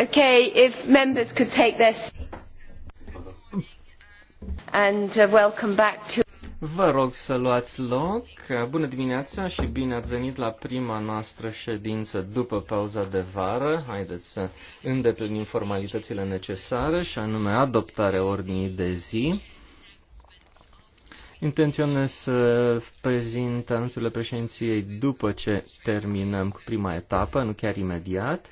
Ok, if members could take their and uh, welcome back to Vă rog să luați loc. Bună dimineața și bine ați venit la prima noastră ședință după pauza de vară. Haideți să îndeplinim formalitățile necesare și anume adoptarea ordinii de zi. Intenționez să prezint anunțurile președinției după ce terminăm cu prima etapă, nu chiar imediat.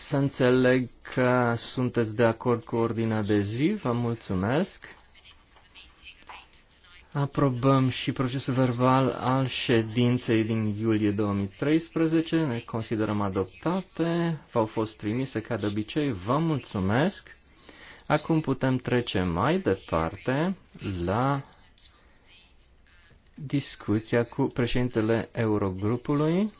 să înțeleg că sunteți de acord cu ordinea de zi. Vă mulțumesc. Aprobăm și procesul verbal al ședinței din iulie 2013. Ne considerăm adoptate. V-au fost trimise ca de obicei. Vă mulțumesc. Acum putem trece mai departe la discuția cu președintele Eurogrupului.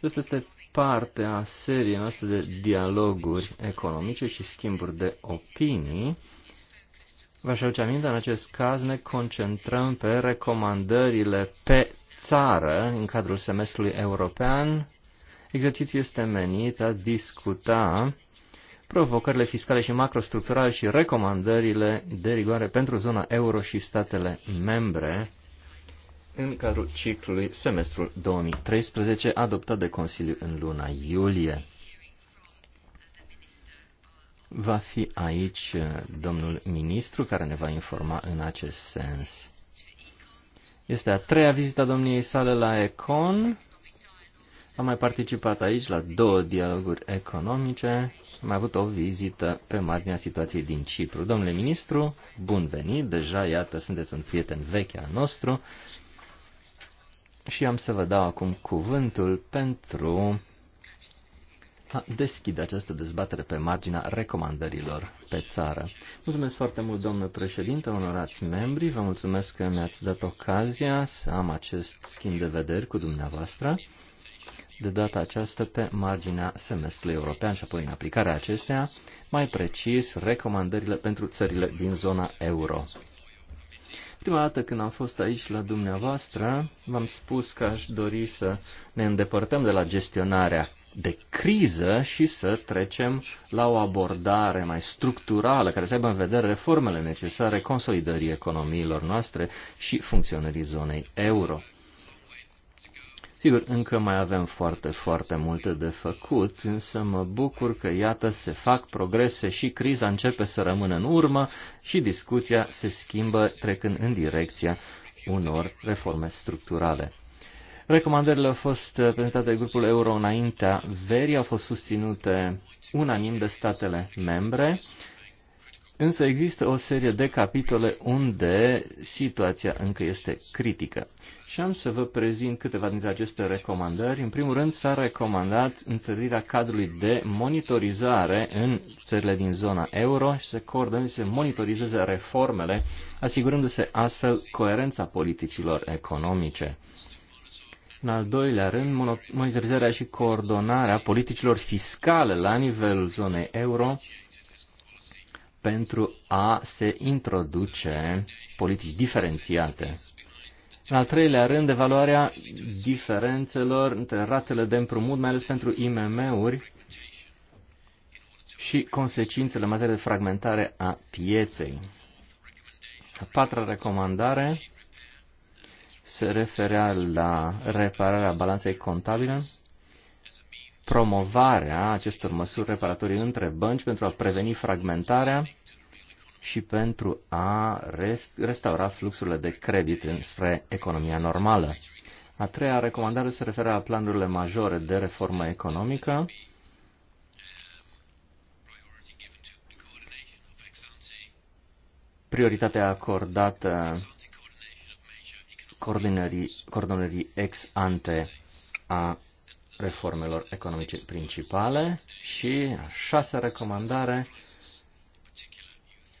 Acesta este parte a seriei noastre de dialoguri economice și schimburi de opinii. Vă aș aduce aminte, în acest caz ne concentrăm pe recomandările pe țară în cadrul semestrului european. Exercițiul este menit a discuta provocările fiscale și macrostructurale și recomandările de rigoare pentru zona euro și statele membre în cadrul ciclului semestrul 2013 adoptat de Consiliu în luna iulie. Va fi aici uh, domnul ministru care ne va informa în acest sens. Este a treia vizită a domniei sale la Econ. Am mai participat aici la două dialoguri economice. Am avut o vizită pe marginea situației din Cipru. Domnule ministru, bun venit, deja iată sunteți un prieten vechi al nostru și am să vă dau acum cuvântul pentru a deschide această dezbatere pe marginea recomandărilor pe țară. Mulțumesc foarte mult, domnule președinte, onorați membri, vă mulțumesc că mi-ați dat ocazia să am acest schimb de vederi cu dumneavoastră, de data aceasta pe marginea semestrului european și apoi în aplicarea acesteia, mai precis recomandările pentru țările din zona euro. Prima dată când am fost aici la dumneavoastră, v-am spus că aș dori să ne îndepărtăm de la gestionarea de criză și să trecem la o abordare mai structurală care să aibă în vedere reformele necesare consolidării economiilor noastre și funcționării zonei euro. Sigur, încă mai avem foarte, foarte multe de făcut, însă mă bucur că, iată, se fac progrese și criza începe să rămână în urmă și discuția se schimbă trecând în direcția unor reforme structurale. Recomandările au fost prezentate de grupul Euro înaintea verii, au fost susținute unanim de statele membre Însă există o serie de capitole unde situația încă este critică. Și am să vă prezint câteva dintre aceste recomandări. În primul rând, s-a recomandat întărirea cadrului de monitorizare în țările din zona euro și să coordoneze, să monitorizeze reformele, asigurându-se astfel coerența politicilor economice. În al doilea rând, monitorizarea și coordonarea politicilor fiscale la nivelul zonei euro pentru a se introduce politici diferențiate. În al treilea rând, evaluarea diferențelor între ratele de împrumut, mai ales pentru IMM-uri, și consecințele în materie de fragmentare a pieței. A patra recomandare se referea la repararea balanței contabile promovarea acestor măsuri reparatorii între bănci pentru a preveni fragmentarea și pentru a restaura fluxurile de credit spre economia normală. A treia recomandare se referă la planurile majore de reformă economică. Prioritatea acordată coordonării ex ante a reformelor economice principale și a șasea recomandare,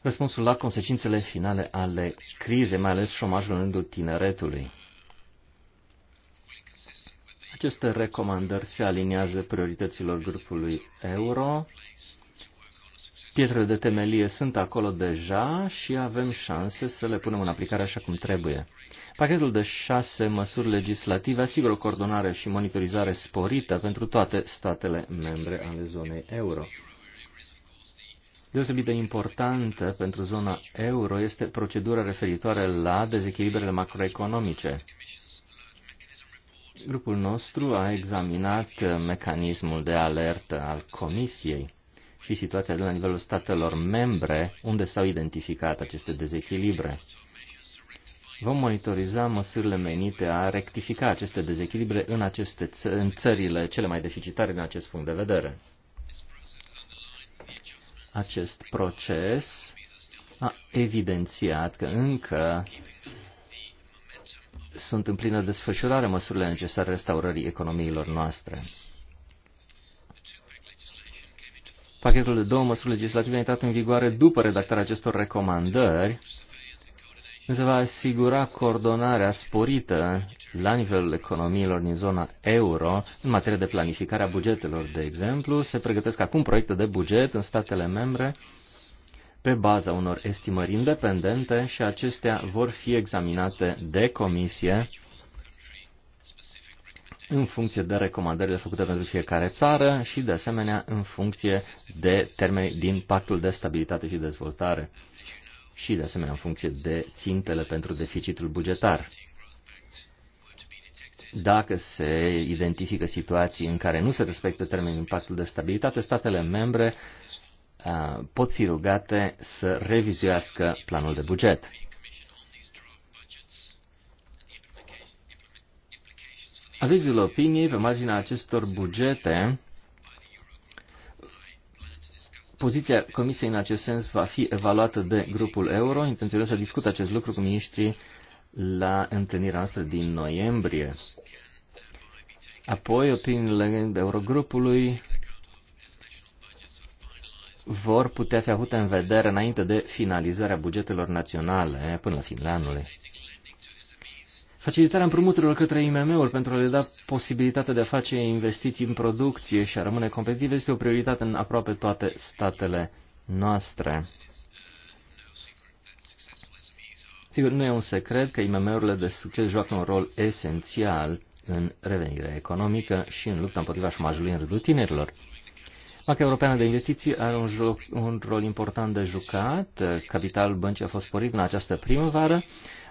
răspunsul la consecințele finale ale crizei, mai ales șomajul în rândul tineretului. Aceste recomandări se aliniază priorităților grupului euro. Pietrele de temelie sunt acolo deja și avem șanse să le punem în aplicare așa cum trebuie. Pachetul de șase măsuri legislative asigură o coordonare și monitorizare sporită pentru toate statele membre ale zonei euro. Deosebit de importantă pentru zona euro este procedura referitoare la dezechilibrele macroeconomice. Grupul nostru a examinat mecanismul de alertă al Comisiei și situația de la nivelul statelor membre unde s-au identificat aceste dezechilibre. Vom monitoriza măsurile menite a rectifica aceste dezechilibre în, aceste ță- în țările cele mai deficitare din acest punct de vedere. Acest proces a evidențiat că încă sunt în plină desfășurare măsurile necesare restaurării economiilor noastre. Pachetul de două măsuri legislative a intrat în vigoare după redactarea acestor recomandări se va asigura coordonarea sporită la nivelul economiilor din zona euro în materie de planificare a bugetelor, de exemplu. Se pregătesc acum proiecte de buget în statele membre pe baza unor estimări independente și acestea vor fi examinate de comisie în funcție de recomandările făcute pentru fiecare țară și, de asemenea, în funcție de termeni din Pactul de Stabilitate și Dezvoltare și, de asemenea, în funcție de țintele pentru deficitul bugetar. Dacă se identifică situații în care nu se respectă termenul impactul de stabilitate, statele membre pot fi rugate să revizuiască planul de buget. Avizul opiniei pe marginea acestor bugete Poziția Comisiei în acest sens va fi evaluată de grupul euro. Intenționez să discut acest lucru cu ministrii la întâlnirea noastră din noiembrie. Apoi, opiniile Eurogrupului vor putea fi avute în vedere înainte de finalizarea bugetelor naționale până la finalul anului. Facilitarea împrumuturilor către IMM-uri pentru a le da posibilitatea de a face investiții în producție și a rămâne competitiv este o prioritate în aproape toate statele noastre. Sigur, nu e un secret că IMM-urile de succes joacă un rol esențial în revenirea economică și în lupta împotriva șomajului în rândul tinerilor. Banca Europeană de Investiții are un, joc, un rol important de jucat. Capitalul băncii a fost sporit în această primăvară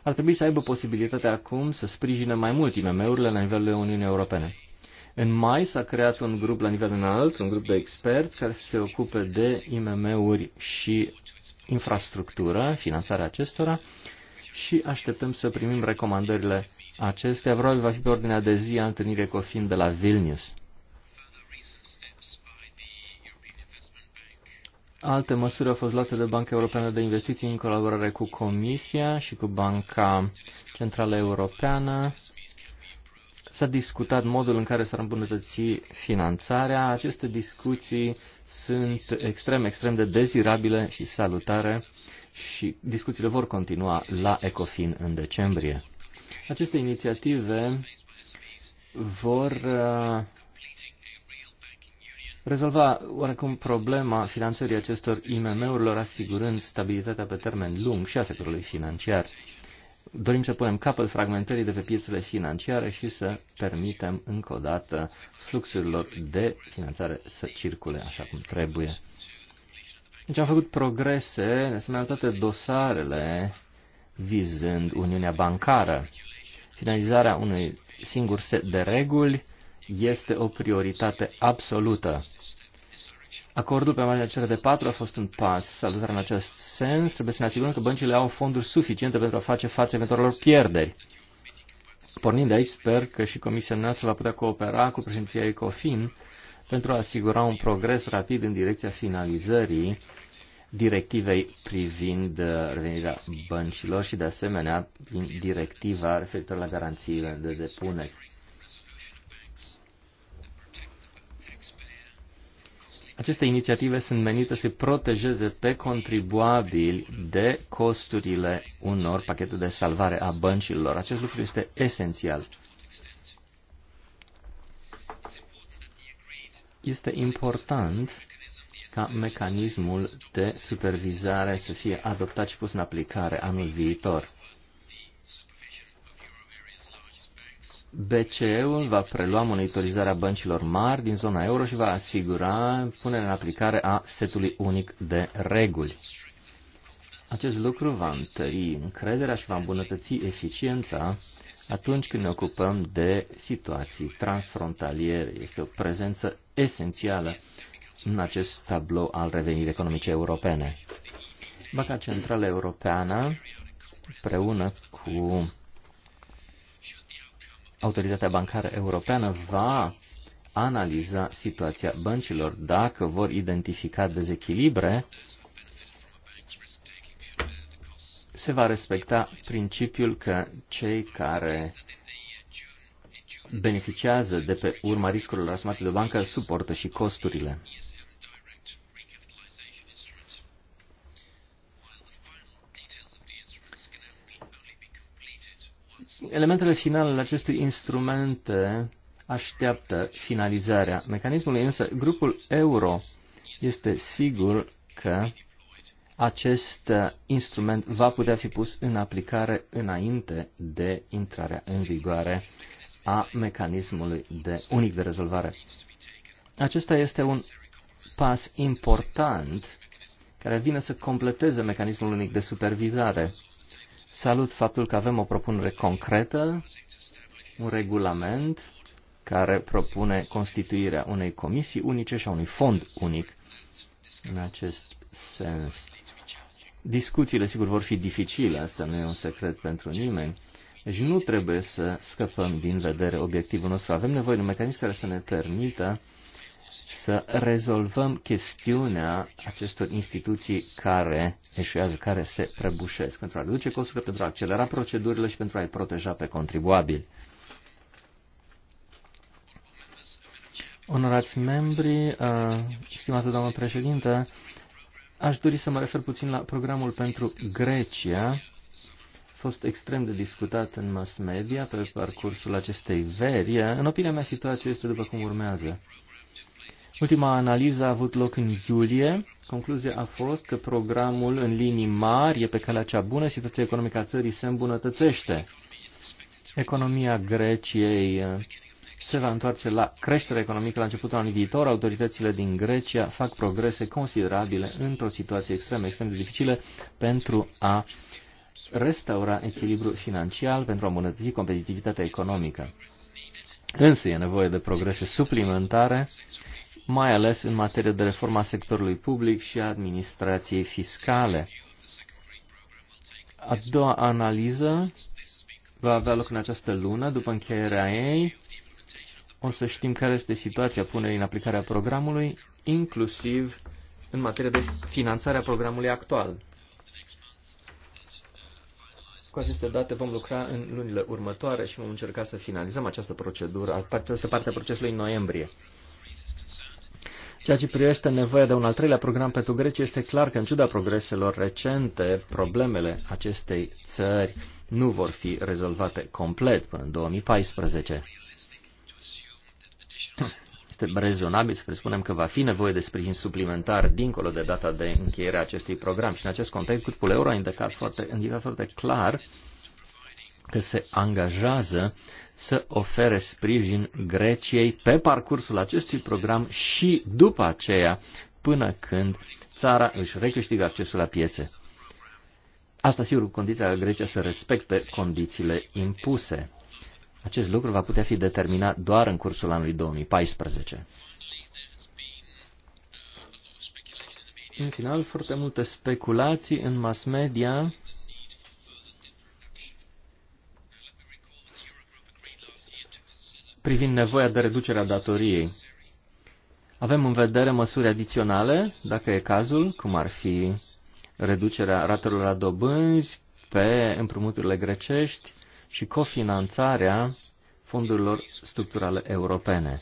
ar trebui să aibă posibilitatea acum să sprijine mai mult IMM-urile la nivelul Uniunii Europene. În mai s-a creat un grup la nivel înalt, un grup de experți care se ocupe de IMM-uri și infrastructură, finanțarea acestora și așteptăm să primim recomandările acestea. Probabil va fi pe ordinea de zi a întâlnirii COFIN de la Vilnius. Alte măsuri au fost luate de Banca Europeană de Investiții în colaborare cu Comisia și cu Banca Centrală Europeană. S-a discutat modul în care s-ar îmbunătăți finanțarea. Aceste discuții sunt extrem, extrem de dezirabile și salutare și discuțiile vor continua la ECOFIN în decembrie. Aceste inițiative vor uh, rezolva oarecum problema finanțării acestor IMM-urilor, asigurând stabilitatea pe termen lung și a sectorului financiar. Dorim să punem capăt fragmentării de pe piețele financiare și să permitem încă o dată fluxurilor de finanțare să circule așa cum trebuie. Deci am făcut progrese, ne asemenea, toate dosarele vizând Uniunea Bancară. Finalizarea unui singur set de reguli este o prioritate absolută. Acordul pe marginea celor de patru a fost un pas salutar în acest sens. Trebuie să ne asigurăm că băncile au fonduri suficiente pentru a face față eventualelor pierderi. Pornind de aici, sper că și Comisia noastră va putea coopera cu președinția ECOFIN pentru a asigura un progres rapid în direcția finalizării directivei privind uh, revenirea băncilor și, de asemenea, prin directiva referitor la garanțiile de depunere. Aceste inițiative sunt menite să protejeze pe contribuabili de costurile unor pachete de salvare a băncilor. Acest lucru este esențial. Este important ca mecanismul de supervizare să fie adoptat și pus în aplicare anul viitor. BCE-ul va prelua monitorizarea băncilor mari din zona euro și va asigura punerea în aplicare a setului unic de reguli. Acest lucru va întări încrederea și va îmbunătăți eficiența atunci când ne ocupăm de situații transfrontaliere. Este o prezență esențială în acest tablou al revenirii economice europene. Banca Centrală Europeană, împreună cu Autoritatea Bancară Europeană va analiza situația băncilor dacă vor identifica dezechilibre se va respecta principiul că cei care beneficiază de pe urma riscurilor asumate de bancă suportă și costurile. Elementele finale ale acestui instrument așteaptă finalizarea mecanismului, însă grupul euro este sigur că acest instrument va putea fi pus în aplicare înainte de intrarea în vigoare a mecanismului de unic de rezolvare. Acesta este un pas important care vine să completeze mecanismul unic de supervizare. Salut faptul că avem o propunere concretă, un regulament care propune constituirea unei comisii unice și a unui fond unic în acest sens. Discuțiile, sigur, vor fi dificile, asta nu e un secret pentru nimeni, deci nu trebuie să scăpăm din vedere obiectivul nostru. Avem nevoie de un mecanism care să ne permită să rezolvăm chestiunea acestor instituții care eșuează, care se prăbușesc, pentru a reduce costurile, pentru a accelera procedurile și pentru a-i proteja pe contribuabili. Onorați membri, uh, stimată doamnă președintă, aș dori să mă refer puțin la programul pentru Grecia, A fost extrem de discutat în mass media pe parcursul acestei veri. În opinia mea, situația este după cum urmează. Ultima analiză a avut loc în iulie. Concluzia a fost că programul în linii mari e pe calea cea bună, situația economică a țării se îmbunătățește. Economia Greciei uh, se va întoarce la creștere economică la începutul anului viitor. Autoritățile din Grecia fac progrese considerabile într-o situație extrem, extrem de dificilă pentru a restaura echilibru financiar, pentru a îmbunătăți competitivitatea economică. Însă e nevoie de progrese suplimentare mai ales în materie de reforma sectorului public și a administrației fiscale. A doua analiză va avea loc în această lună, după încheierea ei. O să știm care este situația punerii în aplicare a programului, inclusiv în materie de finanțare a programului actual. Cu aceste date vom lucra în lunile următoare și vom încerca să finalizăm această procedură, această parte a procesului în noiembrie. Ceea ce privește nevoia de un al treilea program pentru Grecia, este clar că, în ciuda progreselor recente, problemele acestei țări nu vor fi rezolvate complet până în 2014. Este rezonabil să presupunem că va fi nevoie de sprijin suplimentar dincolo de data de încheiere a acestui program. Și în acest context, grupul euro a indicat foarte, indicat foarte clar că se angajează să ofere sprijin Greciei pe parcursul acestui program și după aceea, până când țara își recâștigă accesul la piețe. Asta sigur cu condiția că Grecia să respecte condițiile impuse. Acest lucru va putea fi determinat doar în cursul anului 2014. În final, foarte multe speculații în mass media privind nevoia de reducere a datoriei. Avem în vedere măsuri adiționale, dacă e cazul, cum ar fi reducerea ratelor la dobânzi pe împrumuturile grecești și cofinanțarea fondurilor structurale europene,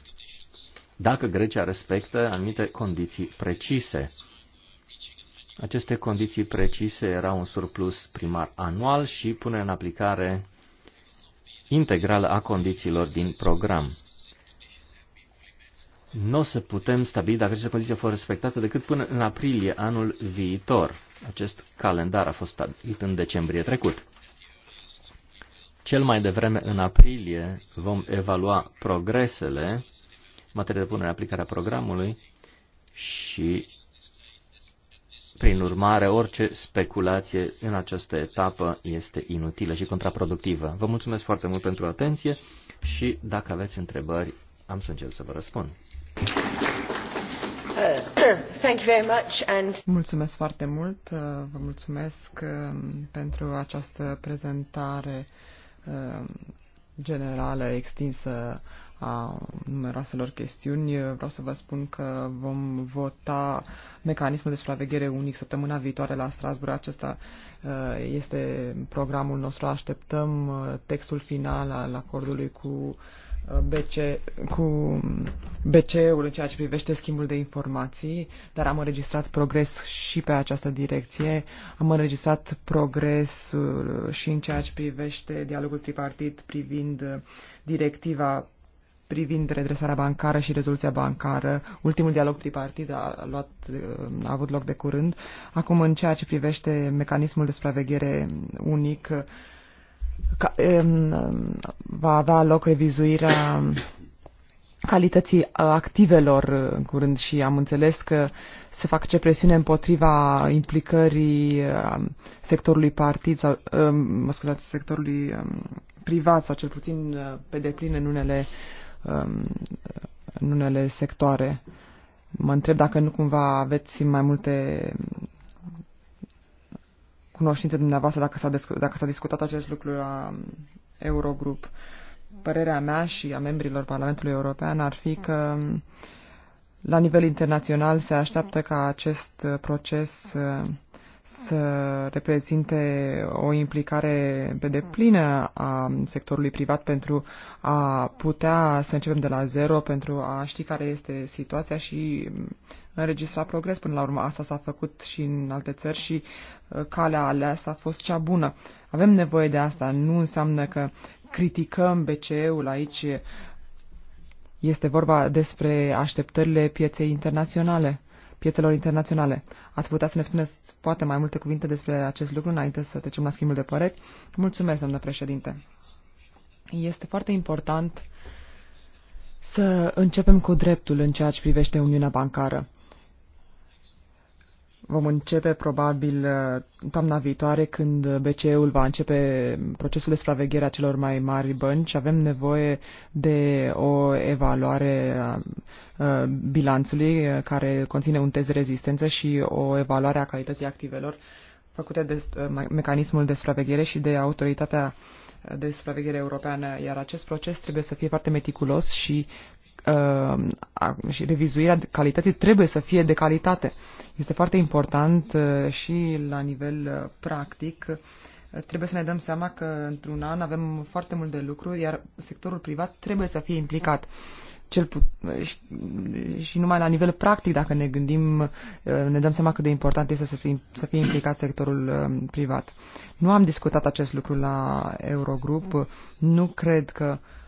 dacă Grecia respectă anumite condiții precise. Aceste condiții precise erau un surplus primar anual și pune în aplicare integrală a condițiilor din program. Nu o să putem stabili dacă aceste condiții au fost respectate decât până în aprilie anul viitor. Acest calendar a fost stabilit în decembrie trecut. Cel mai devreme în aprilie vom evalua progresele în materie de punere în aplicare a programului și prin urmare, orice speculație în această etapă este inutilă și contraproductivă. Vă mulțumesc foarte mult pentru atenție și dacă aveți întrebări, am să încerc să vă răspund. Thank you very much and... Mulțumesc foarte mult, vă mulțumesc um, pentru această prezentare um, generală extinsă a numeroaselor chestiuni, vreau să vă spun că vom vota mecanismul de supraveghere unic săptămâna viitoare la Strasbourg. Acesta uh, este programul nostru. Așteptăm uh, textul final al acordului cu uh, BC, cu BCE-ul în ceea ce privește schimbul de informații, dar am înregistrat progres și pe această direcție. Am înregistrat progres și în ceea ce privește dialogul tripartit privind directiva privind redresarea bancară și rezoluția bancară. Ultimul dialog tripartit a, luat, a avut loc de curând. Acum, în ceea ce privește mecanismul de supraveghere unic, ca, va avea loc revizuirea calității activelor în curând și am înțeles că se face presiune împotriva implicării um, sectorului partid sau, um, mă scuzați, sectorului um, privat sau cel puțin uh, pe deplin în unele uh, Um, în unele sectoare. Mă întreb dacă nu cumva aveți mai multe cunoștințe dumneavoastră dacă s-a, dacă s-a discutat acest lucru la um, Eurogrup. Părerea mea și a membrilor Parlamentului European ar fi că um, la nivel internațional se așteaptă ca acest proces uh, să reprezinte o implicare pe deplină a sectorului privat pentru a putea să începem de la zero, pentru a ști care este situația și înregistra progres. Până la urmă, asta s-a făcut și în alte țări și uh, calea aleasă a fost cea bună. Avem nevoie de asta. Nu înseamnă că criticăm BCE-ul aici. Este vorba despre așteptările pieței internaționale piețelor internaționale. Ați putea să ne spuneți poate mai multe cuvinte despre acest lucru înainte să trecem la schimbul de păreri? Mulțumesc, domnule președinte. Este foarte important să începem cu dreptul în ceea ce privește Uniunea Bancară. Vom începe probabil uh, toamna viitoare când BCE-ul va începe procesul de supraveghere a celor mai mari bănci. Avem nevoie de o evaluare a bilanțului uh, care conține un test de rezistență și o evaluare a calității activelor făcute de uh, mecanismul de supraveghere și de autoritatea de supraveghere europeană, iar acest proces trebuie să fie foarte meticulos și Uh, și revizuirea calității trebuie să fie de calitate. Este foarte important uh, și la nivel uh, practic. Trebuie să ne dăm seama că într-un an avem foarte mult de lucru, iar sectorul privat trebuie să fie implicat. Cel put- și, și numai la nivel practic, dacă ne gândim, ne dăm seama cât de important este să, să fie implicat sectorul privat. Nu am discutat acest lucru la Eurogrup. Nu cred că uh,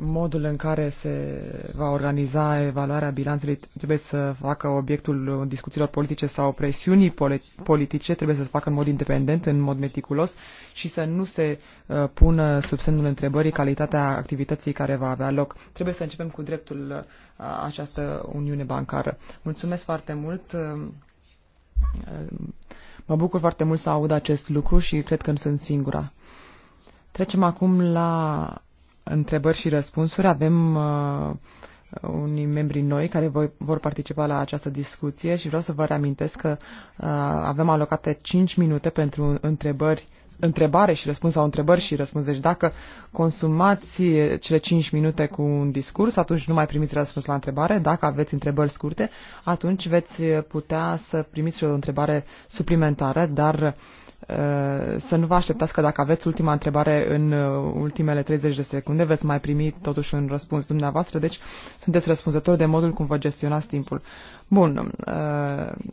modul în care se va organiza evaluarea bilanțului trebuie să facă obiectul discuțiilor politice sau presiunii politice, trebuie să se facă în mod independent, în mod meticulos și să nu se uh, pună sub semnul întrebării calitatea activității care va avea loc. Trebuie să începem cu dreptul uh, această uniune bancară. Mulțumesc foarte mult! Uh, mă bucur foarte mult să aud acest lucru și cred că nu sunt singura. Trecem acum la întrebări și răspunsuri. Avem uh, unii membri noi care voi, vor participa la această discuție și vreau să vă reamintesc că uh, avem alocate 5 minute pentru întrebări întrebare și răspuns sau întrebări și răspuns. Deci dacă consumați cele 5 minute cu un discurs, atunci nu mai primiți răspuns la întrebare. Dacă aveți întrebări scurte, atunci veți putea să primiți și o întrebare suplimentară, dar uh, Eh, să nu vă așteptați că dacă aveți ultima întrebare în eh, ultimele 30 de secunde, veți mai primi totuși un răspuns dumneavoastră, deci sunteți răspunzători de modul cum vă gestionați timpul. Bun, eh,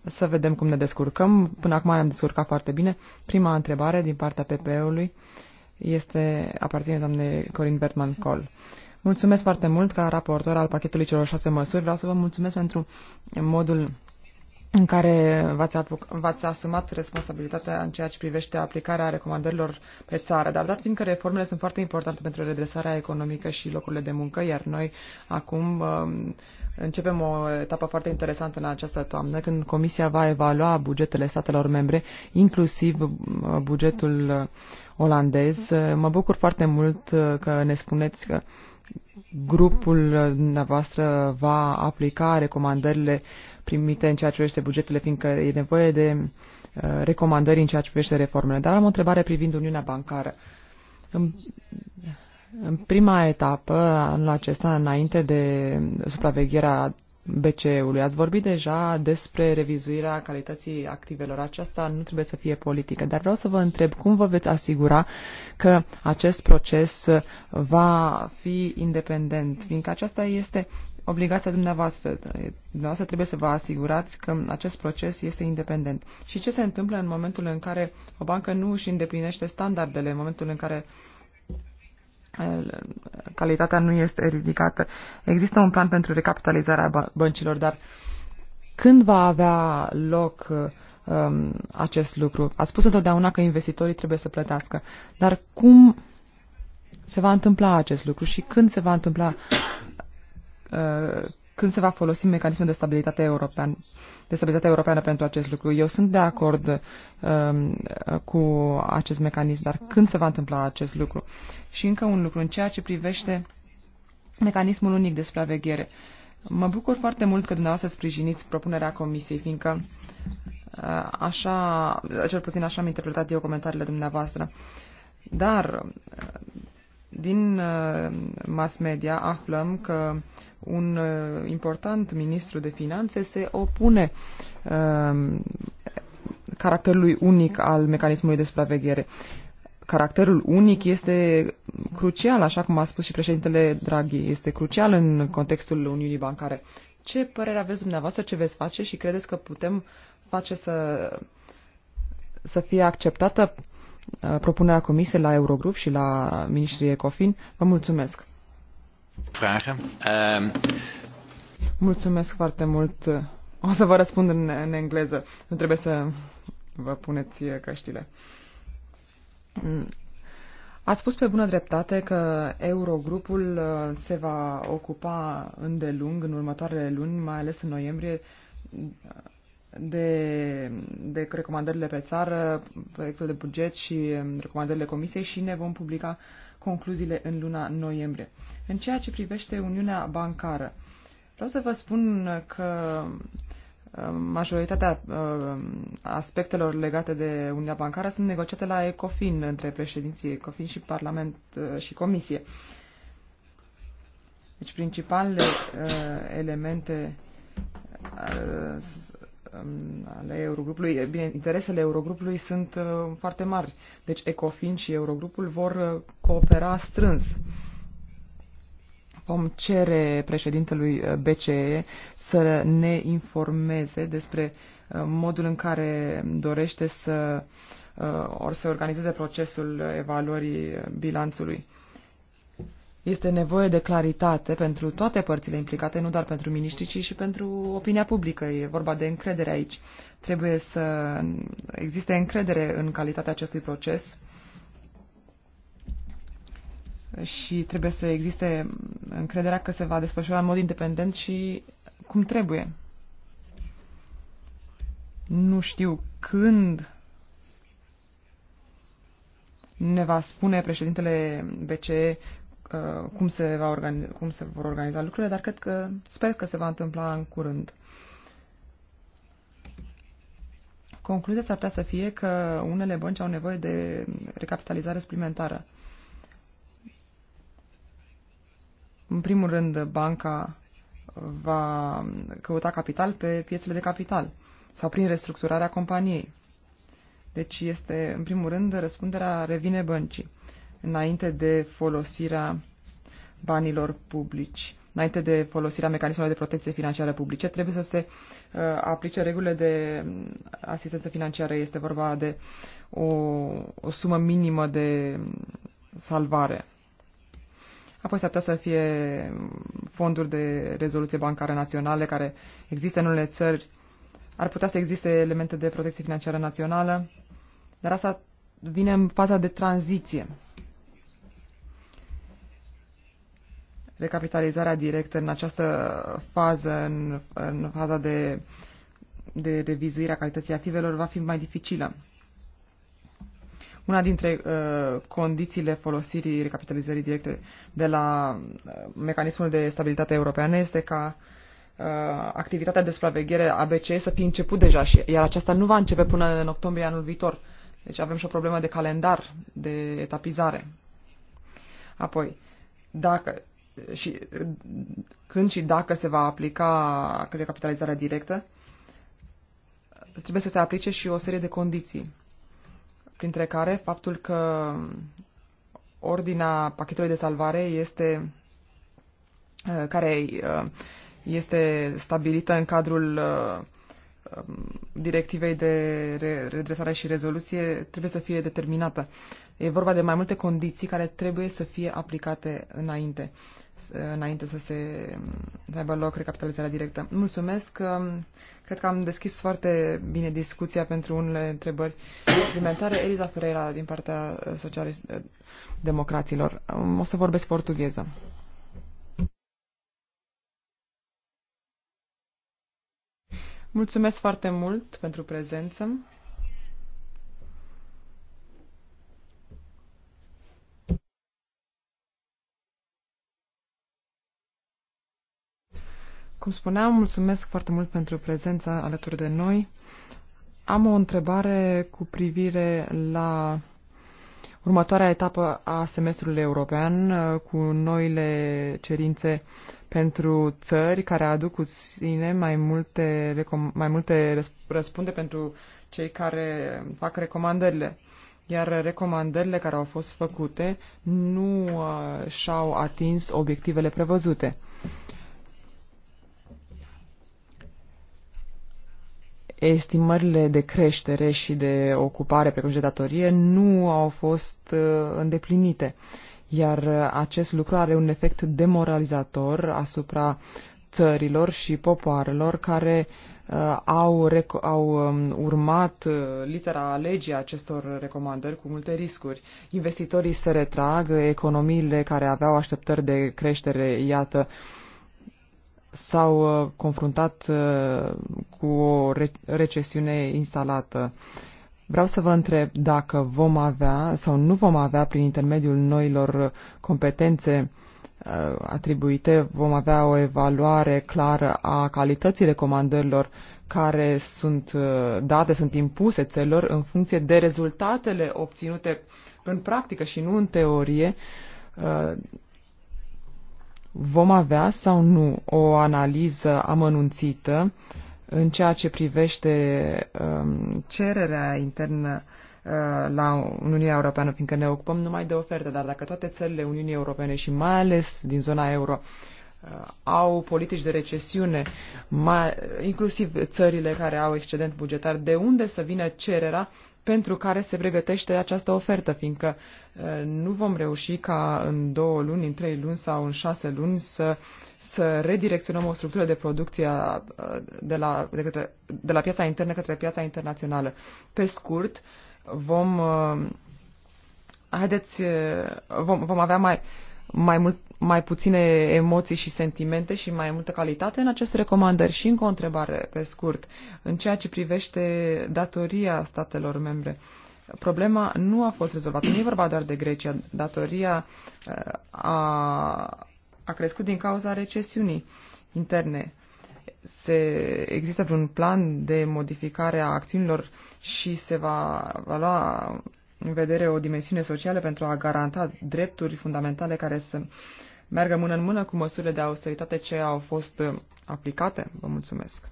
să vedem cum ne descurcăm. Până acum ne-am descurcat foarte bine. Prima întrebare din partea PPE-ului este, aparține doamnei Corin Bertman Col. Mulțumesc foarte mult ca raportor al pachetului celor șase măsuri. Vreau să vă mulțumesc pentru modul în care v-ați asumat responsabilitatea în ceea ce privește aplicarea recomandărilor pe țară, dar dat fiindcă reformele sunt foarte importante pentru redresarea economică și locurile de muncă, iar noi acum um, începem o etapă foarte interesantă în această toamnă, când Comisia va evalua bugetele statelor membre, inclusiv uh, bugetul uh, olandez. Uh, mă bucur foarte mult că ne spuneți că grupul dumneavoastră va aplica recomandările uh, primite în ceea ce privește bugetele, fiindcă e nevoie de uh, recomandări în ceea ce privește reformele. Dar am o întrebare privind Uniunea Bancară. În, în prima etapă, anul acesta, înainte de supravegherea BCE-ului. Ați vorbit deja despre revizuirea calității activelor. Aceasta nu trebuie să fie politică, dar vreau să vă întreb cum vă veți asigura că acest proces va fi independent, fiindcă aceasta este obligația dumneavoastră. Dumneavoastră trebuie să vă asigurați că acest proces este independent. Și ce se întâmplă în momentul în care o bancă nu își îndeplinește standardele, în momentul în care calitatea nu este ridicată. Există un plan pentru recapitalizarea băncilor, dar când va avea loc um, acest lucru? Ați spus întotdeauna că investitorii trebuie să plătească, dar cum se va întâmpla acest lucru și când se va întâmpla Uh, când se va folosi mecanismul de stabilitate european, de stabilitate europeană pentru acest lucru. Eu sunt de acord um, cu acest mecanism, dar când se va întâmpla acest lucru? Și încă un lucru, în ceea ce privește mecanismul unic de supraveghere. Mă bucur foarte mult că dumneavoastră sprijiniți propunerea comisiei, fiindcă uh, așa, cel puțin așa am interpretat eu comentariile dumneavoastră. Dar din uh, mass media aflăm că un uh, important ministru de finanțe se opune um, caracterului unic al mecanismului de supraveghere. Caracterul unic este crucial, așa cum a spus și președintele Draghi, este crucial în contextul Uniunii Bancare. Ce părere aveți dumneavoastră, ce veți face și credeți că putem face să, să fie acceptată Uh, propunerea comisiei la Eurogrup și la ministrii Ecofin. Vă mulțumesc. Frage. Um... Ehm. Mulțumesc foarte mult. O să vă răspund în, în engleză. Nu trebuie să vă puneți uh, căștile. Mm. Ați spus pe bună dreptate că Eurogrupul uh, se va ocupa îndelung în următoarele luni, mai ales în noiembrie, de, de recomandările pe țară, proiectul de buget și um, recomandările comisiei și ne vom publica concluziile în luna noiembrie. În ceea ce privește Uniunea Bancară, vreau să vă spun că um, majoritatea um, aspectelor legate de Uniunea Bancară sunt negociate la ECOFIN între președinții ECOFIN și Parlament uh, și Comisie. Deci principalele uh, elemente uh, Um, ale Eurogrupului, bine, interesele Eurogrupului sunt uh, foarte mari. Deci Ecofin și Eurogrupul vor uh, coopera strâns. Vom cere președintelui uh, BCE să ne informeze despre modul în care dorește să or să organizeze procesul evaluării bilanțului. Este nevoie de claritate pentru toate părțile implicate, nu doar pentru miniștri, ci și pentru opinia publică. E vorba de încredere aici. Trebuie să existe încredere în calitatea acestui proces și trebuie să existe încrederea că se va desfășura în mod independent și cum trebuie. Nu știu când ne va spune președintele BCE Uh, cum se, va organiza, cum se vor organiza lucrurile, dar cred că sper că se va întâmpla în curând. Concluzia s-ar putea să fie că unele bănci au nevoie de recapitalizare suplimentară. În primul rând, banca va căuta capital pe piețele de capital sau prin restructurarea companiei. Deci este, în primul rând, răspunderea revine băncii înainte de folosirea banilor publici. Înainte de folosirea mecanismelor de protecție financiară publice, trebuie să se uh, aplice regulile de mm, asistență financiară. Este vorba de o, o sumă minimă de mm, salvare. Apoi s-ar putea să fie mm, fonduri de rezoluție bancară naționale care există în unele țări. Ar putea să existe elemente de protecție financiară națională, dar asta vine în faza de tranziție. recapitalizarea directă în această fază, în, în faza de, de revizuire a calității activelor, va fi mai dificilă. Una dintre uh, condițiile folosirii recapitalizării directe de la uh, mecanismul de stabilitate europeană este ca uh, activitatea de supraveghere ABC să fie început deja, și, iar aceasta nu va începe până în octombrie anul viitor. Deci avem și o problemă de calendar, de etapizare. Apoi, dacă și când și dacă se va aplica capitalizarea directă, trebuie să se aplice și o serie de condiții, printre care faptul că ordinea pachetului de salvare este uh, care uh, este stabilită în cadrul uh, um, directivei de redresare și rezoluție trebuie să fie determinată. E vorba de mai multe condiții care trebuie să fie aplicate înainte înainte să se să aibă loc recapitalizarea directă. Mulțumesc. Um, cred că am deschis foarte bine discuția pentru unele întrebări suplimentare. Eliza Ferreira din partea uh, socialist uh, democraților. Um, o să vorbesc portugheză. Mulțumesc foarte mult pentru prezență. Cum spuneam, mulțumesc foarte mult pentru prezența alături de noi. Am o întrebare cu privire la următoarea etapă a semestrului european uh, cu noile cerințe pentru țări care aduc cu sine mai multe, mai multe răspunde pentru cei care fac recomandările. Iar recomandările care au fost făcute nu uh, și-au atins obiectivele prevăzute. estimările de creștere și de ocupare, precum și de datorie, nu au fost uh, îndeplinite. Iar uh, acest lucru are un efect demoralizator asupra țărilor și popoarelor care uh, au, au um, urmat uh, litera legii acestor recomandări cu multe riscuri. Investitorii se retrag, economiile care aveau așteptări de creștere, iată, uh, s-au uh, confruntat uh, cu o recesiune instalată. Vreau să vă întreb dacă vom avea sau nu vom avea prin intermediul noilor competențe uh, atribuite, vom avea o evaluare clară a calității recomandărilor care sunt date, sunt impuse țelor în funcție de rezultatele obținute în practică și nu în teorie vom avea sau nu o analiză amănunțită în ceea ce privește um, cererea internă uh, la Uniunea Europeană, fiindcă ne ocupăm numai de oferte, dar dacă toate țările Uniunii Europene și mai ales din zona euro uh, au politici de recesiune, mai, inclusiv țările care au excedent bugetar, de unde să vină cererea pentru care se pregătește această ofertă, fiindcă uh, nu vom reuși ca în două luni, în trei luni sau în șase luni să, să redirecționăm o structură de producție de la, de, către, de la piața internă către piața internațională. Pe scurt, vom, uh, haideți, uh, vom, vom avea mai mai, mult, mai puține emoții și sentimente și mai multă calitate în aceste recomandări. Și încă o întrebare pe scurt, în ceea ce privește datoria statelor membre. Problema nu a fost rezolvată. Nu e vorba doar de Grecia. Datoria uh, a, a crescut din cauza recesiunii interne se, există vreun plan de modificare a acțiunilor și se va, va lua în vedere o dimensiune socială pentru a garanta drepturi fundamentale care să meargă mână în mână cu măsurile de austeritate ce au fost uh, aplicate. Vă mulțumesc!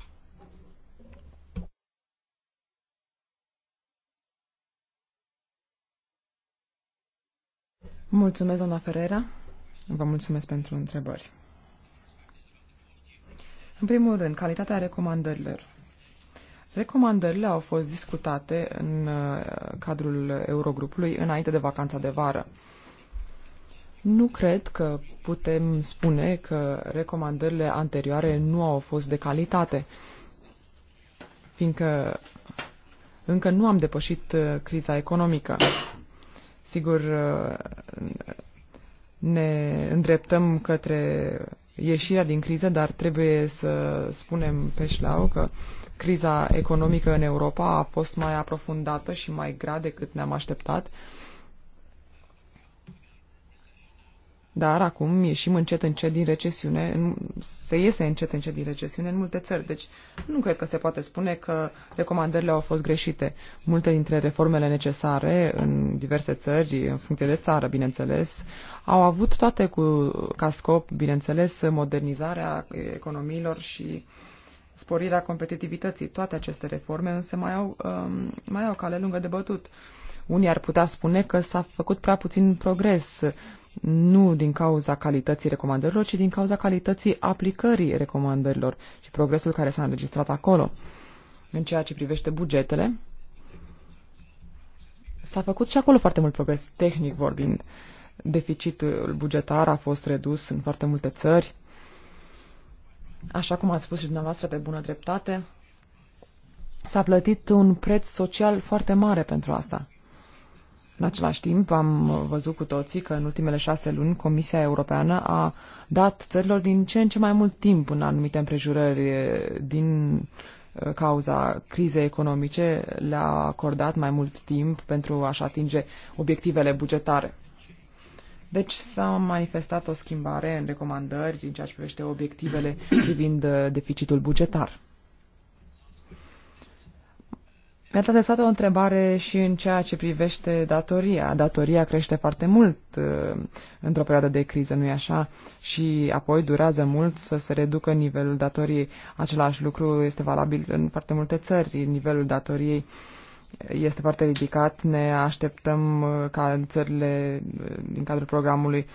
Mulțumesc, doamna Ferreira. Vă mulțumesc pentru întrebări. În primul rând, calitatea recomandărilor. Recomandările au fost discutate în uh, cadrul Eurogrupului înainte de vacanța de vară. Nu cred că putem spune că recomandările anterioare nu au fost de calitate, fiindcă încă nu am depășit uh, criza economică. Sigur, uh, ne îndreptăm către ieșirea din criză, dar trebuie să spunem pe șlau că uh, criza economică în Europa a fost mai aprofundată și mai grea decât ne-am așteptat. Dar acum ieșim încet încet din recesiune, se iese încet încet din recesiune în multe țări. Deci nu cred că se poate spune că recomandările au fost greșite. Multe dintre reformele necesare în diverse țări, în funcție de țară, bineînțeles, au avut toate cu, ca scop, bineînțeles, modernizarea economiilor și uh, sporirea competitivității. Toate aceste reforme însă mai au, um, mai au cale lungă de bătut. Unii ar putea spune că s-a făcut prea puțin progres, nu din cauza calității recomandărilor, ci din cauza calității aplicării recomandărilor și progresul care s-a înregistrat acolo. În ceea ce privește bugetele, s-a făcut și acolo foarte mult progres, tehnic vorbind. Deficitul bugetar a fost redus în foarte multe țări, așa cum ați spus și dumneavoastră pe bună dreptate, s-a plătit un preț social foarte mare pentru asta. În același timp, am văzut cu toții că în ultimele șase luni Comisia Europeană a dat țărilor din ce în ce mai mult timp în anumite împrejurări din cauza crizei economice, le-a acordat mai mult timp pentru a-și atinge obiectivele bugetare. Deci s-a manifestat o schimbare în recomandări în ceea ce privește obiectivele privind uh, deficitul bugetar. Mi-ați adresat o întrebare și în ceea ce privește datoria. Datoria crește foarte mult uh, într-o perioadă de criză, nu-i așa? Și apoi durează mult să se reducă nivelul datoriei. Același lucru este valabil în foarte multe țări. Nivelul datoriei uh, este foarte ridicat. Ne așteptăm uh, ca în țările uh, din cadrul programului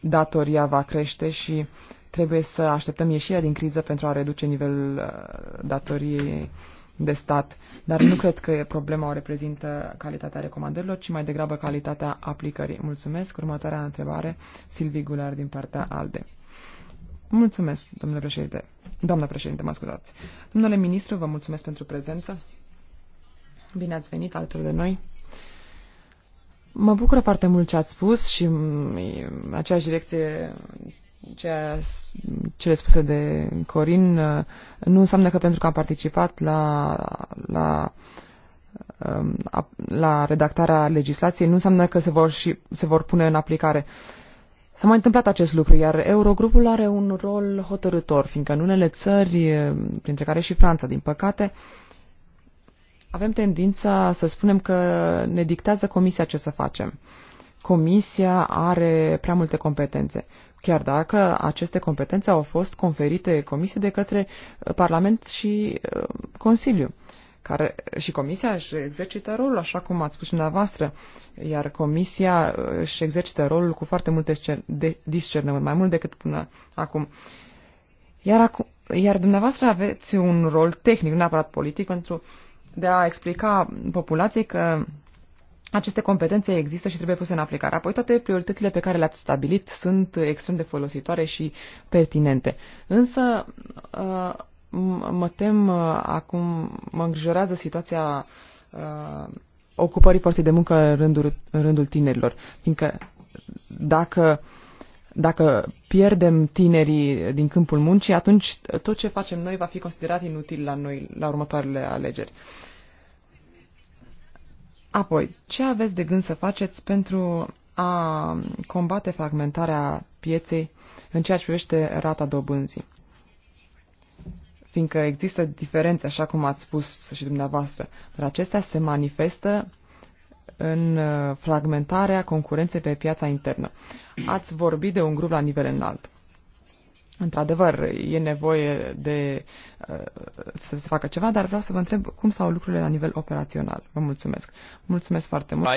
datoria va crește și trebuie să așteptăm ieșirea din criză pentru a reduce nivelul uh, datoriei de stat. Dar nu cred că problema o reprezintă calitatea recomandărilor, ci mai degrabă calitatea aplicării. Mulțumesc. Următoarea întrebare, Silvi Gular din partea ALDE. Mulțumesc, domnule președinte. Doamna președinte, mă scuzați. Domnule ministru, vă mulțumesc pentru prezență. Bine ați venit alături de noi. Mă bucură foarte mult ce ați spus și în aceeași direcție ceea, cele spuse de Corin uh, nu înseamnă că pentru că am participat la, la, um, la redactarea legislației, nu înseamnă că se vor, și, se vor pune în aplicare. S-a mai întâmplat acest lucru, iar Eurogrupul are un rol hotărător, fiindcă în unele țări, uh, printre care și Franța, din păcate, uh, avem tendința să spunem că ne dictează comisia ce să facem. Comisia are prea multe competențe, chiar dacă aceste competențe au fost conferite comisiei de către uh, Parlament și uh, Consiliu. Care, și Comisia își exercită rolul, așa cum ați spus și dumneavoastră, iar Comisia uh, își exercită rolul cu foarte multe discernământ, mai mult decât până acum. Iar, acu- iar dumneavoastră aveți un rol tehnic, neapărat politic, pentru uh, de a explica populației că aceste competențe există și trebuie puse în aplicare. Apoi toate prioritățile pe care le-ați stabilit sunt extrem de folositoare și pertinente. Însă uh, mă tem uh, acum, mă îngrijorează situația uh, ocupării forței de muncă în rândul, în rândul tinerilor, fiindcă dacă uh, dacă pierdem tinerii din câmpul muncii, atunci tot ce facem noi va fi considerat inutil la noi, la următoarele alegeri. Apoi, ce aveți de gând să faceți pentru a combate fragmentarea pieței în ceea ce privește rata dobânzii? Fiindcă există diferențe, așa cum ați spus și dumneavoastră, dar acestea se manifestă în uh, fragmentarea concurenței pe piața internă. Ați vorbit de un grup la nivel înalt. Într-adevăr, e nevoie de uh, să se facă ceva, dar vreau să vă întreb cum s-au lucrurile la nivel operațional. Vă mulțumesc. Mulțumesc foarte mult.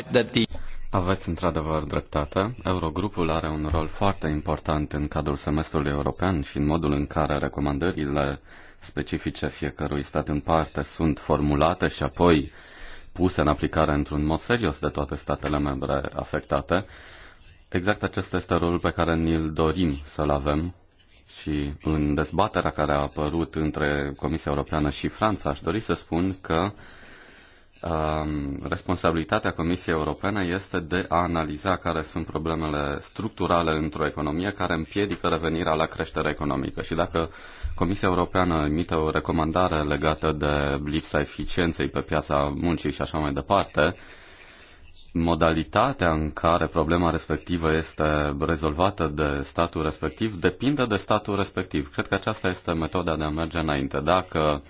Aveți într-adevăr dreptate. Eurogrupul are un rol foarte important în cadrul semestrului european și în modul în care recomandările specifice fiecărui stat în parte sunt formulate și apoi uh, puse în aplicare într-un mod serios de toate statele membre afectate. Exact acesta este rolul pe care ni-l dorim să-l avem și în dezbaterea care a apărut între Comisia Europeană și Franța, aș dori să spun că um, responsabilitatea Comisiei Europene este de a analiza care sunt problemele structurale într-o economie care împiedică revenirea la creștere economică. Și dacă uh, Comisia Europeană emite o recomandare legată de lipsa eficienței pe piața muncii și așa mai departe, modalitatea în care problema respectivă este rezolvată de statul respectiv depinde de statul respectiv. Cred că aceasta este metoda de a merge înainte. Dacă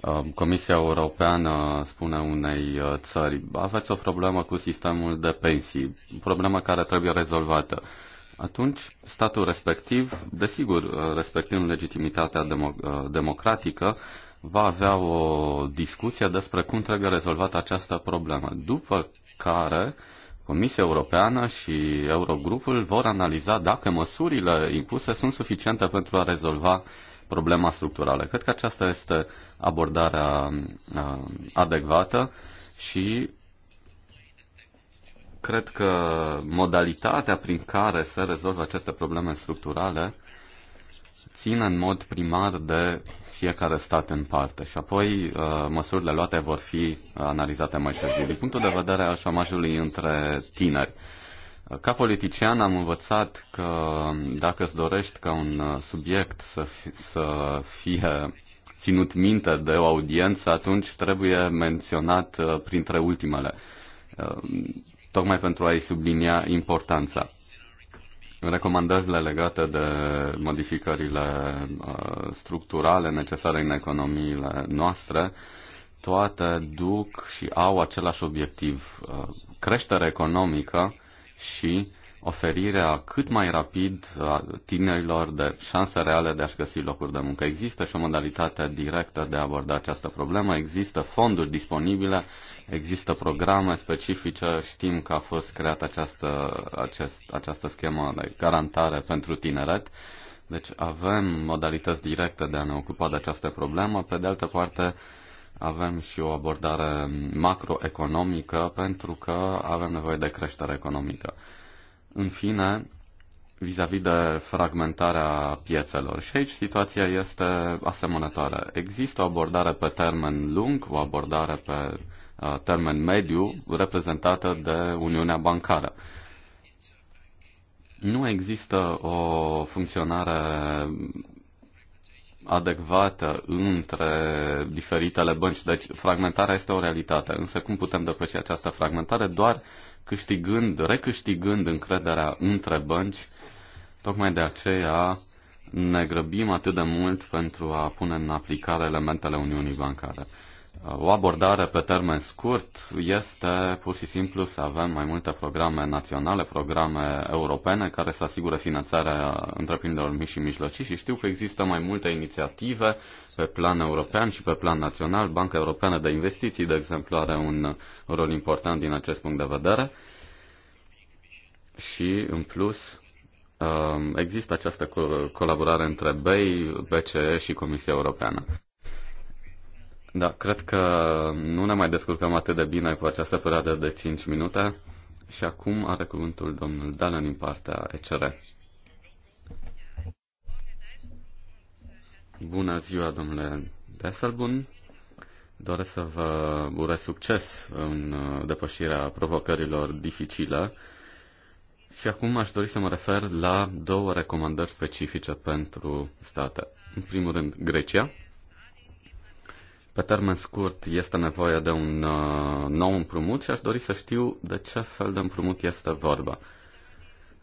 um, Comisia Europeană spune unei uh, țări, aveți o problemă cu sistemul de pensii, problemă care trebuie rezolvată atunci statul respectiv, desigur, uh, respectând legitimitatea democ- uh, democratică, va avea o discuție despre cum trebuie rezolvată această problemă, după care Comisia Europeană și Eurogrupul vor analiza dacă măsurile impuse sunt suficiente pentru a rezolva problema structurală. Cred că aceasta este abordarea uh, adecvată și cred că modalitatea prin care se rezolvă aceste probleme structurale ține în mod primar de fiecare stat în parte și apoi uh, măsurile luate vor fi analizate mai târziu. Din punctul de vedere al șomajului între tineri, ca politician am învățat că dacă îți dorești ca un subiect să, fi, să fie ținut minte de o audiență, atunci trebuie menționat uh, printre ultimele. Uh, tocmai pentru a-i sublinia importanța. Recomandările legate de modificările uh, structurale necesare în economiile noastre toate duc și au același obiectiv, uh, creștere economică și oferirea cât mai rapid a uh, tinerilor de șanse reale de a-și găsi locuri de muncă. Există și o modalitate directă de a aborda această problemă, există fonduri disponibile Există programe specifice, știm că a fost creată această, acest, această schemă de garantare pentru tineret, deci avem modalități directe de a ne ocupa de această problemă. Pe de altă parte, avem și o abordare macroeconomică pentru că avem nevoie de creștere economică. În fine, vis-a-vis -vis de fragmentarea piețelor. Și aici situația este asemănătoare. Există o abordare pe termen lung, o abordare pe Uh, termen mediu reprezentată de Uniunea Bancară. Nu există o funcționare adecvată între diferitele bănci. Deci fragmentarea este o realitate. Însă cum putem depăși această fragmentare? Doar câștigând, recâștigând încrederea între bănci. Tocmai de aceea ne grăbim atât de mult pentru a pune în aplicare elementele Uniunii Bancare. O abordare pe termen scurt este pur și simplu să avem mai multe programe naționale, programe europene care să asigure finanțarea întreprinderilor mici și mijlocii și știu că există mai multe inițiative pe plan european și pe plan național. Banca Europeană de Investiții, de exemplu, are un rol important din acest punct de vedere. Și, în plus, um, există această colaborare între BEI, BCE și Comisia Europeană. Da, cred că nu ne mai descurcăm atât de bine cu această perioadă de 5 minute și acum are cuvântul domnul Dalan din partea ECR. Bună ziua, domnule Deselbun. Doresc să vă urez succes în uh, depășirea provocărilor dificile. Și acum aș dori să mă refer la două recomandări specifice pentru state. În primul rând, Grecia, pe termen scurt este nevoie de un uh, nou împrumut și aș dori să știu de ce fel de împrumut este vorba.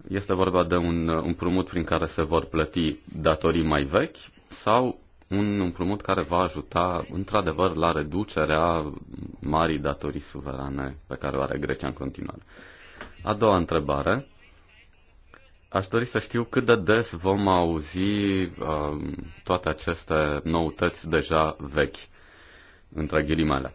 Este vorba de un uh, împrumut prin care se vor plăti datorii mai vechi sau un împrumut care va ajuta într-adevăr la reducerea marii datorii suverane pe care o are Grecia în continuare. A doua întrebare. Aș dori să știu cât de des vom auzi uh, toate aceste noutăți deja vechi între ghilimele.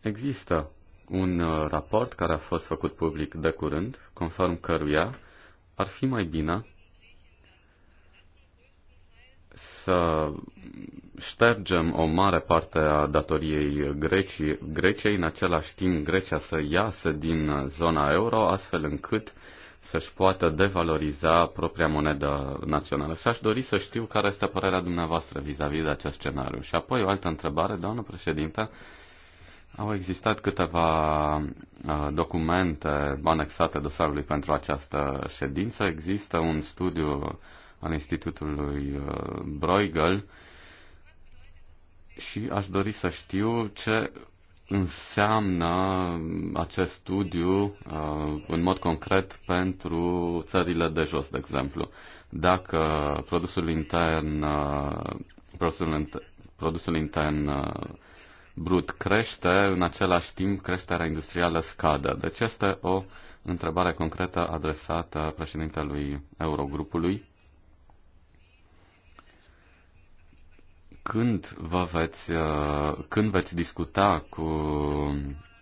Există un uh, raport care a fost făcut public de curând, conform căruia ar fi mai bine să ștergem o mare parte a datoriei Greciei, Greciei, în același timp Grecia să iasă din zona euro, astfel încât să-și poată devaloriza propria monedă națională. Și aș dori să știu care este părerea dumneavoastră vis-a-vis -vis de acest scenariu. Și apoi o altă întrebare, doamnă președinte. Au existat câteva uh, documente anexate dosarului pentru această ședință. Există un studiu al Institutului uh, Bruegel și aș dori să știu ce înseamnă acest studiu uh, în mod concret pentru țările de jos, de exemplu. Dacă produsul intern, uh, produsul, produsul intern brut crește, în același timp creșterea industrială scade. Deci este o întrebare concretă adresată președintelui Eurogrupului când vă veți, uh, când veți discuta cu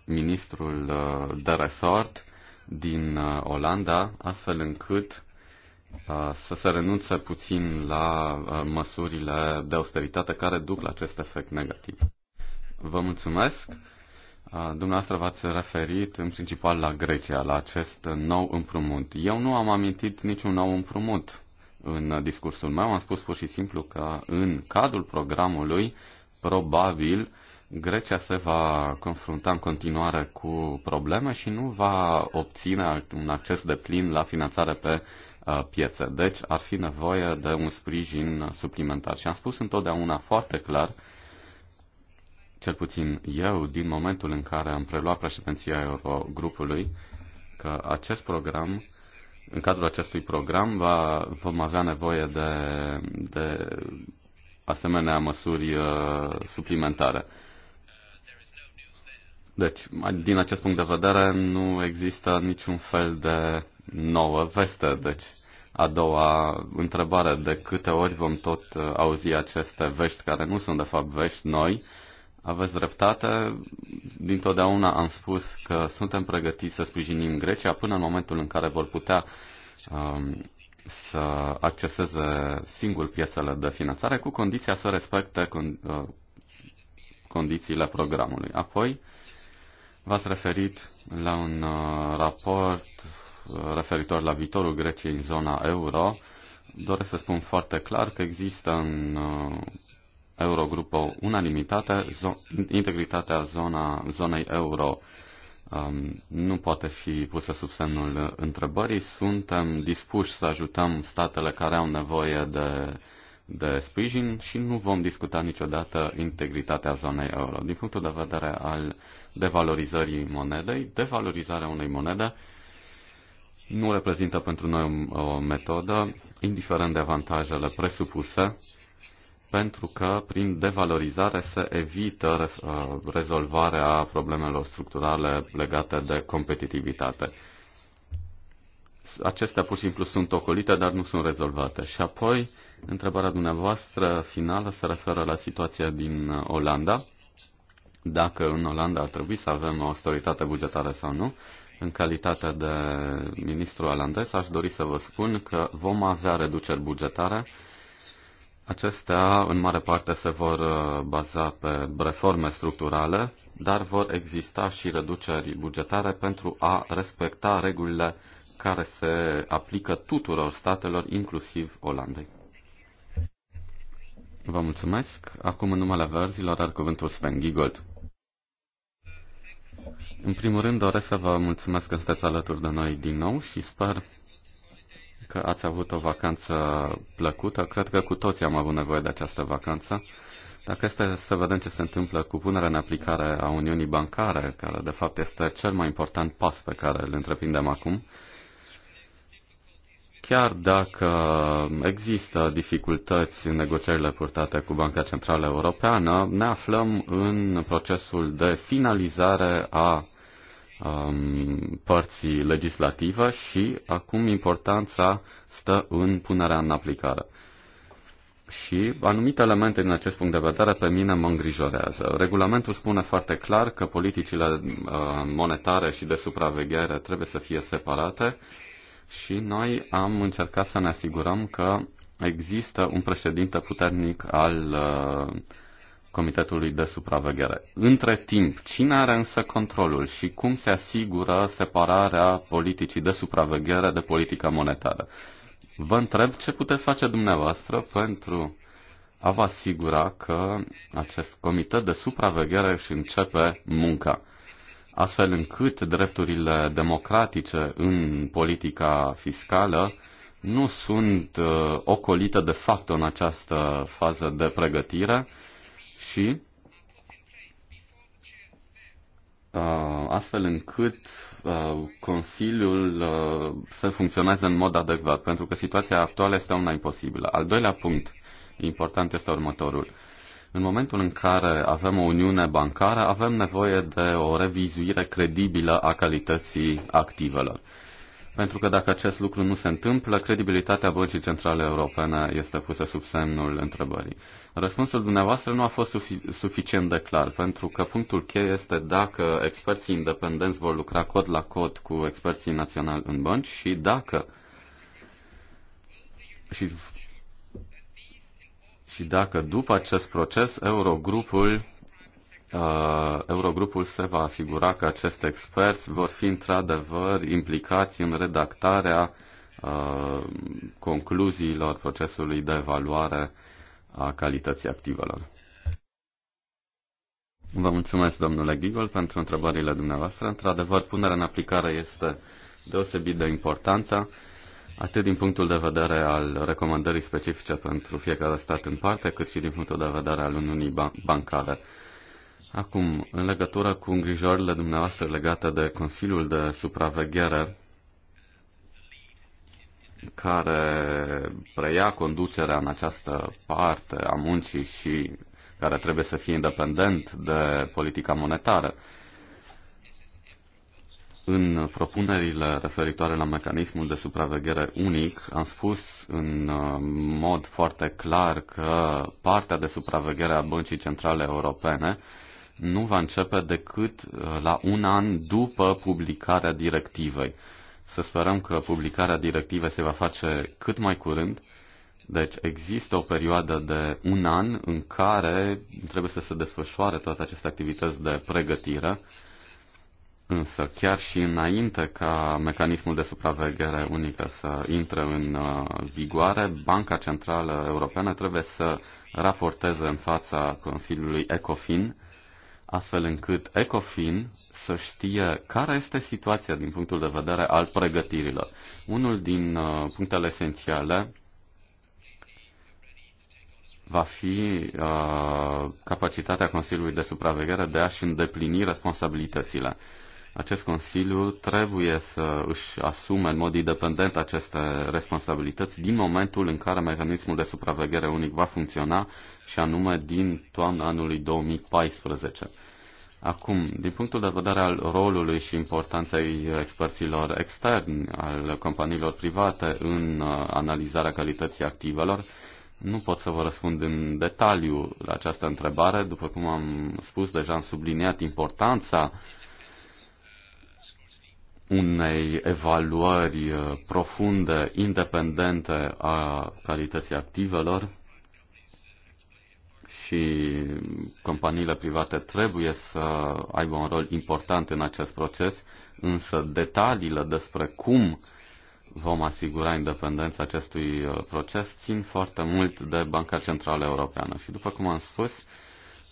ministrul uh, de resort din uh, Olanda, astfel încât să se renunțe puțin la măsurile de austeritate care duc la acest efect negativ. Vă mulțumesc. Dumneavoastră v-ați referit în principal la Grecia, la acest nou împrumut. Eu nu am amintit niciun nou împrumut în discursul meu, am spus pur și simplu că în cadrul programului, probabil, Grecia se va confrunta în continuare cu probleme și nu va obține un acces de plin la finanțare pe uh, piețe. Deci ar fi nevoie de un sprijin suplimentar. Și am spus întotdeauna foarte clar, cel puțin eu, din momentul în care am preluat președinția Eurogrupului, că acest program uh, în cadrul acestui program va, vom avea nevoie de, de asemenea măsuri uh, suplimentare. Deci, din acest punct de vedere, nu există niciun fel de nouă veste. Deci, a doua întrebare, de câte ori vom tot uh, auzi aceste vești care nu sunt de fapt vești noi, aveți dreptate. Dintotdeauna am spus că suntem pregătiți să sprijinim Grecia până în momentul în care vor putea um, să acceseze singur piețele de finanțare cu condiția să respecte con, uh, condițiile programului. Apoi v-ați referit la un uh, raport uh, referitor la viitorul Greciei în zona euro. Doresc să spun foarte clar că există în uh, Eurogrup o unanimitate, zo- integritatea zona, zonei euro um, nu poate fi pusă sub semnul întrebării. Suntem dispuși să ajutăm statele care au nevoie de, de sprijin și nu vom discuta niciodată integritatea zonei euro. Din punctul de vedere al devalorizării monedei, devalorizarea unei monede nu reprezintă pentru noi o metodă, indiferent de avantajele presupuse, pentru că prin devalorizare se evită uh, rezolvarea problemelor structurale legate de competitivitate. Acestea pur și simplu sunt ocolite, dar nu sunt rezolvate. Și apoi, întrebarea dumneavoastră finală se referă la situația din Olanda. Dacă în Olanda ar trebui să avem o autoritate bugetară sau nu, în calitate de ministru olandez, aș dori să vă spun că vom avea reduceri bugetare Acestea, în mare parte, se vor uh, baza pe reforme structurale, dar vor exista și reduceri bugetare pentru a respecta regulile care se aplică tuturor statelor, inclusiv Olandei. Vă mulțumesc. Acum, în numele verzilor, are cuvântul Sven Giegold. În primul rând, doresc să vă mulțumesc că sunteți alături de noi din nou și sper că ați avut o vacanță plăcută. Cred că cu toții am avut nevoie de această vacanță. Dacă este să vedem ce se întâmplă cu punerea în aplicare a Uniunii Bancare, care de fapt este cel mai important pas pe care îl întreprindem acum, chiar dacă există dificultăți în negocierile purtate cu Banca Centrală Europeană, ne aflăm în procesul de finalizare a um, părții legislative și acum importanța stă în punerea în aplicare. Și anumite elemente din acest punct de vedere pe mine mă îngrijorează. Regulamentul spune foarte clar că politicile uh, monetare și de supraveghere trebuie să fie separate și noi am încercat să ne asigurăm că există un președinte puternic al uh, Comitetului de Supraveghere. Între timp, cine are însă controlul și cum se asigură separarea politicii de supraveghere de politica monetară? Vă întreb ce puteți face dumneavoastră pentru a vă asigura că acest comitet de supraveghere își începe munca, astfel încât drepturile democratice în politica fiscală nu sunt uh, ocolite de fapt în această fază de pregătire, și uh, astfel încât uh, Consiliul uh, să funcționeze în mod adecvat, pentru că situația actuală este una imposibilă. Al doilea punct important este următorul. În momentul în care avem o uniune bancară, avem nevoie de o revizuire credibilă a calității activelor. Pentru că dacă acest lucru nu se întâmplă, credibilitatea Băncii Centrale Europene este pusă sub semnul întrebării. Răspunsul dumneavoastră nu a fost sufi- suficient de clar, pentru că punctul cheie este dacă experții independenți vor lucra cod la cod cu experții naționali în bănci și dacă și, și dacă după acest proces Eurogrupul Uh, Eurogrupul se va asigura că aceste experți vor fi într-adevăr implicați în redactarea uh, concluziilor procesului de evaluare a calității activelor. Vă mulțumesc, domnule Gigol, pentru întrebările dumneavoastră. Într-adevăr, punerea în aplicare este deosebit de importantă, atât din punctul de vedere al recomandării specifice pentru fiecare stat în parte, cât și din punctul de vedere al Uniunii Bancare. Acum, în legătură cu îngrijorările dumneavoastră legate de Consiliul de Supraveghere, care preia conducerea în această parte a muncii și care trebuie să fie independent de politica monetară. În propunerile referitoare la mecanismul de supraveghere unic, am spus în uh, mod foarte clar că partea de supraveghere a Băncii Centrale Europene nu va începe decât uh, la un an după publicarea directivei. Să sperăm că publicarea directivei se va face cât mai curând. Deci există o perioadă de un an în care trebuie să se desfășoare toate aceste activități de pregătire, însă chiar și înainte ca mecanismul de supraveghere unică să intre în uh, vigoare, Banca Centrală Europeană trebuie să raporteze în fața Consiliului ECOFIN astfel încât ECOFIN să știe care este situația din punctul de vedere al pregătirilor. Unul din uh, punctele esențiale va fi uh, capacitatea Consiliului de Supraveghere de a-și îndeplini responsabilitățile. Uh, acest Consiliu trebuie să își asume în mod independent aceste responsabilități din momentul în care mecanismul de supraveghere unic va funcționa și anume din toamna anului 2014. Acum, din punctul de vedere al rolului și importanței experților externi, al companiilor private în uh, analizarea calității activelor, nu pot să vă răspund în detaliu la această întrebare. După cum am spus, deja am subliniat importanța uh, unei evaluări uh, profunde, independente a calității activelor și companiile private trebuie să aibă un rol important în acest proces, însă detaliile despre cum vom asigura independența acestui uh, proces țin foarte mult de Banca Centrală Europeană. Și după cum am spus,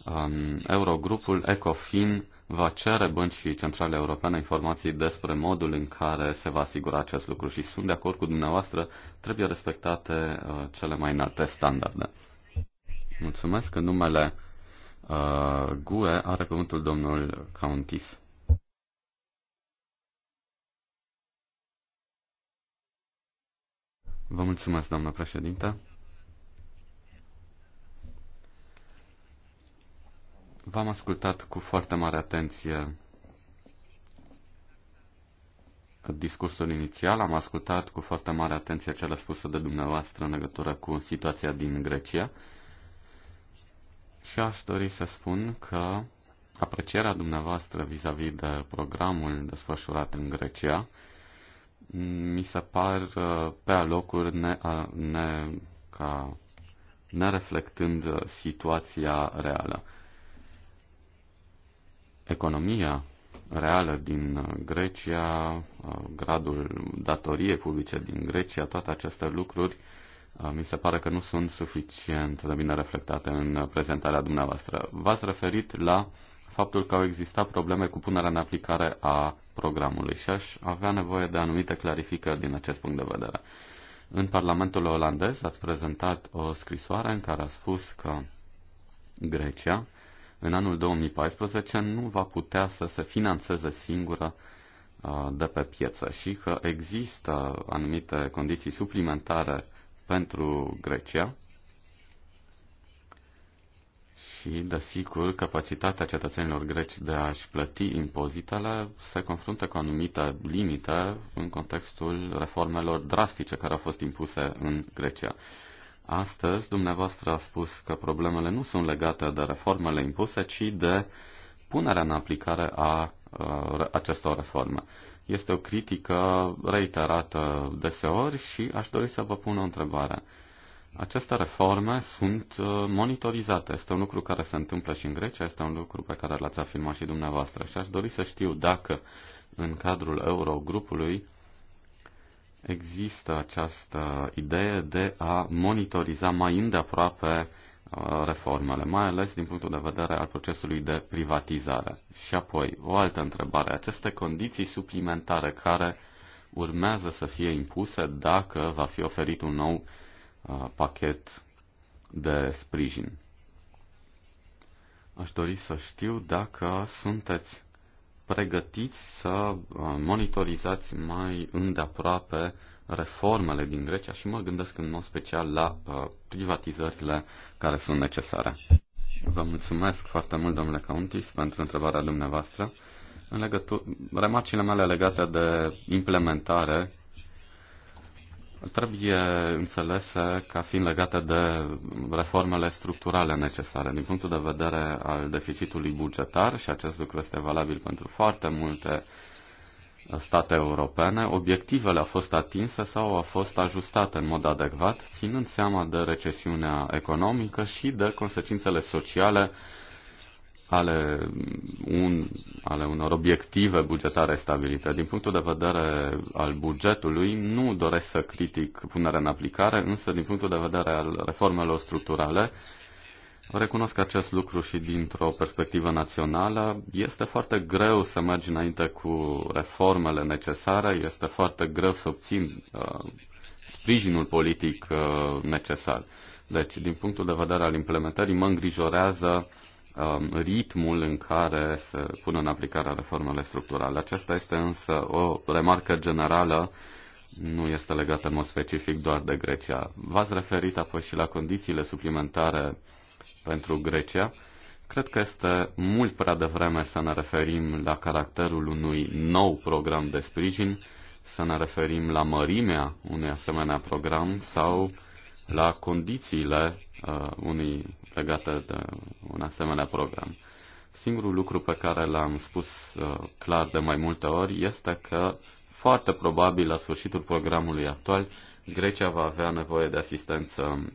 um, Eurogrupul ECOFIN va cere băncii centrale europene informații despre modul în care se va asigura acest lucru și sunt de acord cu dumneavoastră, trebuie respectate uh, cele mai înalte standarde. Mulțumesc. În numele uh, GUE are cuvântul domnul Countis. Vă mulțumesc, doamnă președinte. V-am ascultat cu foarte mare atenție discursul inițial, am ascultat cu foarte mare atenție cele spuse de dumneavoastră în legătură cu situația din Grecia și aș dori să spun că aprecierea dumneavoastră vis-a-vis -vis de programul desfășurat în Grecia mi se par uh, pe alocuri ne, uh, ne, ca nereflectând situația reală economia reală din Grecia, uh, gradul datoriei publice din Grecia, toate aceste lucruri uh, mi se pare că nu sunt suficient de bine reflectate în prezentarea dumneavoastră. V-ați referit la faptul că au existat probleme cu punerea în aplicare a programului și aș avea nevoie de anumite clarificări din acest punct de vedere. În Parlamentul olandez ați prezentat o scrisoare în care a spus că Grecia în anul 2014 nu va putea să se financeze singură uh, de pe piață și că există anumite condiții suplimentare pentru Grecia și, desigur, capacitatea cetățenilor greci de a-și plăti impozitele se confruntă cu anumite limite în contextul reformelor drastice care au fost impuse în Grecia. Astăzi, dumneavoastră a spus că problemele nu sunt legate de reformele impuse, ci de punerea în aplicare a uh, acestor reforme. Este o critică reiterată deseori și aș dori să vă pun o întrebare. Aceste reforme sunt uh, monitorizate. Este un lucru care se întâmplă și în Grecia, este un lucru pe care l-ați afirmat și dumneavoastră. Și aș dori să știu dacă în cadrul Eurogrupului există această idee de a monitoriza mai îndeaproape uh, reformele, mai ales din punctul de vedere al procesului de privatizare. Și apoi, o altă întrebare. Aceste condiții suplimentare care urmează să fie impuse dacă va fi oferit un nou uh, pachet de sprijin. Aș dori să știu dacă sunteți pregătiți să uh, monitorizați mai îndeaproape reformele din Grecia și mă gândesc în mod special la uh, privatizările care sunt necesare. Vă mulțumesc foarte mult, domnule Countis, pentru întrebarea dumneavoastră. În legătură, remarcile mele legate de implementare trebuie înțelese ca fiind legate de reformele structurale necesare din punctul de vedere al deficitului bugetar și acest lucru este valabil pentru foarte multe state europene, obiectivele au fost atinse sau au fost ajustate în mod adecvat, ținând seama de recesiunea economică și de consecințele sociale ale, un, ale unor obiective bugetare stabilite. Din punctul de vedere al bugetului, nu doresc să critic punerea în aplicare, însă din punctul de vedere al reformelor structurale, recunosc acest lucru și dintr-o perspectivă națională. Este foarte greu să mergi înainte cu reformele necesare, este foarte greu să obțin uh, sprijinul politic uh, necesar. Deci, din punctul de vedere al implementării, mă îngrijorează uh, Um, ritmul în care se pun în aplicare reformele structurale. Aceasta este însă o remarcă generală, nu este legată în mod specific doar de Grecia. V-ați referit apoi și la condițiile suplimentare pentru Grecia. Cred că este mult prea devreme să ne referim la caracterul unui nou program de sprijin, să ne referim la mărimea unui asemenea program sau la condițiile uh, unui legate de un asemenea program. Singurul lucru pe care l-am spus uh, clar de mai multe ori este că foarte probabil la sfârșitul programului actual Grecia va avea nevoie de asistență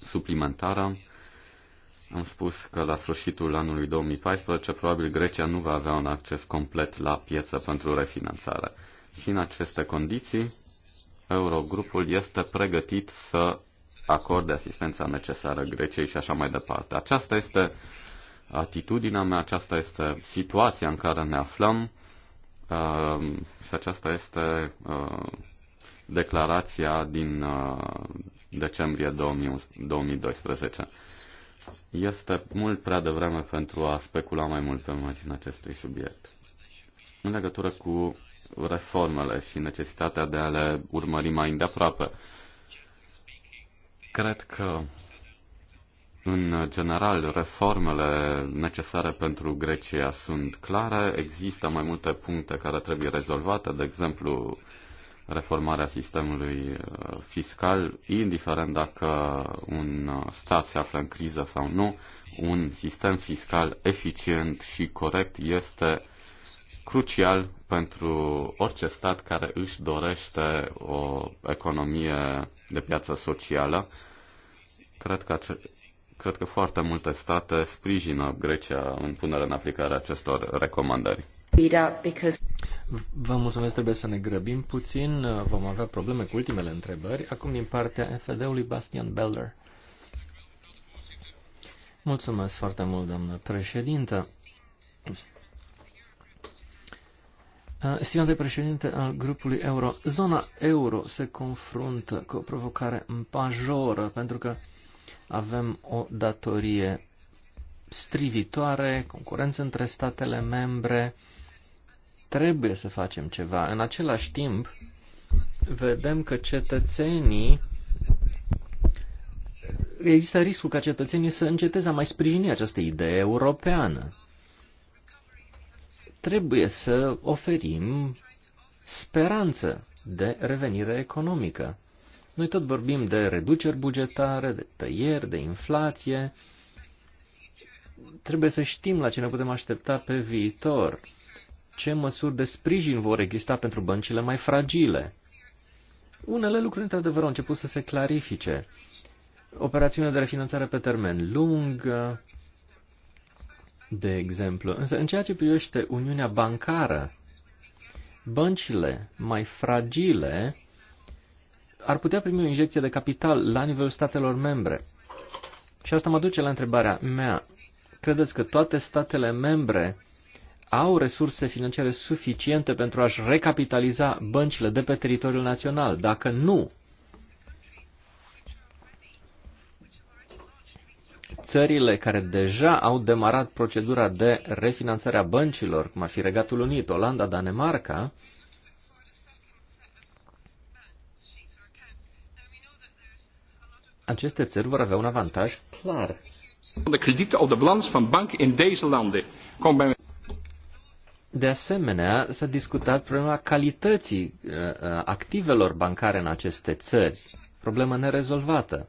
suplimentară. Am spus că la sfârșitul anului 2014 probabil Grecia nu va avea un acces complet la piață pentru refinanțare. Și în aceste condiții, Eurogrupul este pregătit să acorde asistența necesară Greciei și așa mai departe. Aceasta este atitudinea mea, aceasta este situația în care ne aflăm uh, și aceasta este uh, declarația din uh, decembrie 2000, 2012. Este mult prea devreme pentru a specula mai mult pe marginea acestui subiect. În legătură cu reformele și necesitatea de a le urmări mai îndeaproape, uh, Cred că, în general, reformele necesare pentru Grecia sunt clare. Există mai multe puncte care trebuie rezolvate, de exemplu, reformarea sistemului uh, fiscal, indiferent dacă un uh, stat se află în criză sau nu, un sistem fiscal eficient și corect este crucial pentru orice stat care își dorește o economie de piață socială. Cred că, cred că foarte multe state sprijină Grecia în punerea în aplicare acestor recomandări. Vă mulțumesc, trebuie să ne grăbim puțin. Vom avea probleme cu ultimele întrebări. Acum din partea FD-ului Bastian Beller. Mulțumesc foarte mult, doamnă președintă. Stimate președinte al grupului euro, zona euro se confruntă cu o provocare majoră pentru că avem o datorie strivitoare, concurență între statele membre, trebuie să facem ceva. În același timp, vedem că cetățenii există riscul ca cetățenii să înceteze a mai sprijini această idee europeană trebuie să oferim speranță de revenire economică. Noi tot vorbim de reduceri bugetare, de tăieri, de inflație. Trebuie să știm la ce ne putem aștepta pe viitor. Ce măsuri de sprijin vor exista pentru băncile mai fragile? Unele lucruri, într-adevăr, au început să se clarifice. Operațiunea de refinanțare pe termen lung, de exemplu. Însă, în ceea ce privește Uniunea Bancară, băncile mai fragile ar putea primi o injecție de capital la nivelul statelor membre. Și asta mă duce la întrebarea mea. Credeți că toate statele membre au resurse financiare suficiente pentru a-și recapitaliza băncile de pe teritoriul național? Dacă nu, țările care deja au demarat procedura de refinanțare a băncilor, cum ar fi Regatul Unit, Olanda, Danemarca, aceste țări vor avea un avantaj clar. De de asemenea, s-a discutat problema calității eh, eh, activelor bancare în aceste țări, problemă nerezolvată.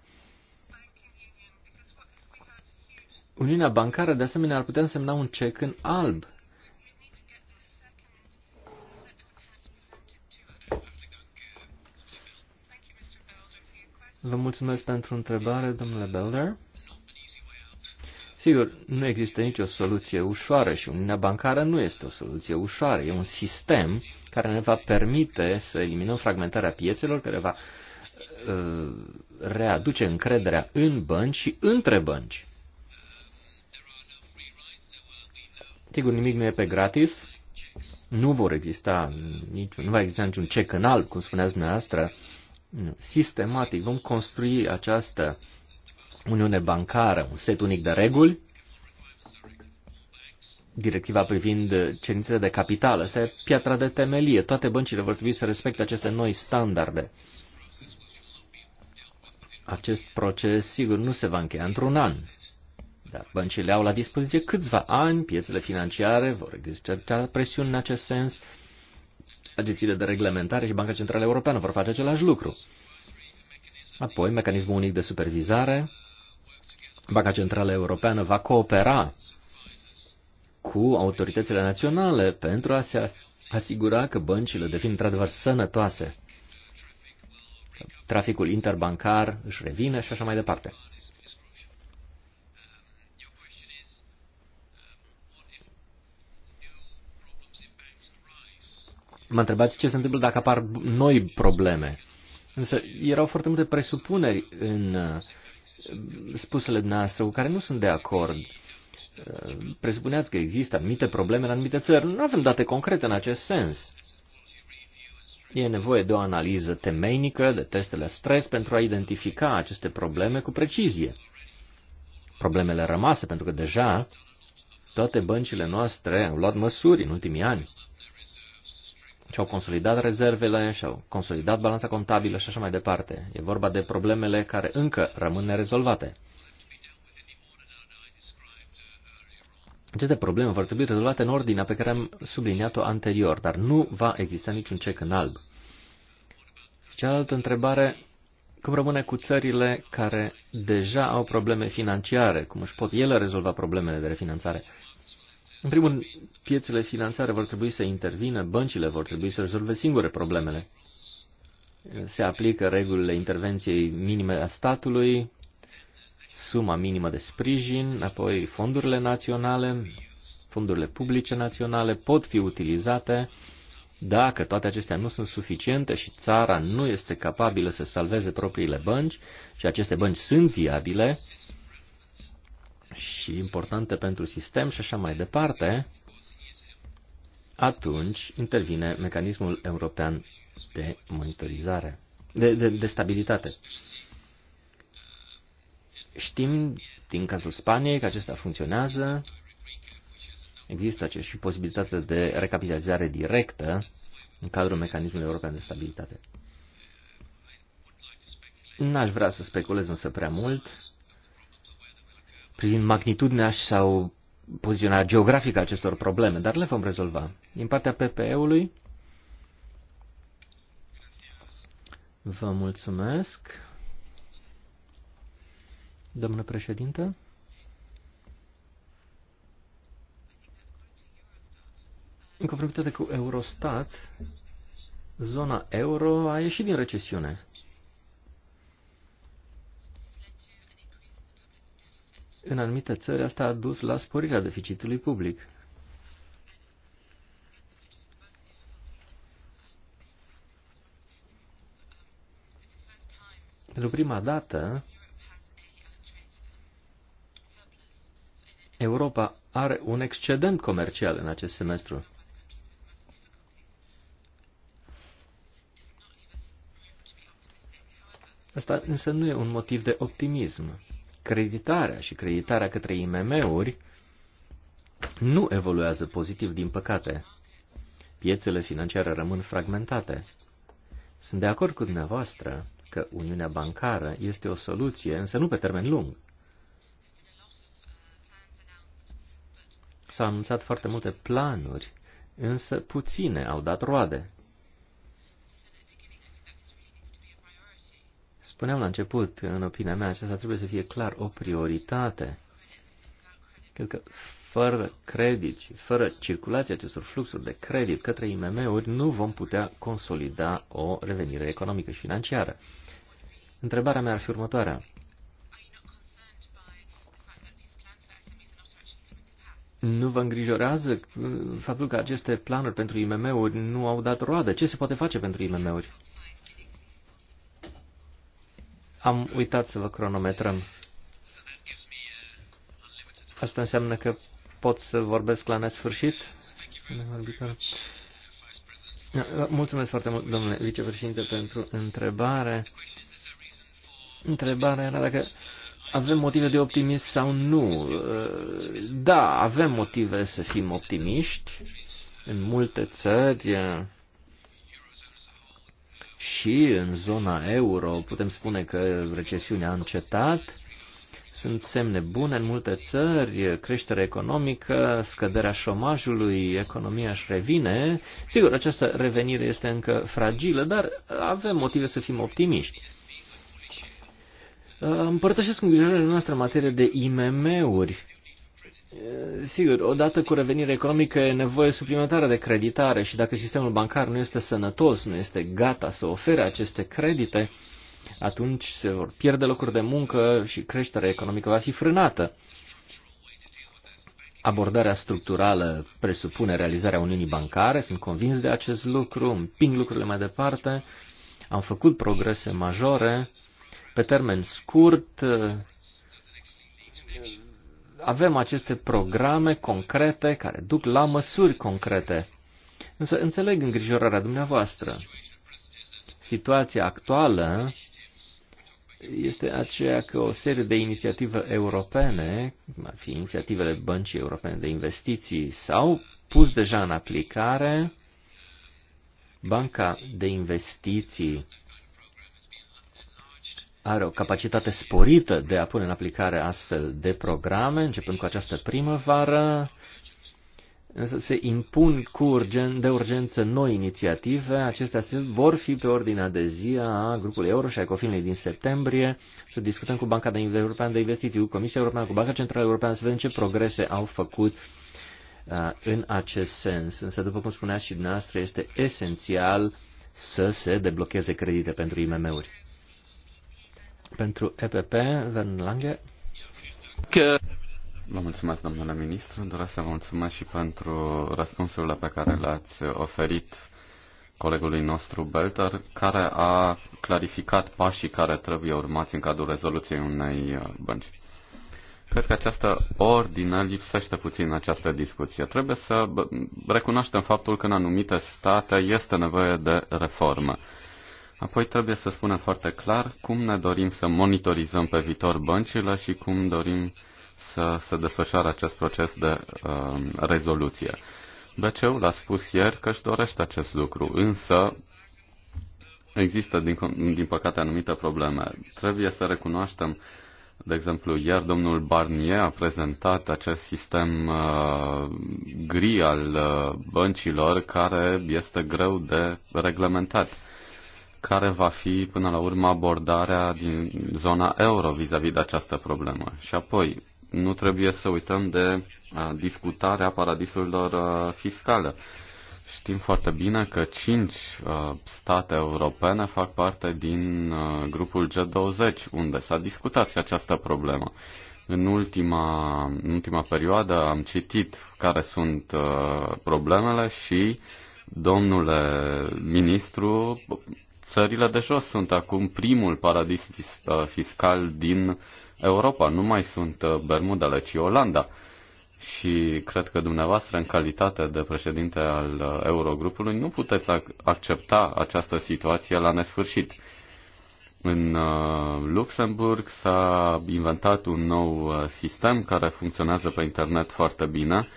Uniunea bancară, de asemenea, ar putea însemna un cec în alb. Vă mulțumesc pentru întrebare, domnule Belder. Sigur, nu există nicio soluție ușoară și Uniunea Bancară nu este o soluție ușoară. E un sistem care ne va permite să eliminăm fragmentarea piețelor, care va uh, readuce încrederea în bănci și între bănci. Sigur, nimic nu e pe gratis. Nu vor exista niciun, nu va exista niciun cec în alb, cum spuneați dumneavoastră. Sistematic vom construi această uniune bancară, un set unic de reguli, directiva privind cerințele de capital. Asta e piatra de temelie. Toate băncile vor trebui să respecte aceste noi standarde. Acest proces, sigur, nu se va încheia într-un an. Dar băncile au la dispoziție câțiva ani, piețele financiare vor exercita presiuni în acest sens, agențiile de reglementare și Banca Centrală Europeană vor face același lucru. Apoi, mecanismul unic de supervizare, Banca Centrală Europeană va coopera cu autoritățile naționale pentru a se asigura că băncile devin într-adevăr sănătoase, traficul interbancar își revine și așa mai departe. Mă întrebați ce se întâmplă dacă apar noi probleme. Însă erau foarte multe presupuneri în uh, spusele noastre cu care nu sunt de acord. Uh, presupuneați că există anumite probleme în anumite țări. Nu avem date concrete în acest sens. E nevoie de o analiză temeinică de testele stres pentru a identifica aceste probleme cu precizie. Problemele rămase, pentru că deja toate băncile noastre au luat măsuri în ultimii ani și-au consolidat rezervele, și-au consolidat balanța contabilă și așa mai departe. E vorba de problemele care încă rămân nerezolvate. Aceste probleme vor trebui rezolvate în ordinea pe care am subliniat-o anterior, dar nu va exista niciun cec în alb. Și cealaltă întrebare, cum rămâne cu țările care deja au probleme financiare, cum își pot ele rezolva problemele de refinanțare? În primul rând, piețele financiare vor trebui să intervină, băncile vor trebui să rezolve singure problemele. Se aplică regulile intervenției minime a statului, suma minimă de sprijin, apoi fondurile naționale, fondurile publice naționale pot fi utilizate dacă toate acestea nu sunt suficiente și țara nu este capabilă să salveze propriile bănci și aceste bănci sunt viabile, și importante pentru sistem și așa mai departe, atunci intervine mecanismul european de monitorizare, de, de, de stabilitate. Știm din cazul Spaniei că acesta funcționează, există și posibilitatea de recapitalizare directă în cadrul mecanismului european de stabilitate. N-aș vrea să speculez însă prea mult, privind magnitudinea sau poziționarea geografică a acestor probleme, dar le vom rezolva. Din partea PPE-ului, vă mulțumesc. Domnule președinte, în conformitate cu Eurostat, zona euro a ieșit din recesiune. În anumite țări asta a dus la sporirea deficitului public. Pentru prima dată, Europa are un excedent comercial în acest semestru. Asta însă nu e un motiv de optimism creditarea și creditarea către IMM-uri nu evoluează pozitiv, din păcate. Piețele financiare rămân fragmentate. Sunt de acord cu dumneavoastră că Uniunea Bancară este o soluție, însă nu pe termen lung. S-au anunțat foarte multe planuri, însă puține au dat roade. Spuneam la început, în opinia mea, aceasta trebuie să fie clar o prioritate. Cred că fără credit și fără circulația acestor fluxuri de credit către IMM-uri nu vom putea consolida o revenire economică și financiară. Întrebarea mea ar fi următoarea. Nu vă îngrijorează faptul că aceste planuri pentru IMM-uri nu au dat roadă? Ce se poate face pentru IMM-uri? Am uitat să vă cronometrăm. Asta înseamnă că pot să vorbesc la nesfârșit? Mulțumesc foarte mult, domnule vicepreședinte, pentru întrebare. Întrebarea era dacă avem motive de optimism sau nu. Da, avem motive să fim optimiști. În multe țări și în zona euro putem spune că recesiunea a încetat, sunt semne bune în multe țări, creștere economică, scăderea șomajului, economia își revine. Sigur, această revenire este încă fragilă, dar avem motive să fim optimiști. Împărtășesc îngrijorările noastre în materie de IMM-uri. Eh, sigur, odată cu revenirea economică e nevoie suplimentară de creditare și dacă sistemul bancar nu este sănătos, nu este gata să ofere aceste credite, atunci se vor pierde locuri de muncă și creșterea economică va fi frânată. Abordarea structurală presupune realizarea Uniunii Bancare, sunt convins de acest lucru, împing lucrurile mai departe, am făcut progrese majore, pe termen scurt avem aceste programe concrete care duc la măsuri concrete. Însă înțeleg îngrijorarea dumneavoastră. Situația actuală este aceea că o serie de inițiative europene, cum ar fi inițiativele Băncii Europene de Investiții, s-au pus deja în aplicare. Banca de Investiții are o capacitate sporită de a pune în aplicare astfel de programe, începând cu această primăvară, însă se impun cu urgen, de urgență noi inițiative. Acestea se vor fi pe ordinea de zi a grupului Euro și a Ecofinului din septembrie. Să discutăm cu Banca de Europeană de Investiții, cu Comisia Europeană, cu Banca Centrală Europeană, să vedem ce progrese au făcut în acest sens. Însă, după cum spuneați și dumneavoastră, este esențial să se deblocheze credite pentru IMM-uri. Pentru EPP, Vern Lange. Că... Vă mulțumesc, domnule ministru. Doresc să vă mulțumesc și pentru răspunsurile pe care le-ați oferit colegului nostru Belter, care a clarificat pașii care trebuie urmați în cadrul rezoluției unei uh, bănci. Cred că această ordine lipsește puțin în această discuție. Trebuie să recunoaștem faptul că în anumite state este nevoie de reformă. Apoi trebuie să spunem foarte clar cum ne dorim să monitorizăm pe viitor băncile și cum dorim să se desfășoare acest proces de uh, rezoluție. BCU l-a spus ieri că își dorește acest lucru, însă există, din, din păcate, anumite probleme. Trebuie să recunoaștem, de exemplu, ieri domnul Barnier a prezentat acest sistem uh, gri al uh, băncilor care este greu de reglementat care va fi până la urmă abordarea din zona euro vis-a-vis -vis de această problemă. Și apoi, nu trebuie să uităm de discutarea paradisurilor fiscale. Știm foarte bine că cinci state europene fac parte din grupul G20, unde s-a discutat și această problemă. În ultima, în ultima perioadă am citit care sunt problemele și, domnule ministru, Țările de jos sunt acum primul paradis uh, fiscal din Europa. Nu mai sunt uh, Bermudele, ci Olanda. Și cred că dumneavoastră, în calitate de președinte al uh, Eurogrupului, nu puteți accepta această situație la nesfârșit. În Luxemburg s-a inventat un nou sistem care funcționează pe internet foarte bine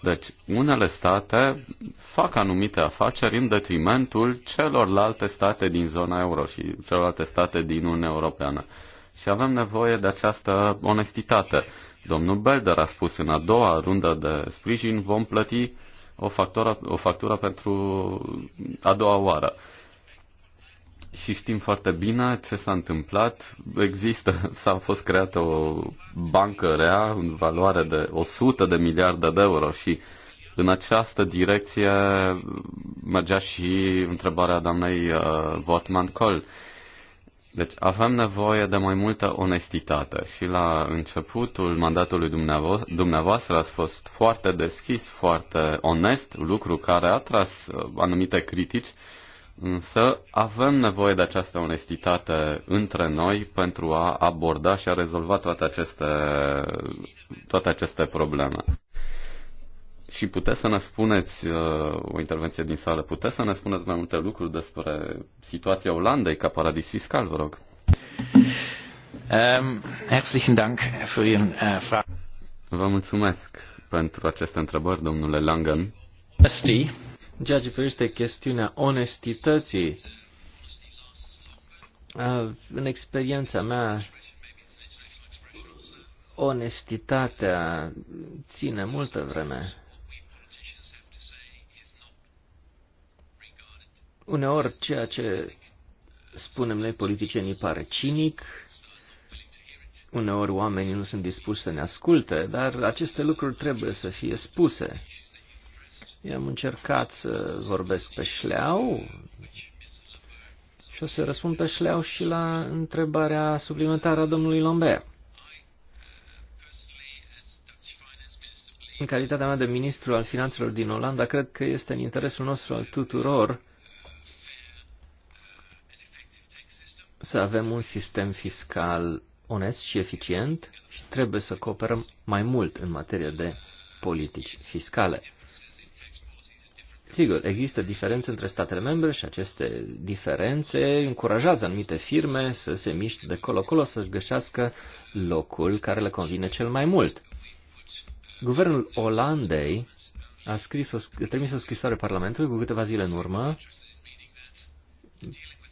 deci, unele state fac anumite afaceri în detrimentul celorlalte state din zona euro și celorlalte state din Uniunea Europeană. Și avem nevoie de această onestitate. Domnul Belder a spus în a doua rundă de sprijin vom plăti o factură, o factură pentru a doua oară și știm foarte bine ce s-a întâmplat. Există, s-a fost creată o bancă rea în valoare de 100 de miliarde de euro și în această direcție mergea și întrebarea doamnei uh, Votman Col. Deci avem nevoie de mai multă onestitate și la începutul mandatului dumneavoastră, dumneavoastră ați fost foarte deschis, foarte onest, lucru care a tras uh, anumite critici, uh, Însă avem nevoie de această onestitate între noi pentru a aborda și a rezolva toate aceste, toate aceste probleme. Și puteți să ne spuneți, uh, o intervenție din sală, puteți să ne spuneți mai multe lucruri despre situația Olandei ca paradis fiscal, vă rog? Um, herzlichen Dank für Ihren uh, Vă mulțumesc pentru aceste întrebări, domnule Langen. Asti. În ceea ce privește chestiunea onestității, în experiența mea, onestitatea ține multă vreme. Uneori ceea ce spunem noi politicienii pare cinic, uneori oamenii nu sunt dispuși să ne asculte, dar aceste lucruri trebuie să fie spuse. Eu am încercat să vorbesc pe șleau și o să răspund pe șleau și la întrebarea suplimentară a domnului Lambert. În calitatea mea de ministru al finanțelor din Olanda, cred că este în interesul nostru al tuturor să avem un sistem fiscal onest și eficient și trebuie să cooperăm mai mult în materie de politici fiscale. Sigur, există diferențe între statele membre și aceste diferențe încurajează anumite firme să se miște de colo-colo, să-și găsească locul care le convine cel mai mult. Guvernul Olandei a, scris o, a trimis o scrisoare Parlamentului cu câteva zile în urmă.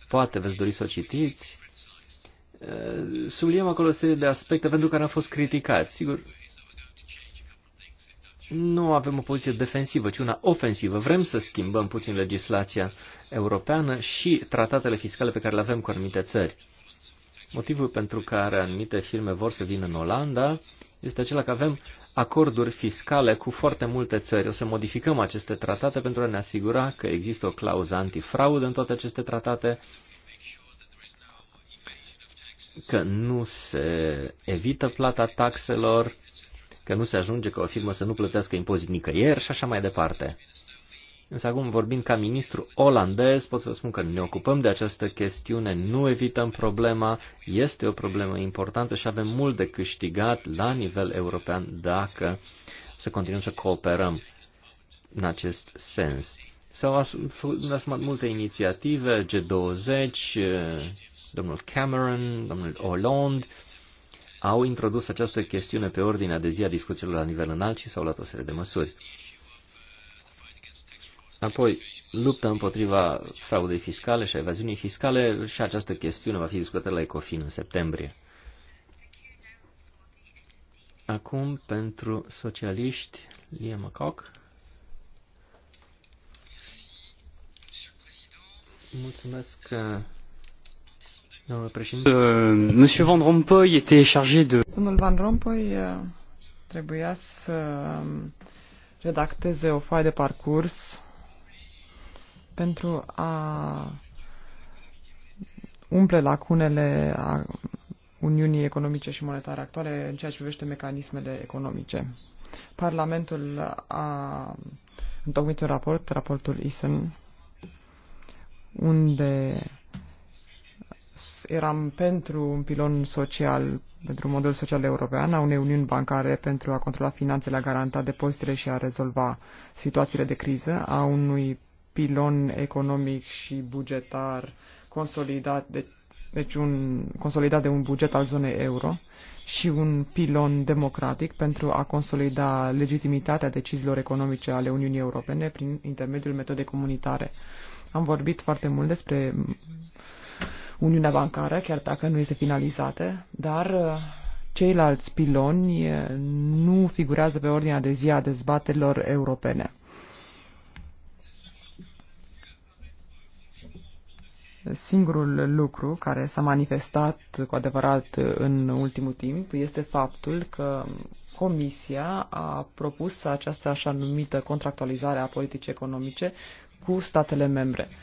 Poate veți dori să o citiți. Subliniem acolo o serie de aspecte pentru care am fost criticați. Sigur, nu avem o poziție defensivă, ci una ofensivă. Vrem să schimbăm puțin legislația europeană și tratatele fiscale pe care le avem cu anumite țări. Motivul pentru care anumite firme vor să vină în Olanda este acela că avem acorduri fiscale cu foarte multe țări. O să modificăm aceste tratate pentru a ne asigura că există o clauză antifraudă în toate aceste tratate, că nu se evită plata taxelor, că nu se ajunge ca o firmă să nu plătească impozit nicăieri și așa mai departe. Însă acum, vorbind ca ministru olandez, pot să vă spun că ne ocupăm de această chestiune, nu evităm problema, este o problemă importantă și avem mult de câștigat la nivel european dacă să continuăm să cooperăm în acest sens. S-au asumat multe inițiative, G20, eh, domnul Cameron, domnul Hollande, au introdus această chestiune pe ordinea de zi a discuțiilor la nivel înalt și s-au luat o serie de măsuri. Apoi, lupta împotriva fraudei fiscale și a evaziunii fiscale și această chestiune va fi discutată la ECOFIN în septembrie. Acum, pentru socialiști, Liam McCock. Mulțumesc, uh, Domnul președinte. Uh, Monsieur Van Rompuy était chargé de... Domnul Van Rompuy uh, trebuia să um, redacteze o foaie de parcurs pentru a umple lacunele a Uniunii Economice și Monetare actuale în ceea ce privește mecanismele economice. Parlamentul a întocmit un raport, raportul ISEN, unde eram pentru un pilon social, pentru un model social european, a unei uniuni bancare pentru a controla finanțele, a garanta depozitele și a rezolva situațiile de criză, a unui pilon economic și bugetar consolidat, de, deci un, consolidat de un buget al zonei euro și un pilon democratic pentru a consolida legitimitatea deciziilor economice ale Uniunii Europene prin intermediul metodei comunitare. Am vorbit foarte mult despre Uniunea Bancară, chiar dacă nu este finalizată, dar uh, ceilalți piloni uh, nu figurează pe ordinea de zi a dezbaterilor europene. Singurul lucru care s-a manifestat cu adevărat în ultimul timp este faptul că Comisia a propus această așa numită contractualizare a politicii economice cu statele membre. Uh,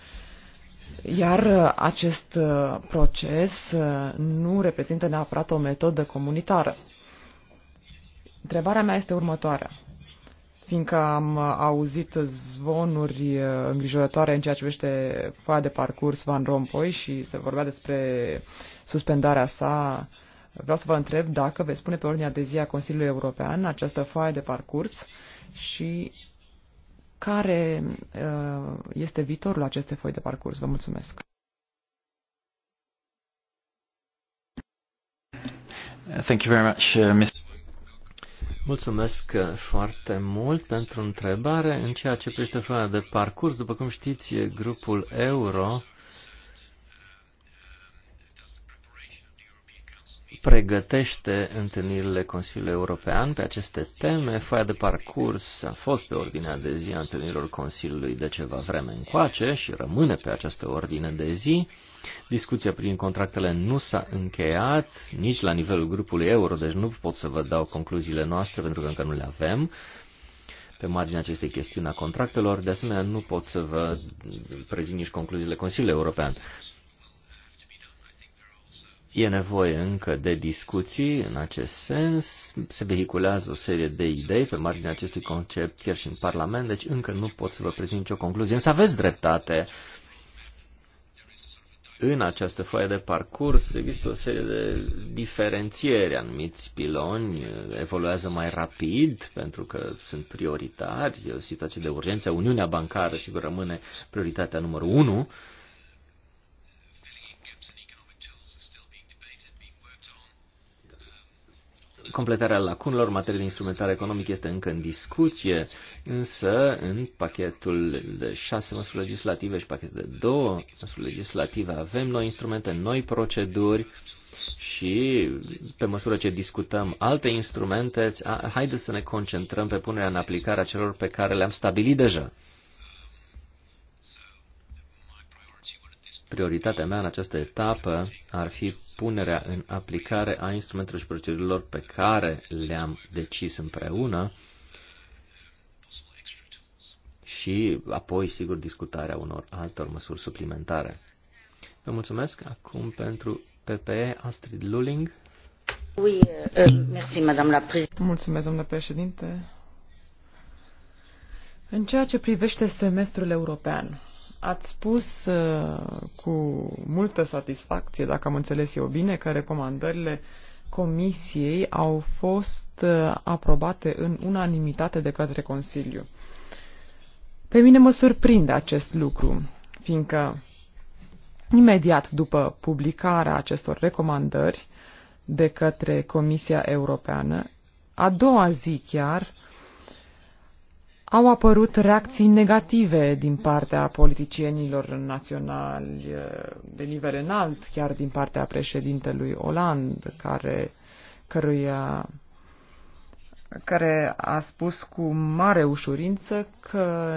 iar uh, acest uh, proces uh, nu reprezintă neapărat o metodă comunitară. Întrebarea mea este următoarea. Fiindcă am auzit zvonuri îngrijorătoare în ceea ce vește foaia de parcurs Van Rompuy și se vorbea despre suspendarea sa, vreau să vă întreb dacă veți pune pe ordinea de zi a Consiliului European această foaie de parcurs și care uh, este viitorul acestei foi de parcurs. Vă mulțumesc! Thank you very much, uh, Mr. Mulțumesc uh, foarte mult pentru întrebare. În ceea ce privește foaia de parcurs, după cum știți, grupul Euro pregătește întâlnirile Consiliului European pe aceste teme. Foaia de parcurs a fost pe ordinea de zi a întâlnirilor Consiliului de ceva vreme încoace și rămâne pe această ordine de zi. Discuția prin contractele nu s-a încheiat nici la nivelul grupului euro, deci nu pot să vă dau concluziile noastre pentru că încă nu le avem pe marginea acestei chestiuni a contractelor. De asemenea, nu pot să vă prezint nici concluziile Consiliului European. E nevoie încă de discuții în acest sens, se vehiculează o serie de idei pe marginea acestui concept chiar și în Parlament, deci încă nu pot să vă prezint nicio concluzie, însă aveți dreptate. În această foaie de parcurs există o serie de diferențieri, anumiți piloni evoluează mai rapid pentru că sunt prioritari, e o situație de urgență, Uniunea Bancară sigur rămâne prioritatea numărul 1, completarea lacunelor în materie de instrumentare economic este încă în discuție, însă în pachetul de șase măsuri legislative și pachetul de două măsuri legislative avem noi instrumente, noi proceduri și pe măsură ce discutăm alte instrumente, haideți să ne concentrăm pe punerea în aplicare a celor pe care le-am stabilit deja. Prioritatea mea în această etapă ar fi punerea în aplicare a instrumentelor și procedurilor pe care le-am decis împreună și apoi, sigur, discutarea unor altor măsuri suplimentare. Vă mulțumesc acum pentru PPE Astrid Luling. Oui, euh, merci, la mulțumesc, domnule președinte. În ceea ce privește semestrul european, Ați spus uh, cu multă satisfacție, dacă am înțeles eu bine, că recomandările Comisiei au fost uh, aprobate în unanimitate de către Consiliu. Pe mine mă surprinde acest lucru, fiindcă imediat după publicarea acestor recomandări de către Comisia Europeană, a doua zi chiar, au apărut reacții negative din partea politicienilor naționali eh, de nivel înalt, chiar din partea președintelui Oland, care, căruia, care a spus cu mare ușurință că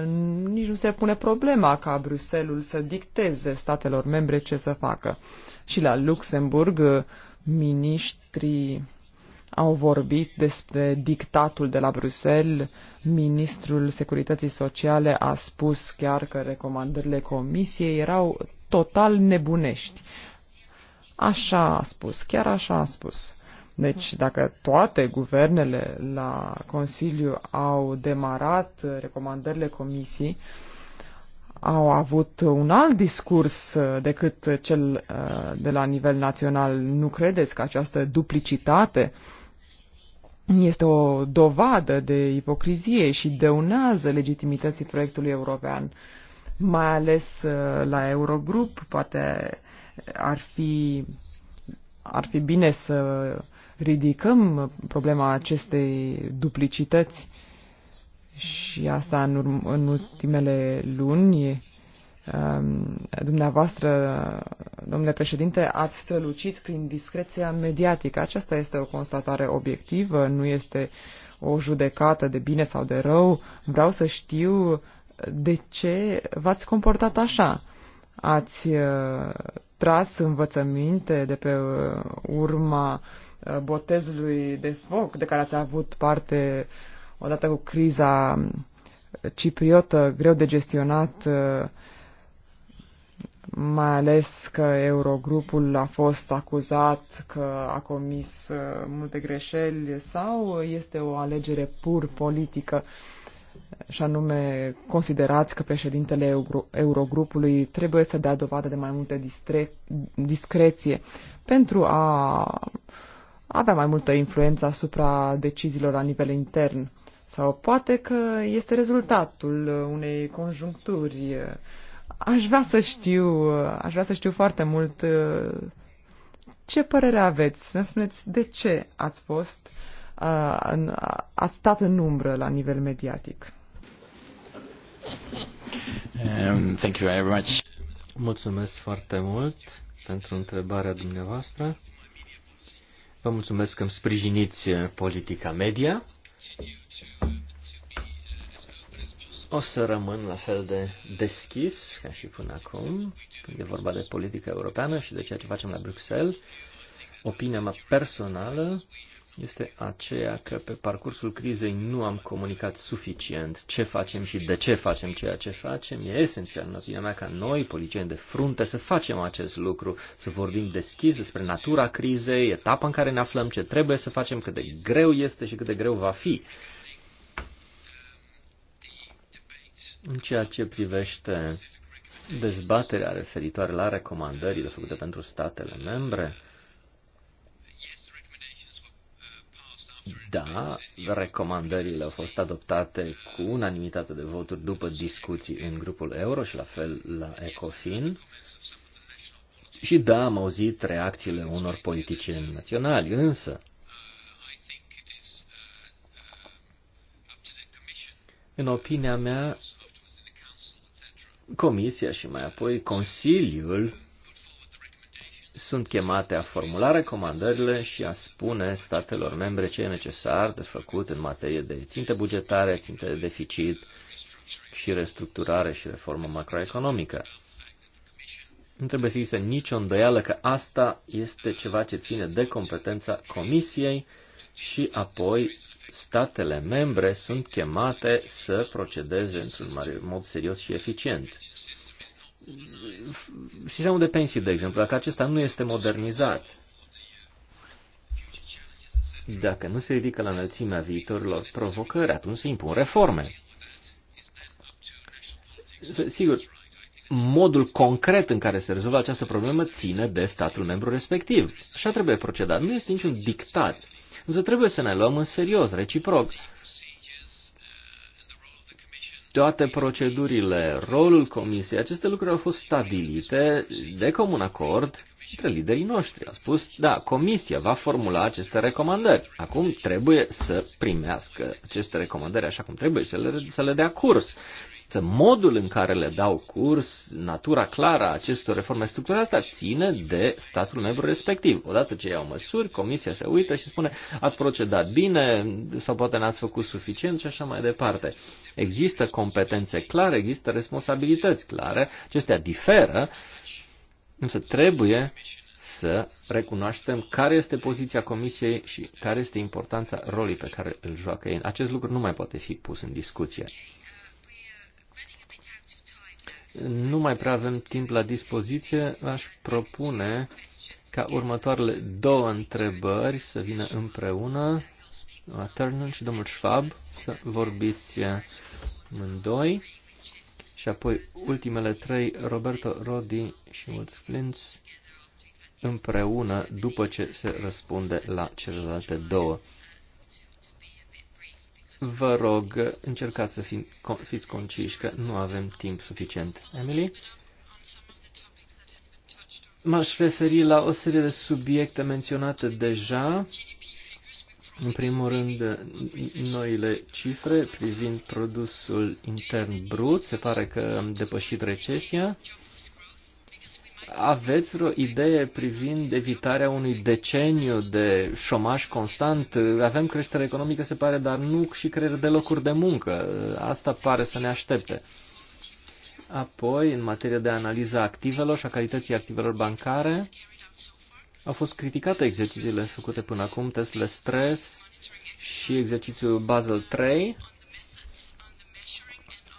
nici nu se pune problema ca Bruselul să dicteze statelor membre ce să facă. Și la Luxemburg, eh, miniștrii au vorbit despre dictatul de la Bruxelles. Ministrul Securității Sociale a spus chiar că recomandările comisiei erau total nebunești. Așa a spus, chiar așa a spus. Deci dacă toate guvernele la Consiliu au demarat recomandările comisiei, uh, au avut un alt discurs uh, decât cel uh, de la nivel național. Nu credeți că această duplicitate este o dovadă de ipocrizie și dăunează legitimității proiectului european, mai ales uh, la Eurogrup, poate ar fi, ar fi bine să ridicăm problema acestei duplicități și asta în, urm- în ultimele luni. Um, dumneavoastră, domnule președinte, ați strălucit prin discreția mediatică. Aceasta este o constatare obiectivă, nu este o judecată de bine sau de rău. Vreau să știu de ce v-ați comportat așa. Ați uh, tras învățăminte de pe uh, urma uh, botezului de foc de care ați avut parte uh, odată cu criza cipriotă greu de gestionat, uh, mai ales că Eurogrupul a fost acuzat că a comis uh, multe greșeli sau este o alegere pur politică și anume considerați că președintele Eurogrupului trebuie să dea dovadă de mai multă discreție pentru a avea mai multă influență asupra deciziilor la nivel intern. Sau poate că este rezultatul unei conjuncturi. Aș vrea să știu, aș vrea să știu foarte mult ce părere aveți, să ne spuneți de ce ați fost, ați stat în umbră la nivel mediatic. Um, thank you very much. Mulțumesc foarte mult pentru întrebarea dumneavoastră. Vă mulțumesc că îmi sprijiniți politica media. O să rămân la fel de deschis ca și până acum, când e vorba de politică europeană și de ceea ce facem la Bruxelles. Opinia mea personală este aceea că pe parcursul crizei nu am comunicat suficient ce facem și de ce facem ceea ce facem. E esențial, în opinia mea, ca noi, politicieni de frunte, să facem acest lucru, să vorbim deschis despre natura crizei, etapa în care ne aflăm, ce trebuie să facem, cât de greu este și cât de greu va fi. În ceea ce privește dezbaterea referitoare la recomandările făcute pentru statele membre, Da, recomandările au fost adoptate cu unanimitate de voturi după discuții în grupul euro și la fel la ECOFIN. Și da, am auzit reacțiile unor politicieni naționali, însă în opinia mea, Comisia și mai apoi Consiliul sunt chemate a formula recomandările și a spune statelor membre ce e necesar de făcut în materie de ținte bugetare, ținte de deficit și restructurare și reformă macroeconomică. Nu trebuie să există nicio îndoială că asta este ceva ce ține de competența Comisiei și apoi statele membre sunt chemate să procedeze într-un mod serios și eficient sistemul de pensii, de exemplu, dacă acesta nu este modernizat, dacă nu se ridică la înălțimea viitorilor provocări, atunci se impun reforme. Sigur, modul concret în care se rezolvă această problemă ține de statul membru respectiv. Așa trebuie procedat. Nu este niciun dictat. Însă trebuie să ne luăm în serios, reciproc. Uh, toate procedurile, rolul comisiei, aceste lucruri au fost stabilite de comun acord între liderii noștri. A spus, da, comisia va formula aceste recomandări. Acum trebuie să primească aceste recomandări așa cum trebuie, să le, să le dea curs modul în care le dau curs, natura clară a acestor reforme structurale, asta ține de statul membru respectiv. Odată ce iau măsuri, comisia se uită și spune ați procedat bine sau poate n-ați făcut suficient și așa mai departe. Există competențe clare, există responsabilități clare, acestea diferă, însă trebuie să recunoaștem care este poziția Comisiei și care este importanța rolului pe care îl joacă ei. Acest lucru nu mai poate fi pus în discuție. Nu mai prea avem timp la dispoziție, aș propune ca următoarele două întrebări să vină împreună, Turnul și domnul Schwab, să vorbiți eh, mândoi, Și apoi ultimele trei, Roberto Rodi și Woods Flintz, împreună după ce se răspunde la celelalte două. Vă rog, încercați să fi, fiți conciși că nu avem timp suficient. Emily? M-aș referi la o serie de subiecte menționate deja. În primul rând, noile cifre privind produsul intern brut. Se pare că am depășit recesia. Aveți vreo idee privind evitarea unui deceniu de șomaș constant? Avem creștere economică, se pare, dar nu și creare de locuri de muncă. Asta pare să ne aștepte. Apoi, în materie de analiză activelor și a calității activelor bancare, au fost criticate exercițiile făcute până acum, testele stres și exercițiul Basel 3.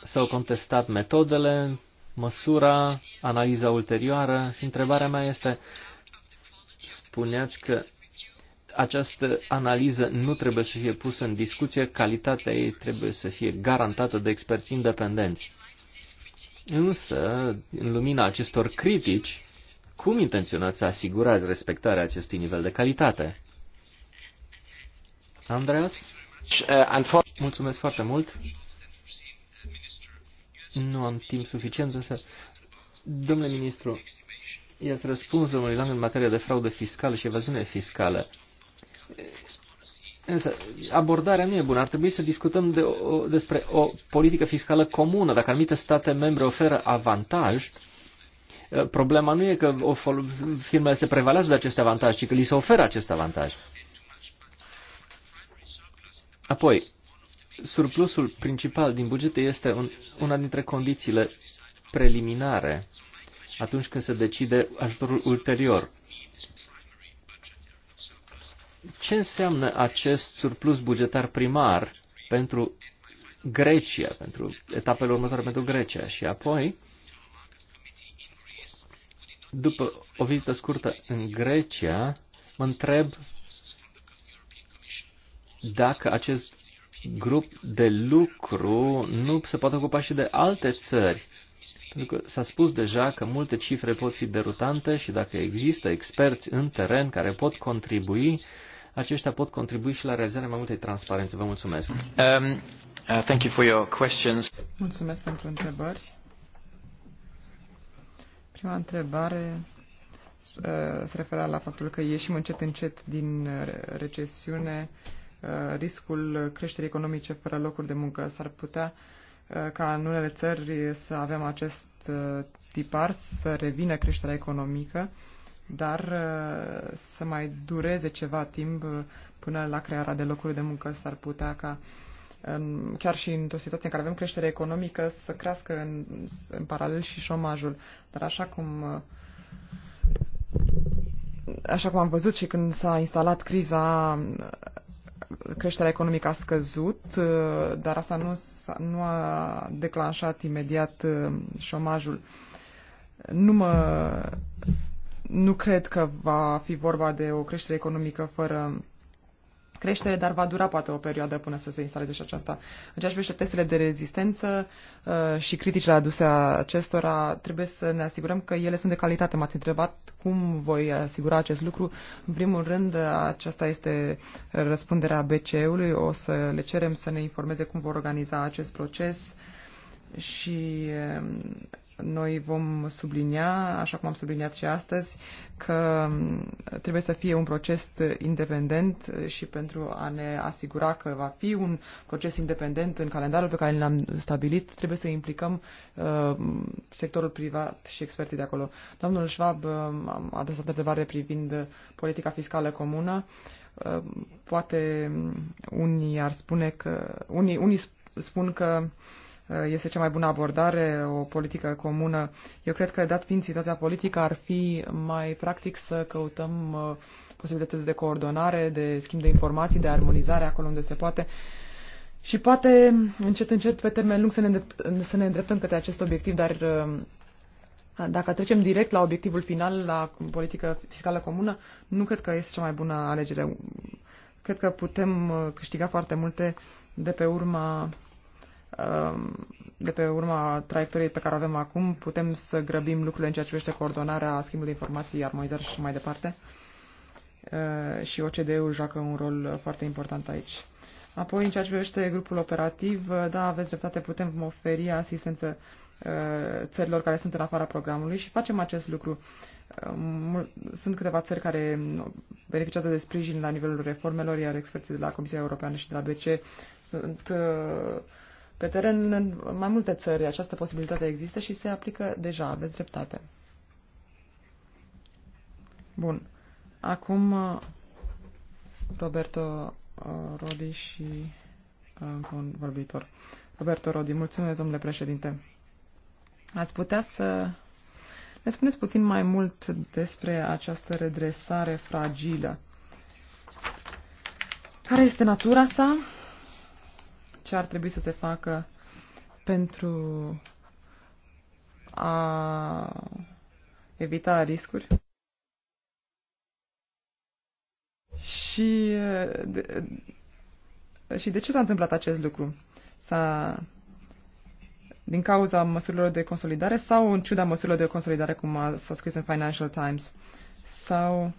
S-au contestat metodele, măsura, analiza ulterioară și întrebarea mea este, spuneați că această analiză nu trebuie să fie pusă în discuție, calitatea ei trebuie să fie garantată de experți independenți. Însă, în lumina acestor critici, cum intenționați să asigurați respectarea acestui nivel de calitate? Andreas? Uh, Mulțumesc foarte mult. Nu am timp suficient, însă, domnule ministru, iată răspunsul unui lang în materie de fraudă fiscală și evaziune fiscală. Însă, abordarea nu e bună. Ar trebui să discutăm de o, despre o politică fiscală comună. Dacă anumite state membre oferă avantaj, problema nu e că o, firmele se prevalează de acest avantaj, ci că li se oferă acest avantaj. Apoi, surplusul principal din buget este un, una dintre condițiile preliminare atunci când se decide ajutorul ulterior. Ce înseamnă acest surplus bugetar primar pentru Grecia, pentru etapele următoare pentru Grecia? Și apoi, după o vizită scurtă în Grecia, mă întreb dacă acest grup de lucru nu se poate ocupa și de alte țări. Pentru că s-a spus deja că multe cifre pot fi derutante și dacă există experți în teren care pot contribui, aceștia pot contribui și la realizarea mai multei transparențe. Vă mulțumesc. Um, uh, thank you for your questions. Mulțumesc pentru întrebări. Prima întrebare uh, se referă la faptul că ieșim încet încet din recesiune Uh, riscul creșterii economice fără locuri de muncă. S-ar putea uh, ca în unele țări să avem acest uh, tipar, să revină creșterea economică, dar să mai dureze ceva timp până la crearea de locuri de muncă. S-ar putea ca chiar și într-o situație în care avem creștere economică, să crească în, în paralel și șomajul. Dar așa cum așa cum am văzut și când s-a instalat criza creșterea economică a scăzut, uh, dar asta nu, nu a declanșat imediat uh, șomajul. Nu mă nu cred că va fi vorba de o creștere economică fără creștere, dar va dura poate o perioadă până să se instaleze și aceasta. În ceea ce privește testele de rezistență uh, și criticile aduse acestora, trebuie să ne asigurăm că ele sunt de calitate. M-ați întrebat cum voi asigura acest lucru. În primul rând, aceasta este răspunderea BCE-ului. O să le cerem să ne informeze cum vor organiza acest proces și um, noi vom sublinia, așa cum am subliniat și astăzi, că trebuie să fie un proces independent și pentru a ne asigura că va fi un proces independent în calendarul pe care l-am stabilit, trebuie să implicăm uh, sectorul privat și experții de acolo. Domnul Schwab uh, a adresat o întrebare privind politica fiscală comună. Uh, poate unii ar spune că, unii, unii spun că uh, Uh, este cea mai bună abordare, o politică comună. Eu cred că, dat fiind situația politică, ar fi mai practic să căutăm uh, posibilități de coordonare, de schimb de informații, de armonizare acolo unde se poate. Și poate, încet, încet, pe termen lung, să ne, să ne îndreptăm către acest obiectiv, dar uh, dacă trecem direct la obiectivul final, la politică fiscală comună, nu cred că este cea mai bună alegere. Cred că putem câștiga foarte multe de pe urma Ehm, de pe urma traiectoriei pe care o avem acum, putem să grăbim lucrurile în ceea ce privește coordonarea, schimbul de informații, armonizare și mai departe. Ehm, și OCDE-ul joacă un rol foarte important aici. Apoi, în ceea ce privește grupul operativ, da, aveți dreptate, putem oferi asistență ehm, țărilor care sunt în afara programului și facem acest lucru. Sunt câteva țări care beneficiază de sprijin la nivelul reformelor, iar experții de la Comisia Europeană și de la BC sunt uh, pe teren în mai multe țări. Această posibilitate există și se aplică deja. Aveți dreptate. Bun. Acum Roberto uh, Rodi și încă uh, un vorbitor. Roberto Rodi, mulțumesc, domnule președinte. Ați putea să ne spuneți puțin mai mult despre această redresare fragilă. Care este natura sa? ce ar trebui să se facă pentru a evita riscuri. Și de, și de ce s-a întâmplat acest lucru? S-a, din cauza măsurilor de consolidare sau în ciuda măsurilor de consolidare, cum s-a scris în Financial Times? Sau,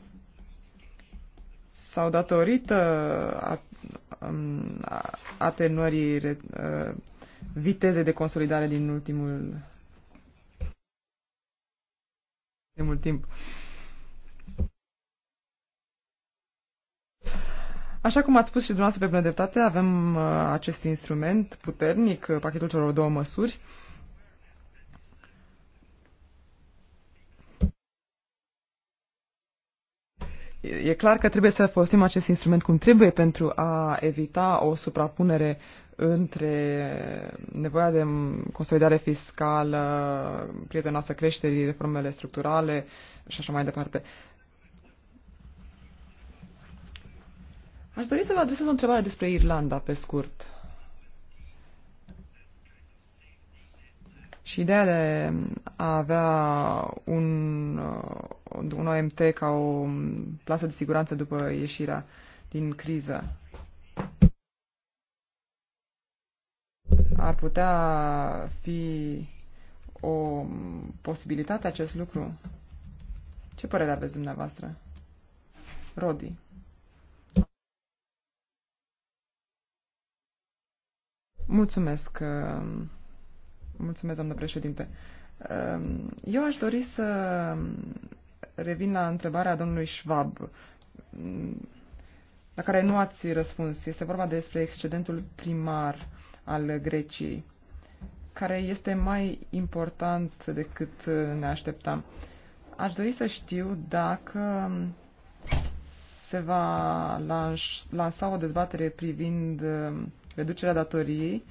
sau datorită Um, atenuării uh, viteze de consolidare din ultimul, ultimul timp. Așa cum ați spus și dumneavoastră pe bună dreptate, avem uh, acest instrument puternic, uh, pachetul celor două măsuri, E clar că trebuie să folosim acest instrument cum trebuie pentru a evita o suprapunere între nevoia de consolidare fiscală, prietenoasă creșterii, reformele structurale și așa mai departe. Aș dori să vă adresez o întrebare despre Irlanda, pe scurt. Și ideea de a mm, avea un, uh, un OMT ca o mm, plasă de siguranță după ieșirea din criză ar putea fi o mm, posibilitate acest lucru? Ce părere aveți dumneavoastră? Rodi. Mulțumesc. Uh... Mulțumesc, doamnă președinte. Ehm, eu aș dori să revin la întrebarea domnului Schwab, mm, la care nu ați răspuns. Este vorba despre excedentul primar al Greciei, care este mai important decât uh, ne așteptam. Aș dori să știu dacă se va lansa o dezbatere privind uh, reducerea datoriei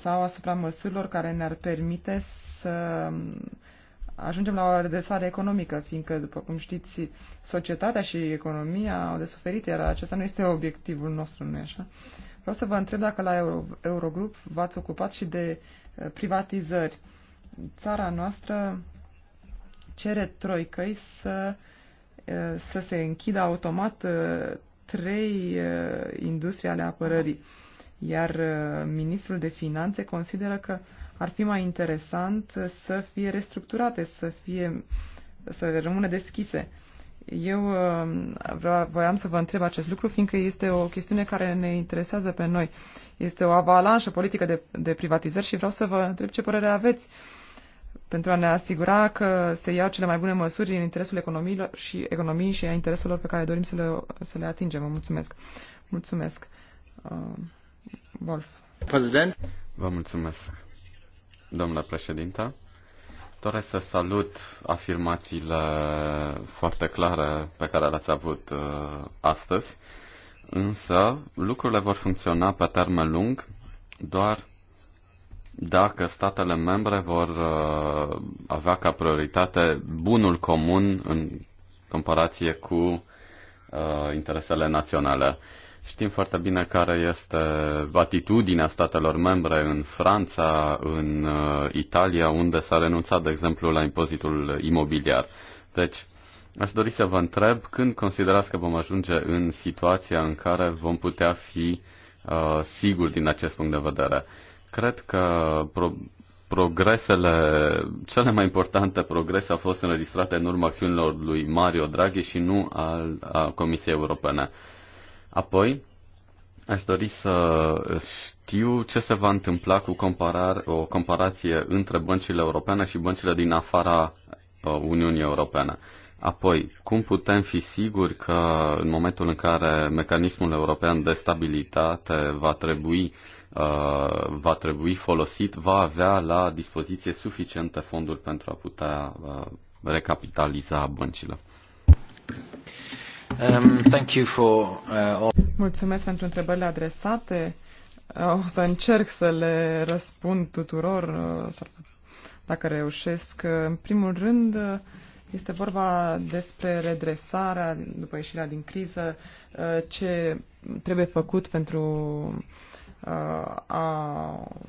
sau asupra măsurilor care ne-ar permite să ajungem la o redresare economică, fiindcă, după cum știți, societatea și economia au de suferit, iar acesta nu este obiectivul nostru, nu așa? Vreau să vă întreb dacă la Euro, Eurogrup v-ați ocupat și de uh, privatizări. Țara noastră cere troicăi să, uh, să se închidă automat uh, trei industrie ale apărării. Uh-huh iar uh, ministrul de finanțe consideră că ar fi mai interesant să fie restructurate, să, fie, să rămână deschise. Eu uh, vreau, voiam să vă întreb acest lucru, fiindcă este o chestiune care ne interesează pe noi. Este o avalanșă politică de, de privatizări și vreau să vă întreb ce părere aveți pentru a ne asigura că se iau cele mai bune măsuri în interesul economiilor și economiei și a intereselor pe care dorim să le, să le atingem. Vă mulțumesc. Mulțumesc. Uh... Wolf. Prezident. Vă mulțumesc, domnule președinte. Doresc să salut afirmațiile foarte clare pe care le-ați avut uh, astăzi, însă lucrurile vor funcționa pe termen lung doar dacă statele membre vor uh, avea ca prioritate bunul comun în comparație cu uh, interesele naționale. Știm foarte bine care este atitudinea statelor membre în Franța, în uh, Italia, unde s-a renunțat, de exemplu, la impozitul imobiliar. Deci, aș dori să vă întreb când considerați că vom ajunge în situația în care vom putea fi uh, siguri din acest punct de vedere. Cred că pro- progresele, cele mai importante progrese au fost înregistrate în urma acțiunilor lui Mario Draghi și nu al, a Comisiei Europene. Apoi, aș dori să știu ce se va întâmpla cu comparar, o comparație între băncile europene și băncile din afara uh, Uniunii Europene. Apoi, cum putem fi siguri că în momentul în care mecanismul european de stabilitate va trebui, uh, va trebui folosit, va avea la dispoziție suficiente fonduri pentru a putea uh, recapitaliza băncile? Um, uh, Mulțumesc pentru întrebările adresate. Uh, o să încerc să le răspund tuturor, uh, dacă reușesc. În primul rând, este vorba despre redresarea după ieșirea din criză, ce trebuie făcut pentru a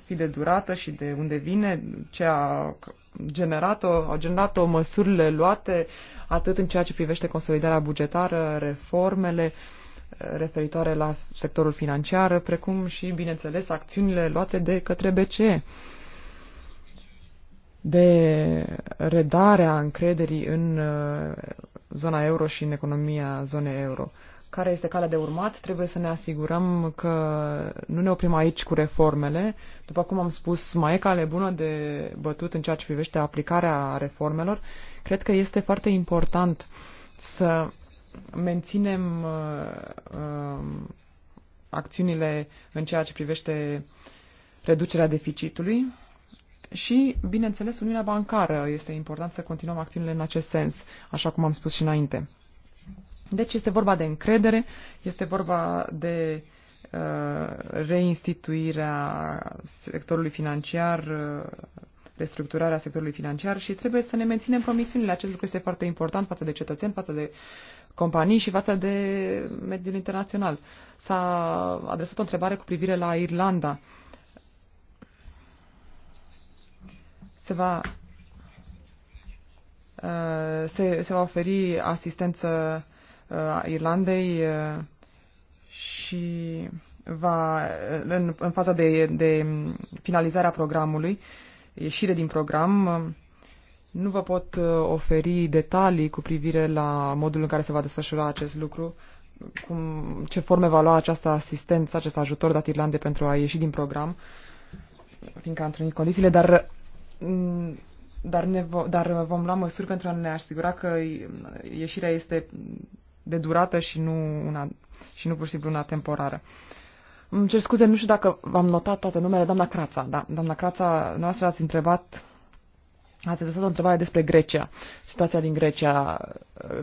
fi de durată și de unde vine, ce a generat-o, au generat-o măsurile luate, atât în ceea ce privește consolidarea bugetară, reformele eh, referitoare la sectorul financiar, precum și, bineînțeles, acțiunile luate de către BCE de redarea încrederii în eh, zona euro și în economia zonei euro care este calea de urmat. Trebuie să ne asigurăm că nu ne oprim aici cu reformele. După cum am spus, mai e cale bună de bătut în ceea ce privește aplicarea reformelor. Cred că este foarte important să menținem uh, um, acțiunile în ceea ce privește reducerea deficitului și, bineînțeles, Uniunea Bancară. Este important să continuăm acțiunile în acest sens, așa cum am spus și înainte. Deci este vorba de încredere, este vorba de uh, reinstituirea sectorului financiar, uh, restructurarea sectorului financiar și trebuie să ne menținem promisiunile. Acest lucru este foarte important față de cetățeni, față de companii și față de mediul internațional. S-a adresat o întrebare cu privire la Irlanda. Se va, uh, se, se va oferi asistență Uh, Irlandei uh, și va, uh, în, în faza de, de finalizarea programului, ieșire din program, nu vă pot oferi detalii cu privire la modul în care se va desfășura acest lucru, cum, ce forme va lua această asistență, acest ajutor dat Irlandei pentru a ieși din program, fiindcă a întâlnit condițiile, dar, mm, dar, ne vo, dar vom lua măsuri pentru a ne asigura că ieșirea este de durată și nu, una, și nu pur și simplu una temporară. Îmi cer scuze, nu știu dacă v-am notat toate numele, doamna Crața. Da, doamna Crața, noastră ați întrebat, ați adresat o întrebare despre Grecia, situația din Grecia.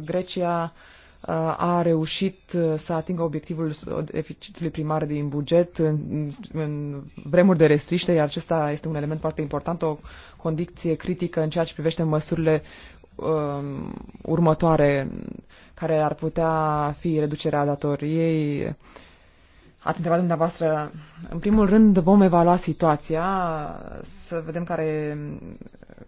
Grecia uh, a reușit uh, să atingă obiectivul deficitului primar din buget în, în vremuri de restriște, iar acesta este un element foarte important, o condiție critică în ceea ce privește măsurile uh, următoare care ar putea fi reducerea datoriei. Ați întrebat dumneavoastră, în primul rând vom evalua situația, să vedem care,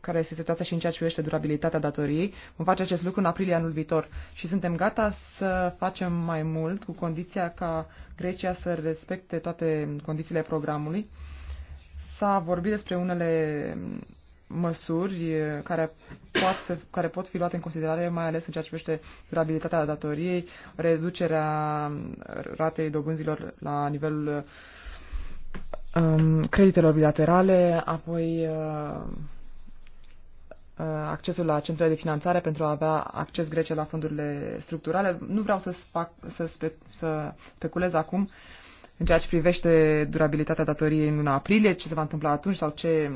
care este situația și în ceea ce privește durabilitatea datoriei. Vom face acest lucru în aprilie anul viitor și suntem gata să facem mai mult cu condiția ca Grecia să respecte toate condițiile programului. S-a vorbit despre unele măsuri care pot, să, care pot fi luate în considerare, mai ales în ceea ce privește durabilitatea datoriei, reducerea ratei dobânzilor la nivelul um, creditelor bilaterale, apoi uh, uh accesul la centrele de finanțare pentru a avea acces grece la fondurile structurale. Nu vreau să, spac, să, spe, să speculez acum în ceea ce privește durabilitatea datoriei în luna aprilie, ce se va întâmpla atunci sau ce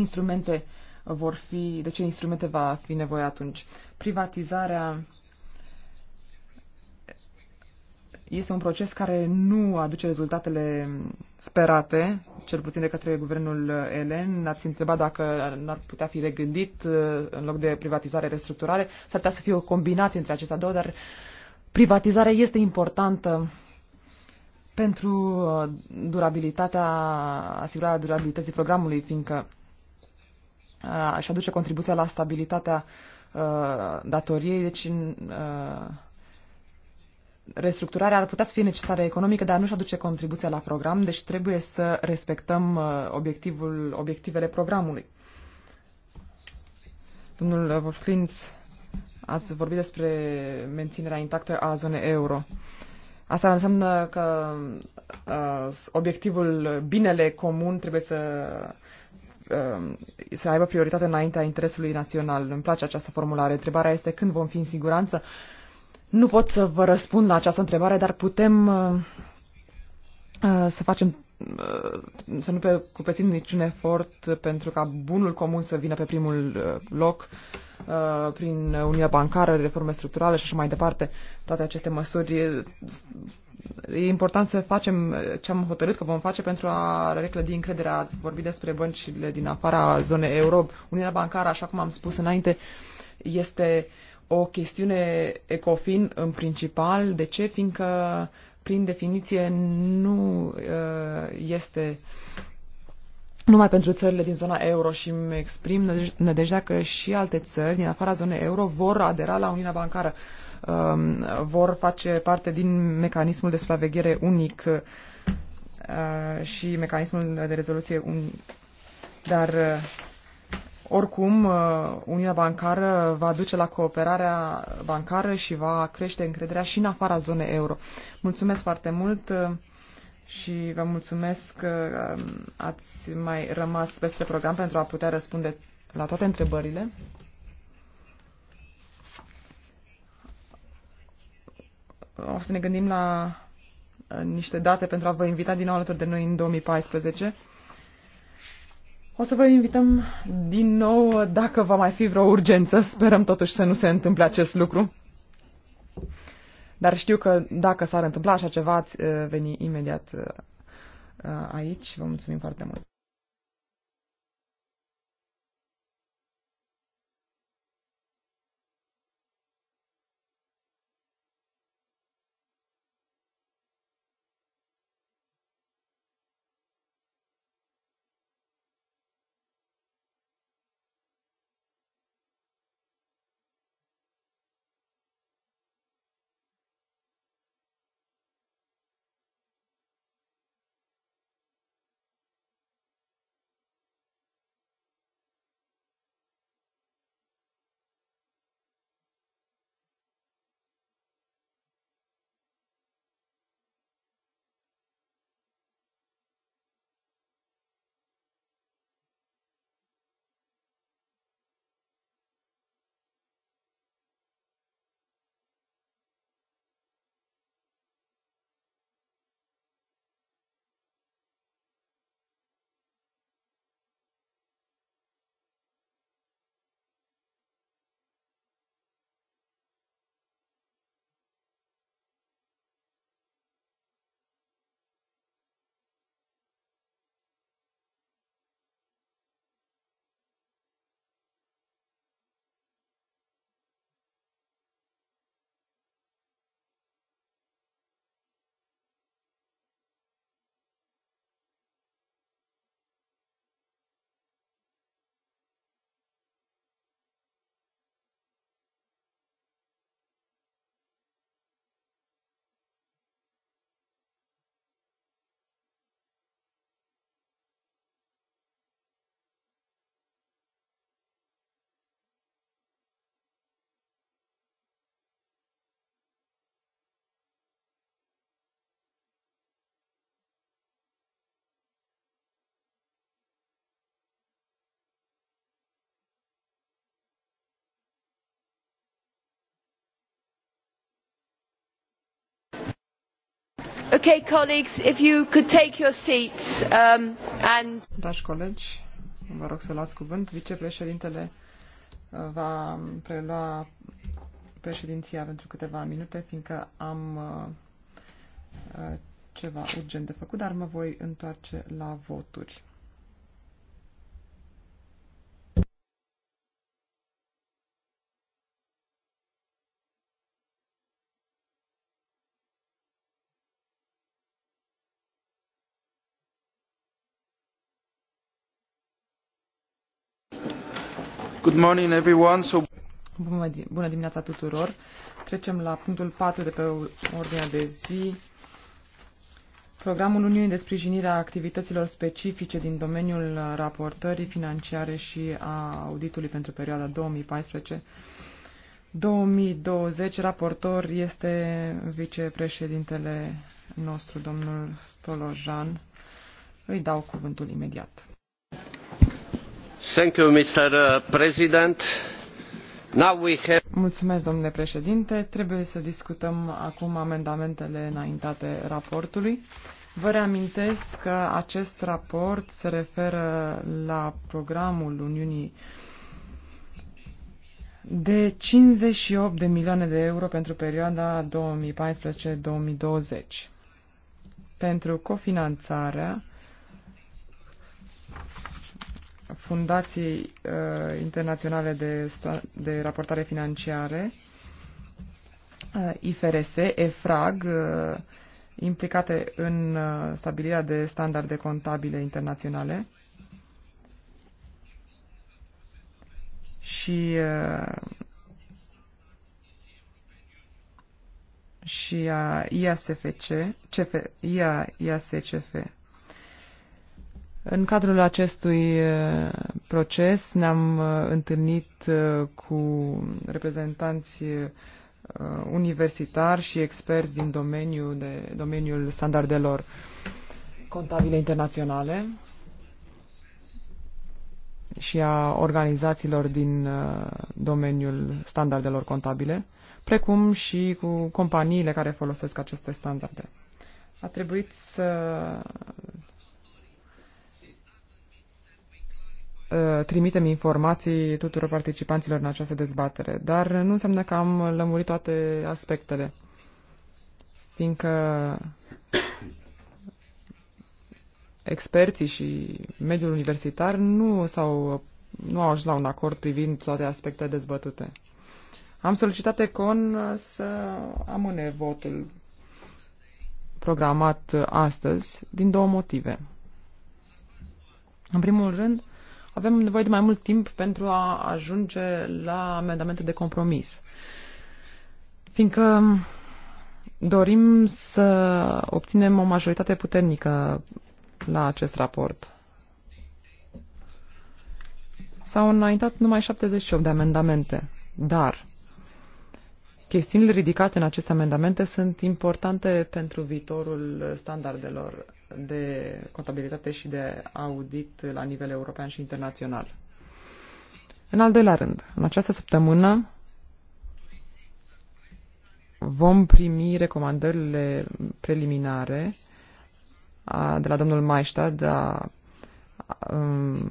instrumente vor fi, de ce instrumente va fi nevoie atunci. Privatizarea este un proces care nu aduce rezultatele sperate, cel puțin de către guvernul Elen. Ați întrebat dacă n-ar putea fi regândit uh, în loc de privatizare, restructurare. S-ar putea să fie o combinație între acestea două, dar privatizarea este importantă pentru uh, durabilitatea, asigurarea durabilității programului, fiindcă Uh, și aduce contribuția la stabilitatea uh, datoriei, deci în, uh, restructurarea ar putea să fie necesară economică, dar nu-și aduce contribuția la program, deci trebuie să respectăm obiectivul, obiectivele programului. Domnul Wolfklintz, ați vorbit despre menținerea intactă a zonei euro. Asta înseamnă că uh, obiectivul, binele comun trebuie să Um, să aibă prioritate înaintea interesului național. Îmi place această formulare. Întrebarea este când vom fi în siguranță. Nu pot să vă răspund la această întrebare, dar putem uh, uh, să facem să nu cupețim niciun efort pentru ca bunul comun să vină pe primul uh, loc uh, prin Uniunea Bancară, reforme structurale și așa mai departe, toate aceste măsuri. E important să facem ce am hotărât că vom face pentru a reclădi încrederea. Ați vorbit despre băncile din afara zonei euro. Uniunea Bancară, așa cum am spus înainte, este o chestiune ecofin în principal. De ce? Fiindcă prin definiție, nu uh, este numai pentru țările din zona euro și îmi exprim nădejdea că și alte țări din afara zonei euro vor adera la Uniunea Bancară, um, vor face parte din mecanismul de supraveghere unic uh, și mecanismul de rezoluție unic. Dar uh, oricum, uh, Uniunea Bancară va duce la cooperarea bancară și va crește încrederea și în afara zonei euro. Mulțumesc foarte mult uh, și vă mulțumesc că uh, um, ați mai rămas peste program pentru a putea răspunde la toate întrebările. O să ne gândim la niște date pentru a vă invita din nou alături de noi în 2014. O să vă invităm din nou dacă va mai fi vreo urgență. Sperăm totuși să nu se întâmple acest lucru. Dar știu că dacă s-ar întâmpla așa ceva, ați uh, veni imediat uh, uh, aici. Vă mulțumim foarte mult. Okay, colleagues, if you could take your seats um, and. Dragi colegi, vă rog să luați cuvânt. Vicepreședintele uh, va prelua președinția pentru câteva minute, fiindcă am uh, uh, ceva urgent de făcut, dar mă voi întoarce la voturi. Good morning everyone. So... Bună, bună dimineața tuturor. Trecem la punctul 4 de pe ordinea de zi. Programul Uniunii de sprijinire a activităților specifice din domeniul raportării financiare și a auditului pentru perioada 2014 2020, raportor este vicepreședintele nostru, domnul Stolojan. Îi dau cuvântul imediat. Uh, Mulțumesc, domnule președinte. Trebuie să discutăm acum amendamentele înaintate raportului. Vă reamintesc că acest raport se referă la programul Uniunii de 58 de milioane de euro pentru perioada 2014-2020 pentru cofinanțarea Fundației uh, Internaționale de, de Raportare Financiare, uh, IFRS, EFRAG, uh, implicate în uh, stabilirea de standarde contabile internaționale și uh, și a IASFC, CF, IA, IASCF. În cadrul acestui uh, proces ne-am uh, întâlnit uh, cu reprezentanți universitari și experți din domeniul de, domeniul standardelor contabile internaționale și a organizațiilor din domeniul standardelor contabile, precum și cu companiile care folosesc aceste standarde. A trebuit să Uh, trimitem informații tuturor participanților în această dezbatere, dar nu înseamnă că am lămurit toate aspectele, fiindcă experții și mediul universitar nu, s-au, nu au ajuns la un acord privind toate aspectele dezbătute. Am solicitat Econ să amâne votul programat astăzi din două motive. În primul rând, avem nevoie de mai mult timp pentru a ajunge la amendamente de compromis. Fiindcă dorim să obținem o majoritate puternică la acest raport. S-au înaintat numai 78 de amendamente, dar chestiunile ridicate în aceste amendamente sunt importante pentru viitorul standardelor de contabilitate și de audit la nivel european și internațional. În al doilea rând, în această săptămână vom primi recomandările preliminare a, de la domnul Maistad, a, a, um,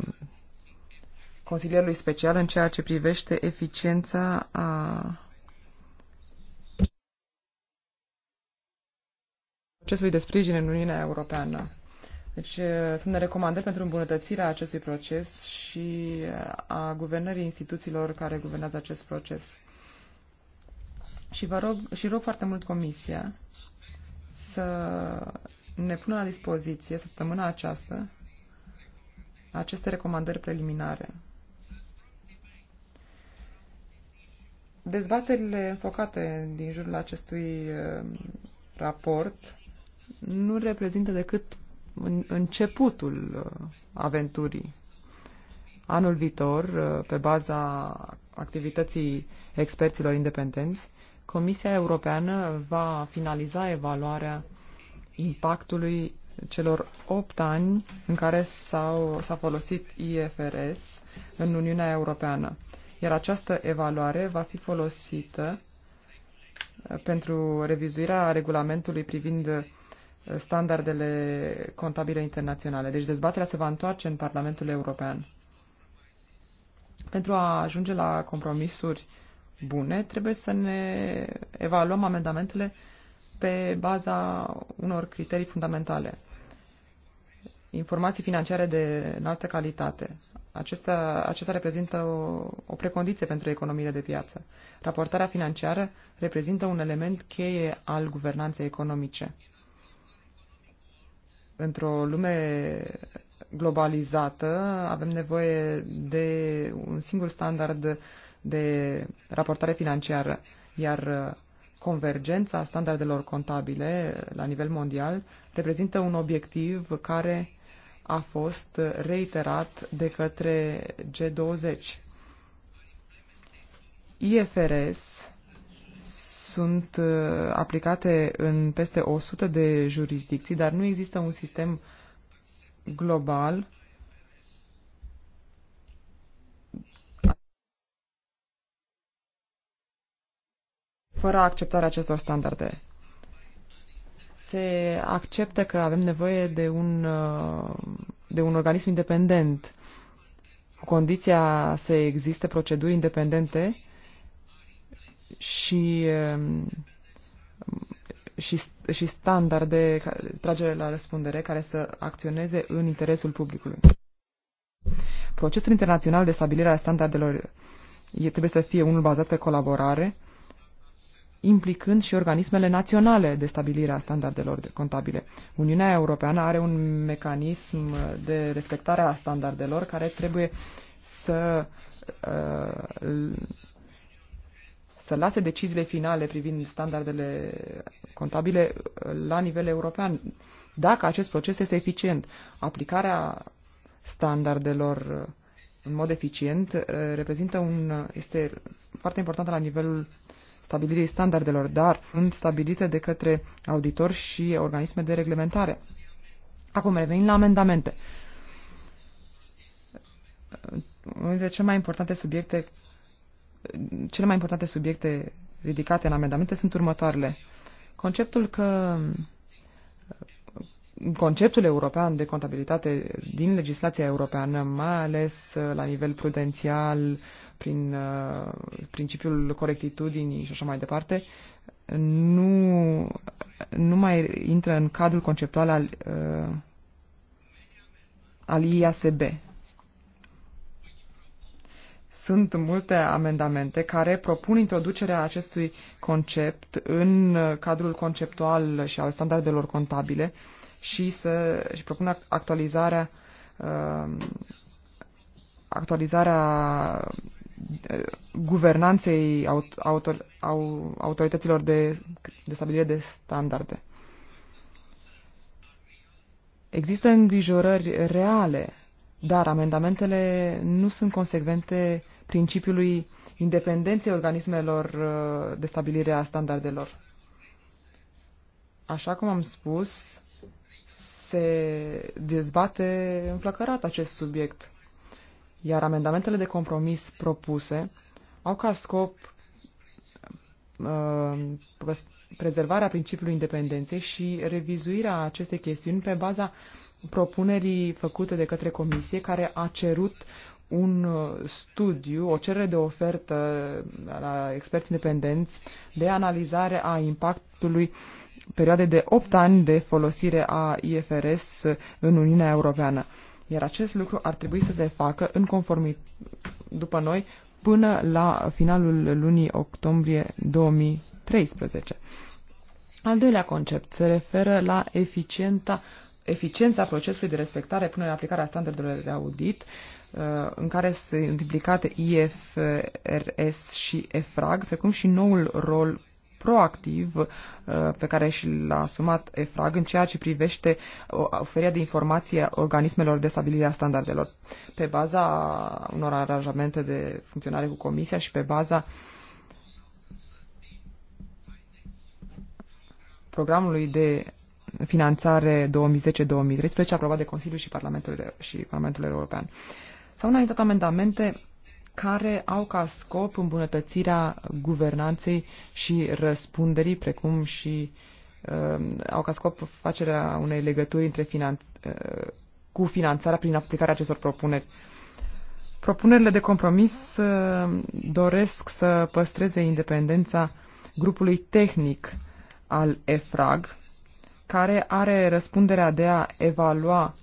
consilierului special în ceea ce privește eficiența a procesului de sprijin în Uniunea Europeană. Deci sunt de recomandări pentru îmbunătățirea acestui proces și a guvernării instituțiilor care guvernează acest proces. Și vă rog, și rog foarte mult Comisia să ne pună la dispoziție săptămâna aceasta aceste recomandări preliminare. Dezbaterile înfocate din jurul acestui raport nu reprezintă decât începutul uh, aventurii. Anul viitor, uh, pe baza activității experților independenți, Comisia Europeană va finaliza evaluarea impactului celor 8 ani în care s-a folosit IFRS în Uniunea Europeană. Iar această evaluare va fi folosită uh, pentru revizuirea regulamentului privind standardele contabile internaționale. Deci dezbaterea se va întoarce în Parlamentul European. Pentru a ajunge la compromisuri bune, trebuie să ne evaluăm amendamentele pe baza unor criterii fundamentale. Informații financiare de înaltă calitate. Acesta, acesta reprezintă o, o precondiție pentru economiile de piață. Raportarea financiară reprezintă un element cheie al guvernanței economice într-o lume globalizată avem nevoie de un singur standard de raportare financiară, iar uh, convergența standardelor contabile la nivel mondial reprezintă un obiectiv care a fost reiterat de către G20. IFRS sunt uh, aplicate în peste 100 de jurisdicții, dar nu există un sistem global fără acceptarea acestor standarde. Se acceptă că avem nevoie de un, uh, de un organism independent, condiția să existe proceduri independente și, um, și, și standarde de tragere la răspundere care să acționeze în interesul publicului. Procesul internațional de stabilire a standardelor e, trebuie să fie unul bazat pe colaborare, implicând și organismele naționale de stabilire a standardelor contabile. Uniunea Europeană are un mecanism de respectare a standardelor care trebuie să uh, să lase deciziile finale privind standardele contabile uh, la nivel european, dacă acest proces este eficient. Aplicarea standardelor uh, în mod eficient uh, reprezintă un, este foarte importantă la nivelul stabilirii standardelor, dar sunt stabilite de către auditori și organisme de reglementare. Acum revenim la amendamente. Unul dintre cele mai importante subiecte cele mai importante subiecte ridicate în amendamente sunt următoarele. Conceptul că conceptul european de contabilitate din legislația europeană, mai ales la nivel prudențial, prin uh, principiul corectitudinii și așa mai departe, nu, nu mai intră în cadrul conceptual al, uh, al IASB sunt multe amendamente care propun introducerea acestui concept în uh, cadrul conceptual și al standardelor contabile și, să, și propun actualizarea uh, actualizarea uh, guvernanței autor, au, autorităților de, de stabilire de standarde. Există îngrijorări reale, dar amendamentele nu sunt consecvente principiului independenței organismelor uh, de stabilire a standardelor. Așa cum am spus, se dezbate înflăcărat acest subiect, iar amendamentele de compromis propuse au ca scop uh, prezervarea principiului independenței și revizuirea acestei chestiuni pe baza propunerii făcute de către comisie care a cerut un uh, studiu, o cerere de ofertă la experți independenți de analizare a impactului perioadei de 8 ani de folosire a IFRS în Uniunea Europeană. Iar acest lucru ar trebui să se facă în conformitate, după noi, până la finalul lunii octombrie 2013. Al doilea concept se referă la eficienta, eficiența procesului de respectare până în aplicarea standardelor de audit Uh, în care sunt implicate IFRS și EFRAG, precum și noul rol proactiv uh, pe care și l-a asumat EFRAG în ceea ce privește uh, oferirea de informații a organismelor de stabilire a standardelor. Pe baza unor aranjamente de funcționare cu Comisia și pe baza programului de finanțare 2010-2013 aprobat de Consiliu și Parlamentul, și Parlamentul European. Uh, S-au înaintat amendamente care au ca scop îmbunătățirea guvernanței și răspunderii, precum și uh, au ca scop facerea unei legături între finan- uh, cu finanțarea prin aplicarea acestor propuneri. Propunerile de compromis uh, doresc să păstreze independența grupului tehnic al EFRAG, care are răspunderea de a evalua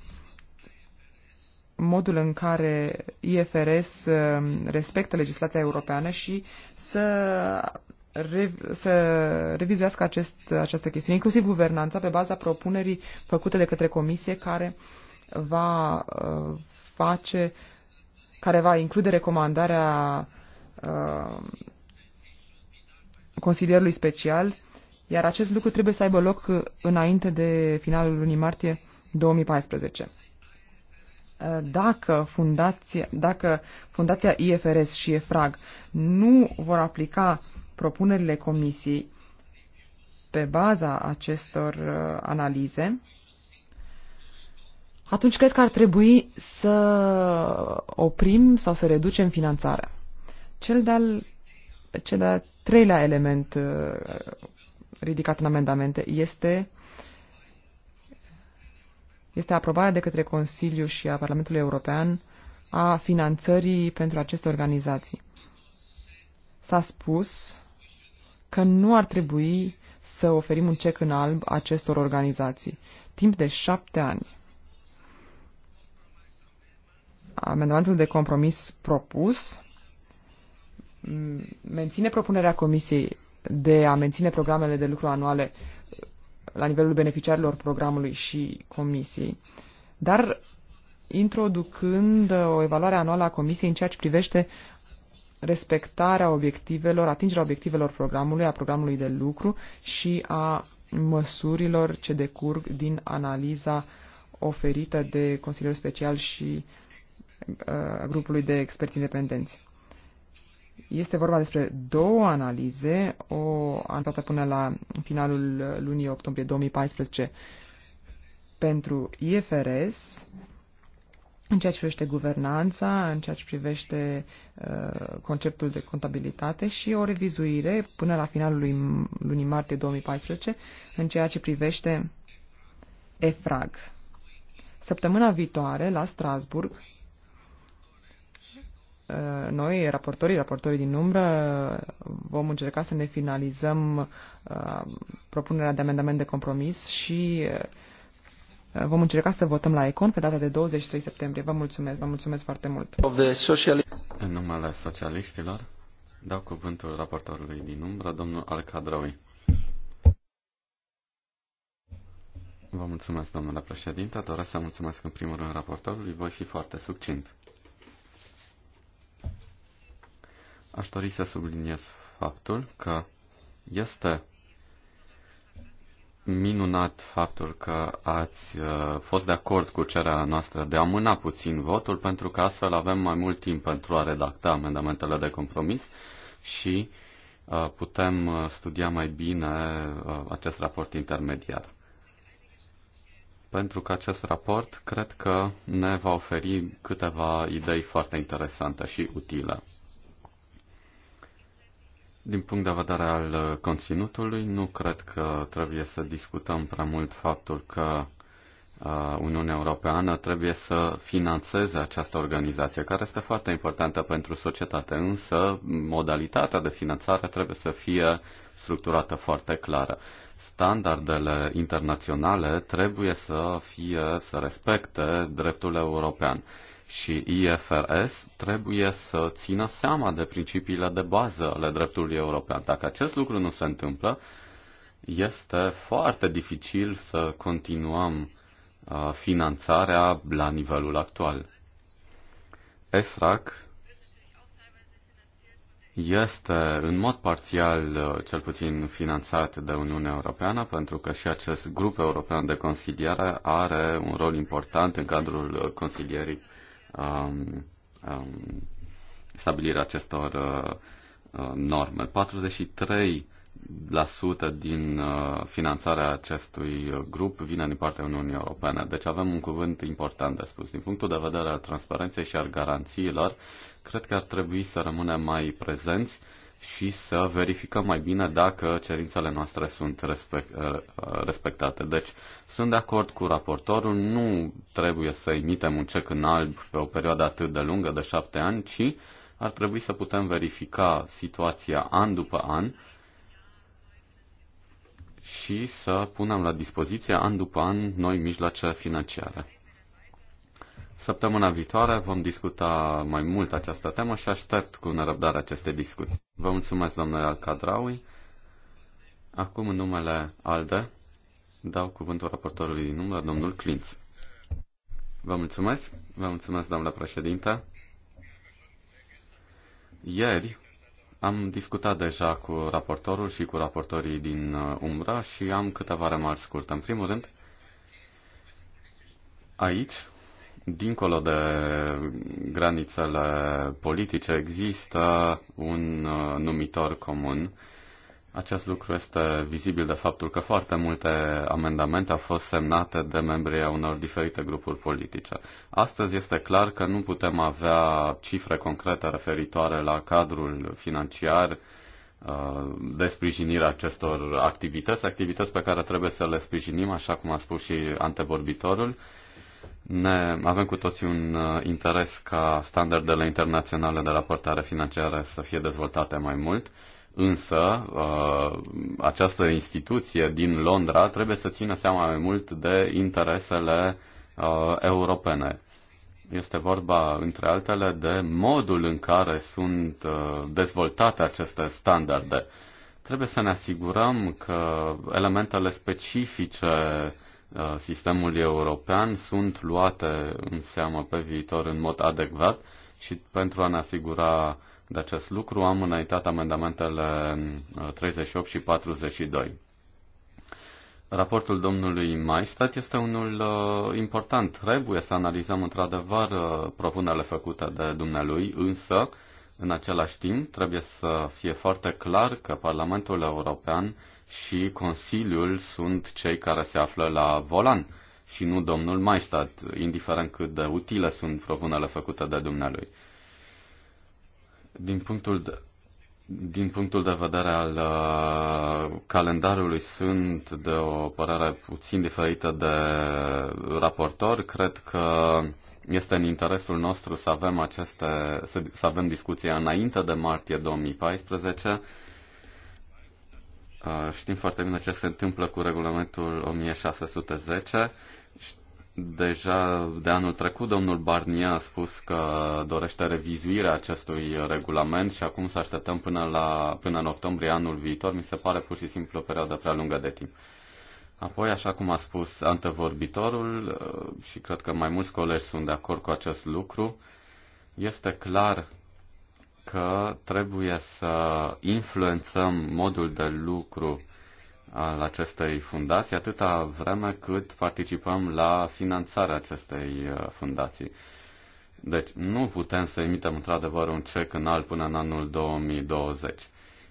modul în care IFRS uh, respectă legislația europeană și să, re, să revizuiască acest, această chestiune, inclusiv guvernanța, pe baza propunerii făcute de către comisie care va uh, face, care va include recomandarea uh, consilierului special, iar acest lucru trebuie să aibă loc înainte de finalul lunii martie 2014 dacă fundația, dacă fundația IFRS și EFRAG nu vor aplica propunerile comisiei pe baza acestor uh, analize, atunci cred că ar trebui să oprim sau să reducem finanțarea. Cel de-al cel de treilea element uh, ridicat în amendamente este uh, este aprobarea de către Consiliu și a Parlamentului European a finanțării pentru aceste organizații. S-a spus că nu ar trebui să oferim un cec în alb acestor organizații, timp de șapte ani. Amendamentul de compromis propus menține propunerea Comisiei de a menține programele de lucru anuale la nivelul beneficiarilor programului și comisiei, dar introducând o evaluare anuală a comisiei în ceea ce privește respectarea obiectivelor, atingerea obiectivelor programului, a programului de lucru și a măsurilor ce decurg din analiza oferită de Consiliul Special și uh, grupului de experți independenți. Este vorba despre două analize, o anotată până la finalul lunii octombrie 2014 pentru IFRS, în ceea ce privește guvernanța, în ceea ce privește uh, conceptul de contabilitate și o revizuire până la finalul lui, lunii martie 2014 în ceea ce privește EFRAG. Săptămâna viitoare, la Strasburg, Uh, noi, raportorii, raportorii din umbră, vom încerca să ne finalizăm uh, propunerea de amendament de compromis și uh, vom încerca să votăm la Econ pe data de 23 septembrie. Vă mulțumesc, vă mulțumesc foarte mult. În numele socialiștilor, dau cuvântul raportorului din umbră, domnul Alcadraui. Vă mulțumesc, domnule președinte. Doresc să mulțumesc în primul rând raportorului. Voi fi foarte succint. Aș dori să subliniez faptul că este minunat faptul că ați uh, fost de acord cu cererea noastră de a mâna puțin votul, pentru că astfel avem mai mult timp pentru a redacta amendamentele de compromis și uh, putem uh, studia mai bine acest raport intermediar. Pentru că acest raport cred că ne va oferi câteva idei foarte interesante și utile. Din punct de vedere al uh, conținutului, nu cred că trebuie să discutăm prea mult faptul că uh, Uniunea Europeană trebuie să finanțeze această organizație, care este foarte importantă pentru societate, însă modalitatea de finanțare trebuie să fie structurată foarte clară. Standardele internaționale trebuie să fie, să respecte dreptul european și IFRS trebuie să țină seama de principiile de bază ale dreptului european. Dacă acest lucru nu se întâmplă, este foarte dificil să continuăm uh, finanțarea la nivelul actual. ESRAC este în mod parțial uh, cel puțin finanțat de Uniunea Europeană, pentru că și acest grup european de consiliere are un rol important în cadrul uh, consilierii um, um, stabilirea acestor uh, uh norme. 43 din din uh, finanțarea acestui grup vine din partea Uniunii Europene. Deci avem un cuvânt important de spus. Din punctul de vedere al transparenței și al garanțiilor, cred că ar trebui să rămânem mai prezenți și să verificăm mai bine dacă cerințele noastre sunt uh, respectate. Deci sunt de acord cu raportorul, nu trebuie să emitem un cec în alb pe o perioadă atât de lungă, de șapte ani, ci ar trebui să putem verifica situația an după an și să punem la dispoziție an după an noi mijloace financiare. Săptămâna viitoare vom discuta mai mult această temă și aștept cu nerăbdare aceste discuții. Vă mulțumesc, domnule Alcadraui. Acum, în numele ALDE, dau cuvântul raportorului din număr domnul Clint. Vă mulțumesc. Vă mulțumesc, domnule președinte. Ieri am discutat deja cu raportorul și cu raportorii din uh, Umbra și am câteva remarci scurte. În primul rând, aici dincolo de granițele politice, există un uh, numitor comun. Acest lucru este vizibil de faptul că foarte multe amendamente au fost semnate de membrii a unor diferite grupuri politice. Astăzi este clar că nu putem avea cifre concrete referitoare la cadrul financiar uh, de sprijinirea acestor activități, activități pe care trebuie să le sprijinim, așa cum a spus și antevorbitorul ne, avem cu toții un uh, interes ca standardele internaționale de raportare financiară să fie dezvoltate mai mult, însă uh, această instituție din Londra trebuie să țină seama mai mult de interesele uh, europene. Este vorba, între altele, de modul în care sunt dezvoltate aceste standarde. Trebuie să ne asigurăm că elementele specifice Uh, sistemul european sunt luate în seamă pe viitor în mod adecvat și pentru a ne asigura de acest lucru am înaintat amendamentele 38 uh, și 42. Raportul domnului Maistat este unul uh, important. Trebuie să analizăm într-adevăr uh, propunerile făcute de dumnealui, însă, în același timp, trebuie să fie foarte clar că Parlamentul European și Consiliul sunt cei care se află la volan și nu domnul Maistat, indiferent cât de utile sunt propunele făcute de dumnealui. Din punctul de, din punctul de vedere al uh, calendarului sunt de o părere puțin diferită de raportor. Cred că este în interesul nostru să avem, aceste, să, să avem discuția înainte de martie 2014 Uh, știm foarte bine ce se întâmplă cu regulamentul 1610. Deja de anul trecut domnul Barnier a spus că dorește revizuirea acestui regulament și acum să așteptăm până, la, până în octombrie anul viitor. Mi se pare pur și simplu o perioadă prea lungă de timp. Apoi, așa cum a spus antevorbitorul, uh, și cred că mai mulți colegi sunt de acord cu acest lucru, este clar că trebuie să influențăm modul de lucru al acestei fundații atâta vreme cât participăm la finanțarea acestei uh, fundații. Deci nu putem să emitem într-adevăr un cec în alb până în anul 2020.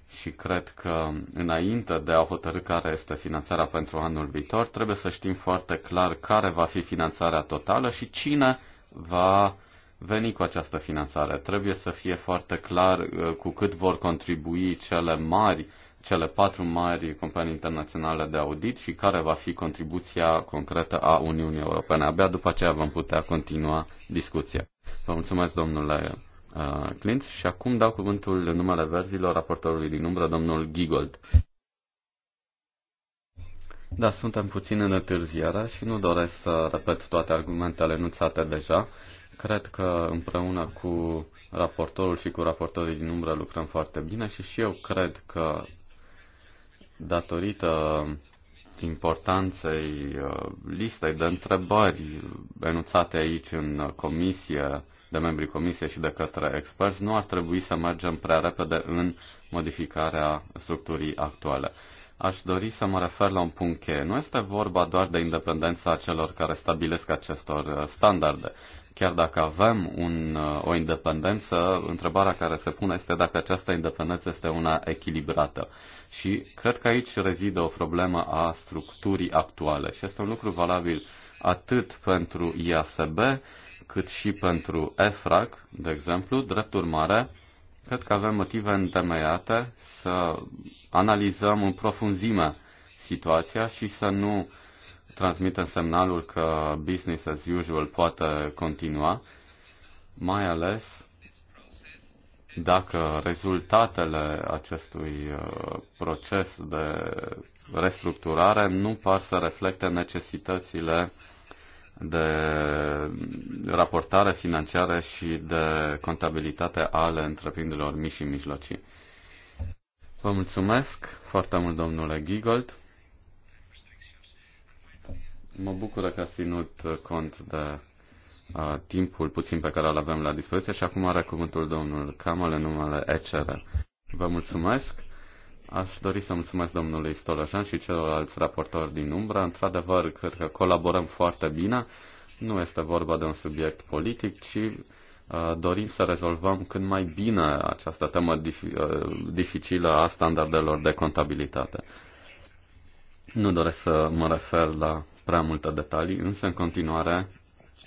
Și cred că înainte de a hotărâ care este finanțarea pentru anul viitor, trebuie să știm foarte clar care va fi finanțarea totală și cine va veni cu această finanțare. Trebuie să fie foarte clar uh, cu cât vor contribui cele mari, cele patru mari companii internaționale de audit și care va fi contribuția concretă a Uniunii Europene. Abia după aceea vom putea continua discuția. Vă mulțumesc, domnule uh, Clint, și acum dau cuvântul în numele verzilor raportorului din umbră, domnul Gigold. Da, suntem puțin în întârziere și nu doresc să repet toate argumentele enunțate deja. Cred că împreună cu raportorul și cu raportorii din umbră lucrăm foarte bine și și eu cred că datorită importanței uh, listei de întrebări enunțate aici în comisie, de membrii comisiei și de către experți, nu ar trebui să mergem prea repede în modificarea structurii actuale. Aș dori să mă refer la un punct cheie. Nu este vorba doar de independența celor care stabilesc acestor uh, standarde, Chiar dacă avem un, uh, o independență, întrebarea care se pune este dacă această independență este una echilibrată. Și cred că aici rezidă o problemă a structurii actuale și este un lucru valabil atât pentru IASB cât și pentru EFRAC, de exemplu, drept urmare, cred că avem motive întemeiate să analizăm în profunzime situația și să nu transmită semnalul că business as usual poate continua, mai ales dacă rezultatele acestui uh, proces de restructurare nu par să reflecte necesitățile de raportare financiară și de contabilitate ale întreprinderilor mici și mijlocii. Vă mulțumesc foarte mult, domnule Gigold. Mă bucură că ați ținut uh, cont de uh, timpul puțin pe care îl avem la dispoziție și acum are cuvântul domnul Camale în numele ECR. Vă mulțumesc. Aș dori să mulțumesc domnului Stolojan și celorlalți raportori din umbră. Într-adevăr, cred că colaborăm foarte bine. Nu este vorba de un subiect politic, ci uh, dorim să rezolvăm cât mai bine această temă uh, dificilă a standardelor de contabilitate. Nu doresc să mă refer la prea multe detalii, însă în continuare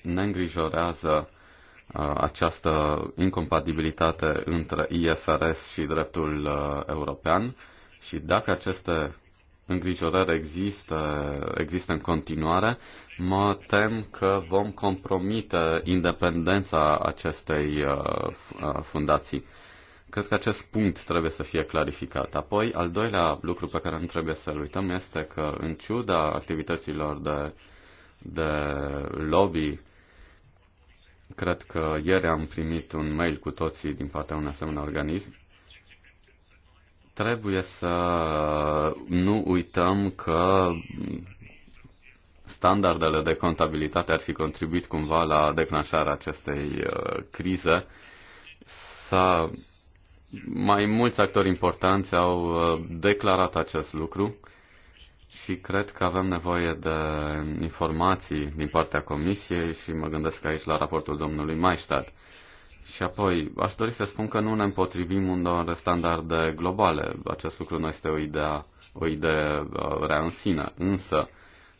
ne îngrijorează uh, această incompatibilitate între IFRS și dreptul uh, european și dacă aceste îngrijorări există, există în continuare, mă tem că vom compromite independența acestei uh, fundații. Cred că acest punct trebuie să fie clarificat. Apoi, al doilea lucru pe care nu trebuie să-l uităm este că, în ciuda activităților de, de lobby, cred că ieri am primit un mail cu toții din partea unui asemenea organism, trebuie să nu uităm că standardele de contabilitate ar fi contribuit cumva la declanșarea acestei uh, crize. să mai mulți actori importanți au uh, declarat acest lucru și cred că avem nevoie de informații din partea Comisiei și mă gândesc aici la raportul domnului Maistat. Și apoi, aș dori să spun că nu ne împotrivim unor standarde globale. Acest lucru nu este o idee, o idee uh, rea în sine, însă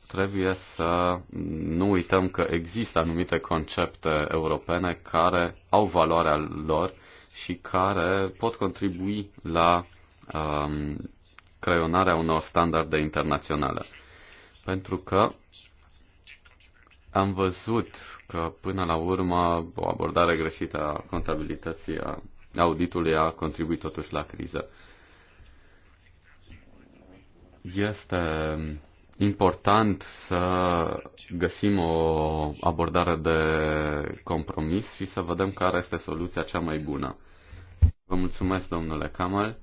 trebuie să nu uităm că există anumite concepte europene care au valoarea lor și care pot contribui la um, creionarea unor standarde internaționale. Pentru că am văzut că până la urmă o abordare greșită a contabilității, a auditului a contribuit totuși la criză. Este important să găsim o abordare de compromis și să vedem care este soluția cea mai bună. Vă mulțumesc, domnule Kamal.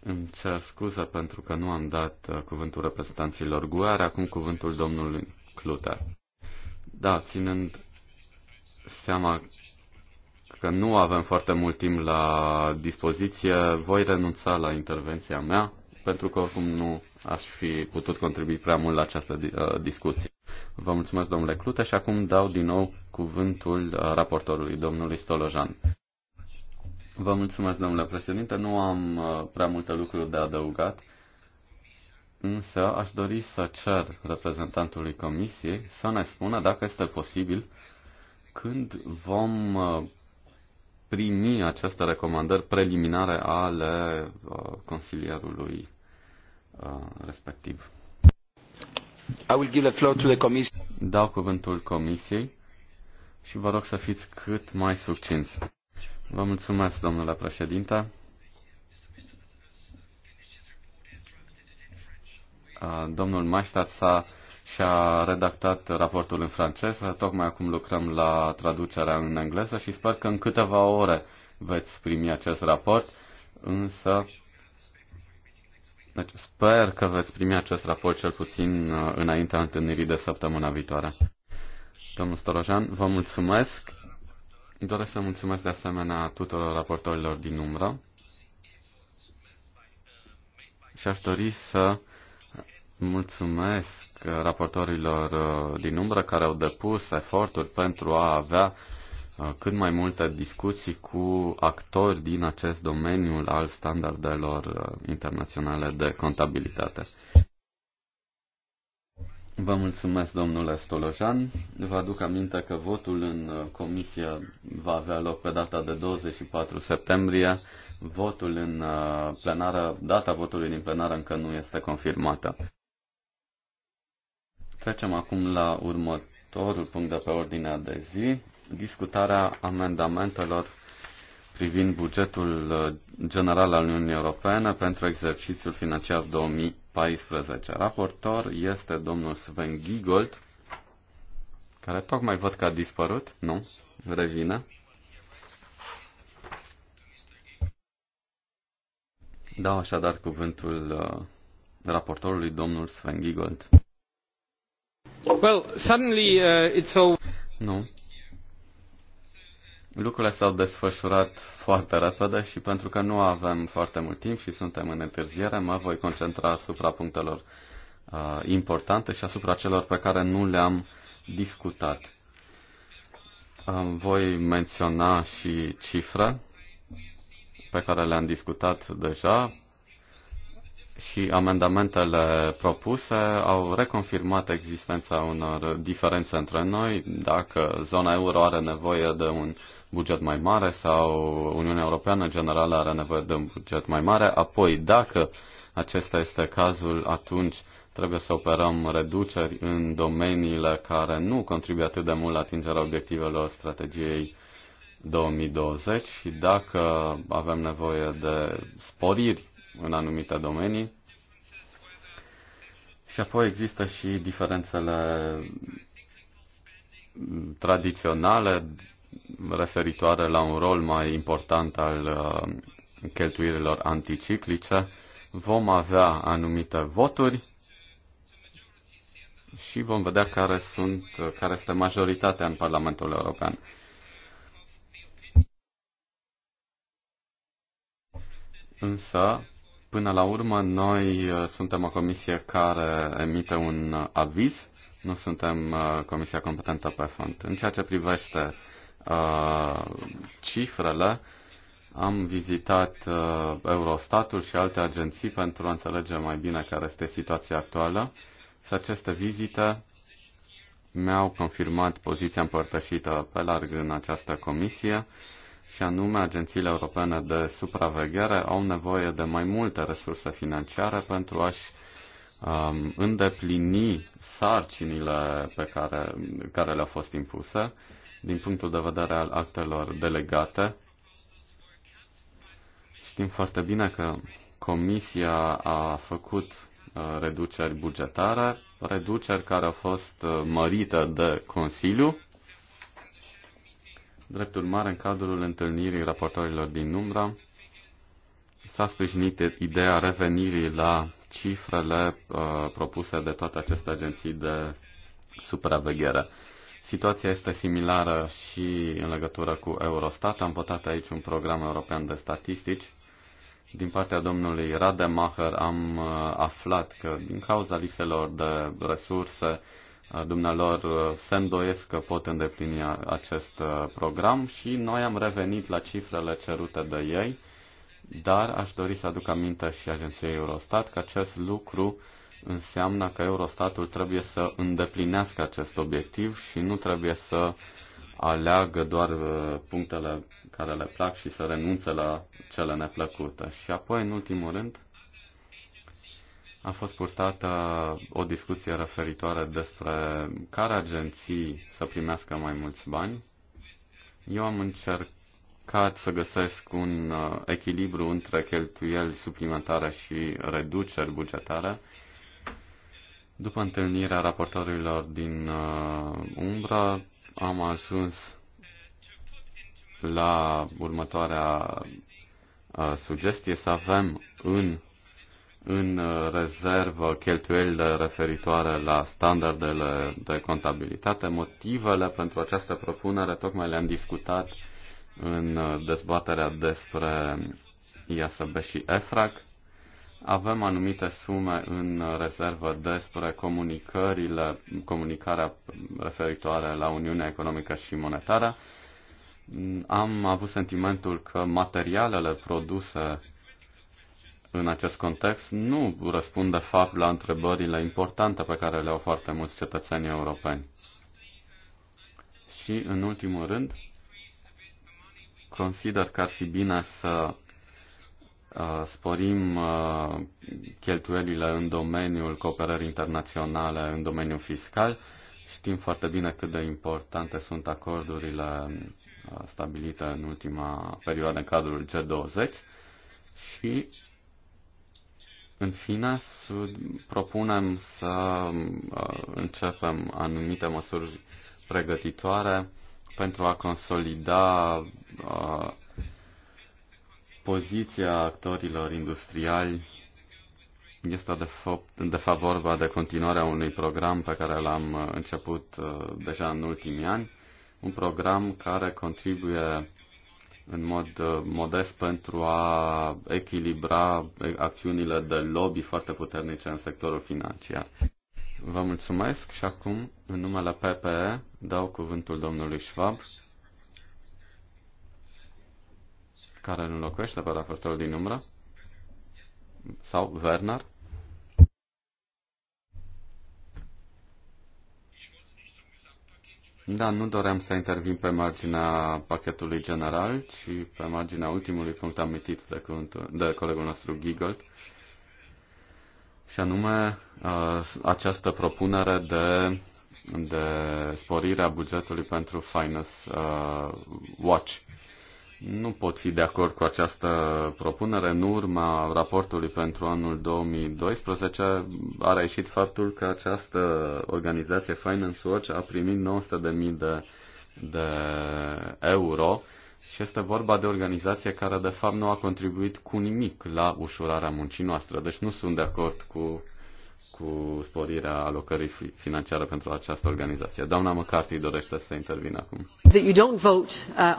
Îmi cer scuză pentru că nu am dat uh, cuvântul reprezentanților Guare, acum cuvântul domnului Clute. Da, ținând seama că nu avem foarte mult timp la dispoziție, voi renunța la intervenția mea, pentru că oricum nu aș fi putut contribui prea mult la această uh, discuție. Vă mulțumesc, domnule Clute, și acum dau din nou cuvântul uh, raportorului, domnului Stolojan. Vă mulțumesc, domnule președinte. Nu am uh, prea multe lucruri de adăugat, însă aș dori să cer reprezentantului Comisiei să ne spună dacă este posibil când vom uh, primi aceste recomandări preliminare ale uh, consilierului respectiv. I will give the floor to the commission. Dau cuvântul Comisiei și vă rog să fiți cât mai succinți. Vă mulțumesc, domnule președinte. Domnul Maștat s-a și-a redactat raportul în franceză. Tocmai acum lucrăm la traducerea în engleză și sper că în câteva ore veți primi acest raport, însă deci sper că veți primi acest raport cel puțin uh, înaintea întâlnirii de săptămâna viitoare. Domnul Storojan, vă mulțumesc. Doresc să mulțumesc de asemenea tuturor raportorilor din umbră și aș dori să mulțumesc raportorilor uh, din umbră care au depus eforturi pentru a avea uh, cât mai multe discuții cu actori din acest domeniu al standardelor uh, internaționale de contabilitate. Vă mulțumesc, domnule Stolojan. Vă aduc aminte că votul în uh, comisie va avea loc pe data de 24 septembrie. Votul în uh, plenară, data votului din plenară încă nu este confirmată. Trecem acum la următorul punct de pe ordinea de zi, discutarea amendamentelor privind bugetul uh, general al Uniunii Europene pentru exercițiul financiar 2014. Raportor este domnul Sven Giegold, care tocmai văd că a dispărut, nu? Revine. Dau așadar cuvântul uh, raportorului domnul Sven Giegold. Well, suddenly uh, it's all... Nu, Lucrurile s-au desfășurat foarte repede și pentru că nu avem foarte mult timp și suntem în întârziere, mă voi concentra asupra punctelor uh, importante și asupra celor pe care nu le-am discutat. Uh, voi menționa și cifre pe care le-am discutat deja și amendamentele propuse au reconfirmat existența unor diferențe între noi. Dacă zona euro are nevoie de un buget mai mare sau Uniunea Europeană în general are nevoie de un buget mai mare. Apoi, dacă acesta este cazul, atunci trebuie să operăm reduceri în domeniile care nu contribuie atât de mult la atingerea obiectivelor strategiei 2020 și dacă avem nevoie de sporiri în anumite domenii. Și apoi există și diferențele tradiționale referitoare la un rol mai important al uh, cheltuirilor anticiclice, vom avea anumite voturi și vom vedea care, sunt, care este majoritatea în Parlamentul European. Însă, până la urmă, noi uh, suntem o comisie care emite un uh, aviz, nu suntem comisia competentă pe fond. În ceea ce privește uh, cifrele, am vizitat uh, Eurostatul și alte agenții pentru a înțelege mai bine care este situația actuală și aceste vizite mi-au confirmat poziția împărtășită pe larg în această comisie și anume agențiile europene de supraveghere au nevoie de mai multe resurse financiare pentru a-și um, îndeplini sarcinile pe care, care le-au fost impuse din punctul de vedere al actelor delegate. Știm foarte bine că Comisia a făcut uh, reduceri bugetare, reduceri care au fost uh, mărite de Consiliu. Drept urmare, în cadrul întâlnirii raportorilor din Numbra, s-a sprijinit ideea revenirii la cifrele uh, propuse de toate aceste agenții de supraveghere. Situația este similară și în legătură cu Eurostat. Am votat aici un program european de statistici. Din partea domnului Rademacher am uh, aflat că din cauza lipselor de resurse, uh, dumnealor uh, se îndoiesc că pot îndeplini acest program și noi am revenit la cifrele cerute de ei, dar aș dori să aduc aminte și agenției Eurostat că acest lucru înseamnă că Eurostatul trebuie să îndeplinească acest obiectiv și nu trebuie să aleagă doar uh, punctele care le plac și să renunțe la cele neplăcute. Și apoi, în ultimul rând, a fost purtată o discuție referitoare despre care agenții să primească mai mulți bani. Eu am încercat să găsesc un uh, echilibru între cheltuieli suplimentare și reduceri bugetare după întâlnirea raportorilor din uh, Umbra, am ajuns la următoarea uh, sugestie să avem în, în rezervă cheltuielile referitoare la standardele de contabilitate. Motivele pentru această propunere tocmai le-am discutat în uh, dezbaterea despre IASB și EFRAC. Avem anumite sume în rezervă despre comunicările, comunicarea referitoare la Uniunea Economică și Monetară. Am avut sentimentul că materialele produse în acest context nu răspund de fapt la întrebările importante pe care le au foarte mulți cetățeni europeni. Și, în ultimul rând, consider că ar fi bine să Uh, sporim uh, cheltuielile în domeniul cooperării internaționale, în domeniul fiscal. Știm foarte bine cât de importante sunt acordurile uh, stabilite în ultima perioadă în cadrul G20 și în fine, propunem să începem anumite măsuri pregătitoare pentru a consolida Poziția actorilor industriali este de fapt, de fapt vorba de continuarea unui program pe care l-am uh, început uh, deja în ultimii ani, un program care contribuie în mod uh, modest pentru a echilibra acțiunile de lobby foarte puternice în sectorul financiar. Vă mulțumesc și acum, în numele PPE, dau cuvântul domnului Schwab care îl înlocuiește pe raportorul din umbră? Sau Werner? Da, nu doream să intervin pe marginea pachetului general, ci pe marginea ultimului punct amintit de, de colegul nostru Giggold, și anume uh, această propunere de, de sporire a bugetului pentru Finance uh, Watch. Nu pot fi de acord cu această propunere. În urma raportului pentru anul 2012 a reieșit faptul că această organizație Finance Watch a primit 900.000 de, de euro și este vorba de organizație care de fapt nu a contribuit cu nimic la ușurarea muncii noastre. Deci nu sunt de acord cu, cu sporirea alocării financiare pentru această organizație. Doamna McCarthy dorește să intervină acum. That you don't vote, uh...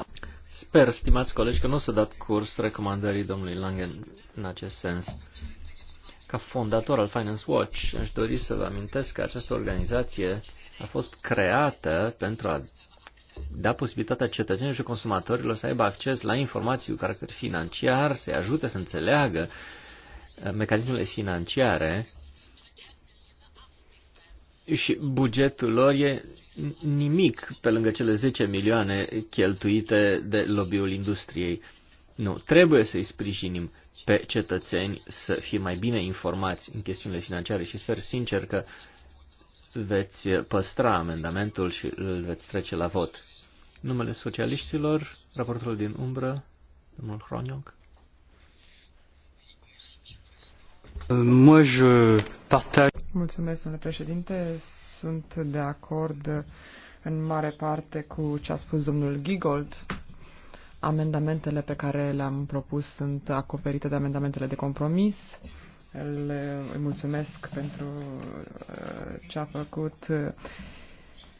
Sper, stimați colegi, că nu o să dat curs recomandării domnului Langen în acest sens. Ca fondator al Finance Watch, aș dori să vă amintesc că această organizație a fost creată pentru a da posibilitatea cetățenilor și consumatorilor să aibă acces la informații cu caracter financiar, să-i ajute să înțeleagă uh, mecanismele financiare și bugetul lor e nimic pe lângă cele 10 milioane cheltuite de lobby-ul industriei. Nu, trebuie să-i sprijinim pe cetățeni să fie mai bine informați în chestiunile financiare și sper sincer că veți păstra amendamentul și îl veți trece la vot. Numele socialiștilor, raportul din umbră, domnul Hronioc. Mulțumesc, domnule președinte. Sunt de acord în mare parte cu ce a spus domnul Gigold. Amendamentele pe care le-am propus sunt acoperite de amendamentele de compromis. Îl, îi mulțumesc pentru uh, ce a făcut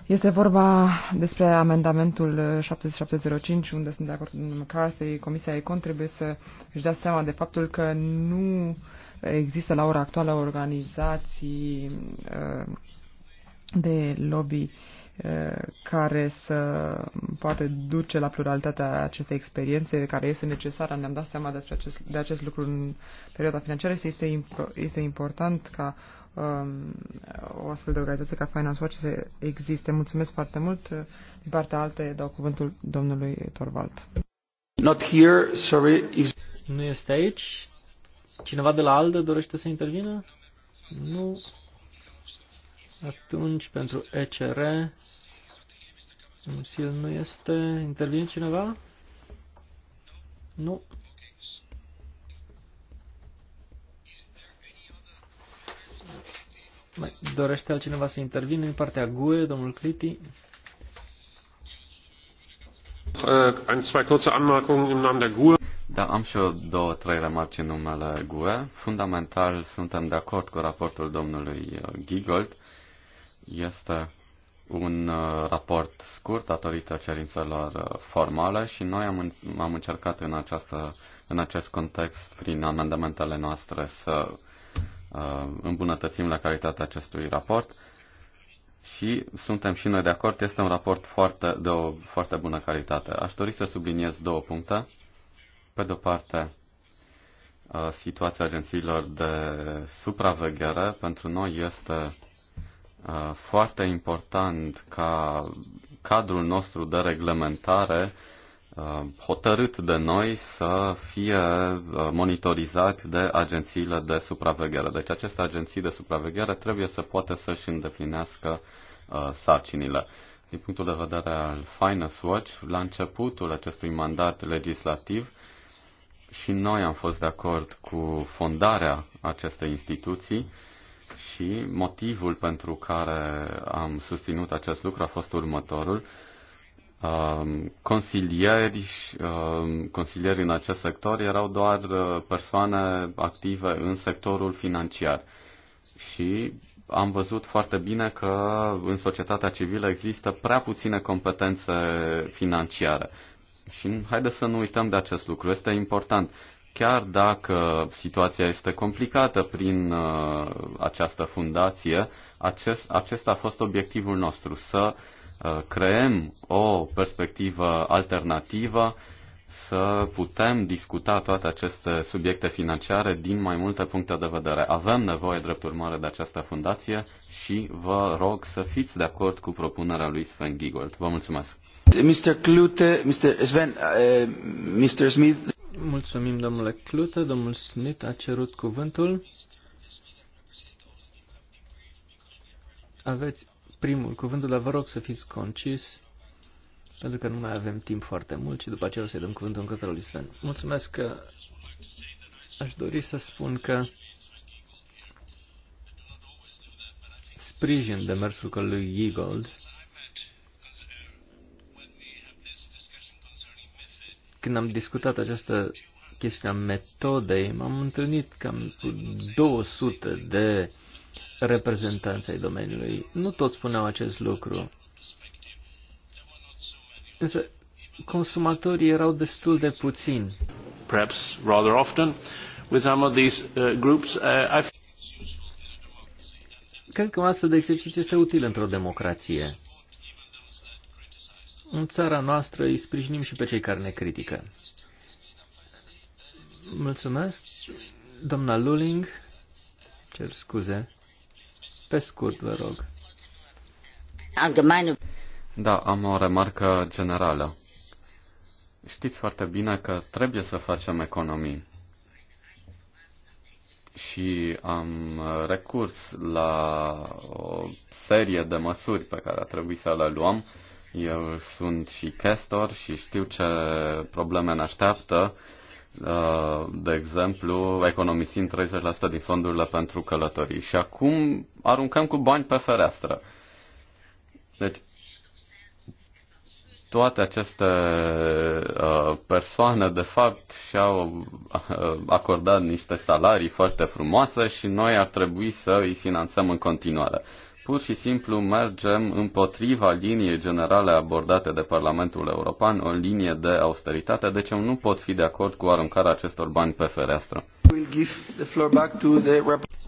este vorba despre amendamentul 7705, unde sunt de acord cu McCarthy. Comisia Econ trebuie să își dea seama de faptul că nu există la ora actuală organizații uh, de lobby uh, care să poate duce la pluralitatea acestei experiențe care este necesară. Ne-am dat seama despre acest, de acest lucru în perioada financiară. Este, este important ca um, o astfel de organizație ca Finance Watch să existe. Mulțumesc foarte mult. Din partea alte dau cuvântul domnului Torvald. Not here, sorry. is. Nu este aici. Cineva de la ALDE dorește să intervină? Nu. Atunci, pentru ECR, Musil nu este. Intervine cineva? Nu. Mai dorește altcineva să intervine din partea GUE, domnul Cliti? Äh, da, am și eu două, trei remarci în numele GUE. Fundamental, suntem de acord cu raportul domnului uh, Gigold. Este un uh, raport scurt datorită cerințelor uh, formale și noi am, am încercat în, această, în acest context, prin amendamentele noastre, să Uh, îmbunătățim la calitatea acestui raport și suntem și noi de acord, este un raport foarte, de o foarte bună calitate. Aș dori să subliniez două puncte. Pe de-o parte, uh, situația agențiilor de supraveghere pentru noi este uh, foarte important ca cadrul nostru de reglementare Uh, hotărât de noi să fie uh, monitorizat de agențiile de supraveghere. Deci aceste agenții de supraveghere trebuie să poată să-și îndeplinească uh, sarcinile. Din punctul de vedere al Finance Watch, la începutul acestui mandat legislativ, și noi am fost de acord cu fondarea acestei instituții și motivul pentru care am susținut acest lucru a fost următorul Um, consilieri, um, consilieri în acest sector erau doar uh, persoane active în sectorul financiar. Și am văzut foarte bine că în societatea civilă există prea puține competențe financiare. Și haideți să nu uităm de acest lucru. Este important. Chiar dacă situația este complicată prin uh, această fundație, acest, acesta a fost obiectivul nostru, să uh, Uh, creăm o perspectivă alternativă, să putem discuta toate aceste subiecte financiare din mai multe puncte de vedere. Avem nevoie, drept urmare, de această fundație și vă rog să fiți de acord cu propunerea lui Sven Giegold. Vă mulțumesc. Mr. Clute, Mr. Sven, uh, Mr. Smith. Mulțumim, domnule Clute. Domnul Smith a cerut cuvântul. Aveți primul cuvântul, dar vă rog să fiți concis, pentru că nu mai avem timp foarte mult și după aceea o să-i dăm cuvântul încă lui Island. Mulțumesc că aș dori să spun că sprijin demersul lui Eagle. când am discutat această chestiune a metodei, m-am întâlnit cam cu 200 de reprezentanței domeniului. Nu toți spuneau acest lucru. Însă consumatorii erau destul de puțini. Perhaps rather often with some of these uh, groups. Uh, I... Cred că un astfel de exercițiu este util într-o democrație. În țara noastră îi sprijinim și pe cei care ne critică. Mulțumesc, doamna Luling. Cer scuze. Pe scurt, vă rog. Da, am o remarcă generală. Știți foarte bine că trebuie să facem economii. Și am recurs la o serie de măsuri pe care a trebuit să le luăm. Eu sunt și castor și știu ce probleme ne așteaptă Uh, de exemplu, economisim 30% din fondurile pentru călătorii și acum aruncăm cu bani pe fereastră. Deci, toate aceste uh, persoane, de fapt, și-au uh, acordat niște salarii foarte frumoase și noi ar trebui să îi finanțăm în continuare pur și simplu mergem împotriva liniei generale abordate de Parlamentul European, o linie de austeritate, deci eu nu pot fi de acord cu aruncarea acestor bani pe fereastră.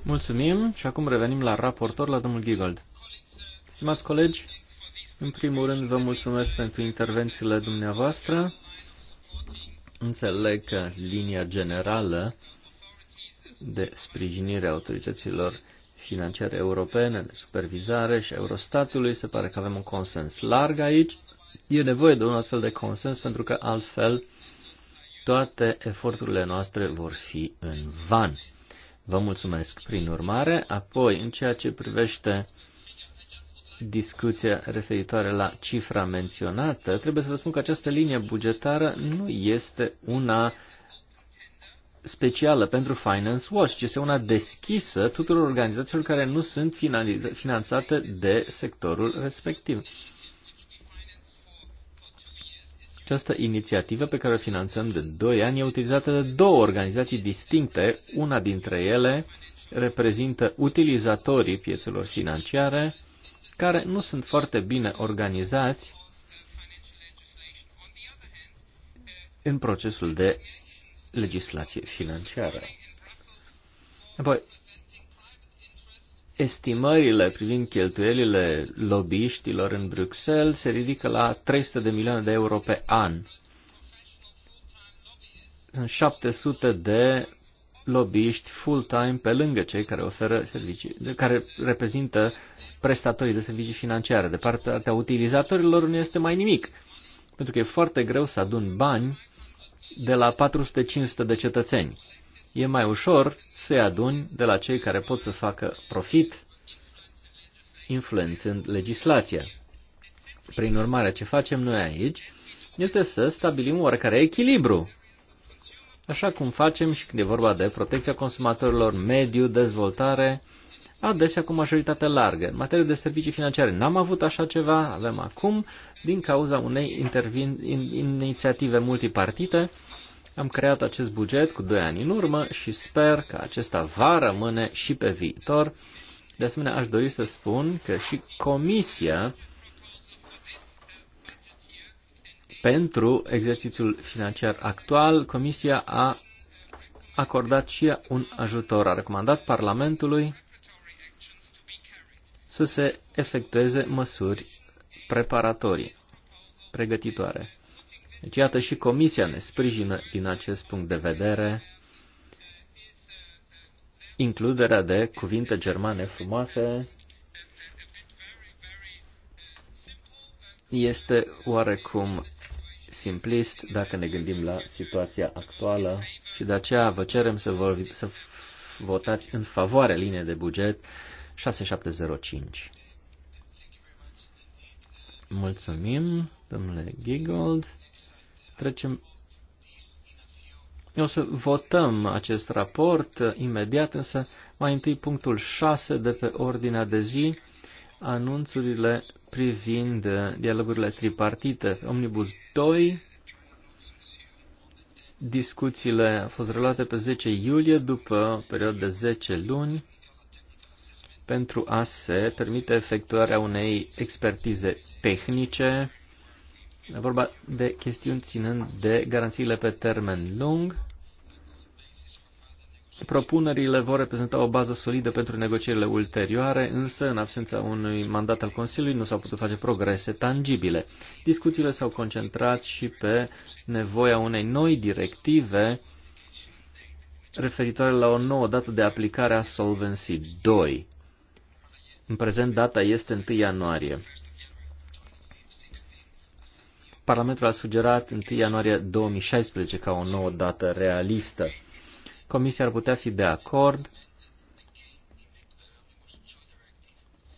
Mulțumim și acum revenim la raportor, la domnul Giggold. Stimați colegi, în primul rând vă mulțumesc pentru intervențiile dumneavoastră. Înțeleg că linia generală de sprijinire a autorităților financiare europene, de supervizare și Eurostatului. Se pare că avem un consens larg aici. E nevoie de un astfel de consens pentru că altfel toate eforturile noastre vor fi în van. Vă mulțumesc prin urmare. Apoi, în ceea ce privește discuția referitoare la cifra menționată, trebuie să vă spun că această linie bugetară nu este una specială pentru Finance Watch, este una deschisă tuturor organizațiilor care nu sunt finanțate de sectorul respectiv. Această inițiativă pe care o finanțăm de 2 ani e utilizată de două organizații distincte. Una dintre ele reprezintă utilizatorii piețelor financiare care nu sunt foarte bine organizați în procesul de legislație financiară. Apoi, estimările privind cheltuielile lobbyiștilor în Bruxelles se ridică la 300 de milioane de euro pe an. Sunt 700 de lobbyiști full-time pe lângă cei care oferă servicii, care reprezintă prestatorii de servicii financiare. De partea utilizatorilor nu este mai nimic, pentru că e foarte greu să adun bani de la 400-500 de cetățeni. E mai ușor să-i aduni de la cei care pot să facă profit influențând legislația. Prin urmare, ce facem noi aici este să stabilim oarecare echilibru, așa cum facem și când e vorba de protecția consumatorilor, mediu, dezvoltare, adesea cu majoritate largă. În materie de servicii financiare n-am avut așa ceva, avem acum, din cauza unei intervin, in, inițiative multipartite. Am creat acest buget cu 2 ani în urmă și sper că acesta va rămâne și pe viitor. De asemenea, aș dori să spun că și Comisia pentru exercițiul financiar actual, Comisia a acordat și un ajutor. A recomandat Parlamentului să se efectueze măsuri preparatorii, pregătitoare. Deci iată și Comisia ne sprijină din acest punct de vedere includerea de cuvinte germane frumoase este oarecum simplist dacă ne gândim la situația actuală și de aceea vă cerem să, vă, să votați în favoarea liniei de buget 6705. Mulțumim, domnule Giggold. Trecem. O să votăm acest raport imediat, însă mai întâi punctul 6 de pe ordinea de zi, anunțurile privind dialogurile tripartite. Omnibus 2, discuțiile au fost reluate pe 10 iulie după o perioadă de 10 luni pentru a se permite efectuarea unei expertize tehnice. E vorba de chestiuni ținând de garanțiile pe termen lung. Propunerile vor reprezenta o bază solidă pentru negocierile ulterioare, însă, în absența unui mandat al Consiliului, nu s-au putut face progrese tangibile. Discuțiile s-au concentrat și pe nevoia unei noi directive referitoare la o nouă dată de aplicare a Solvency 2. În prezent data este 1 ianuarie. Parlamentul a sugerat 1 ianuarie 2016 ca o nouă dată realistă. Comisia ar putea fi de acord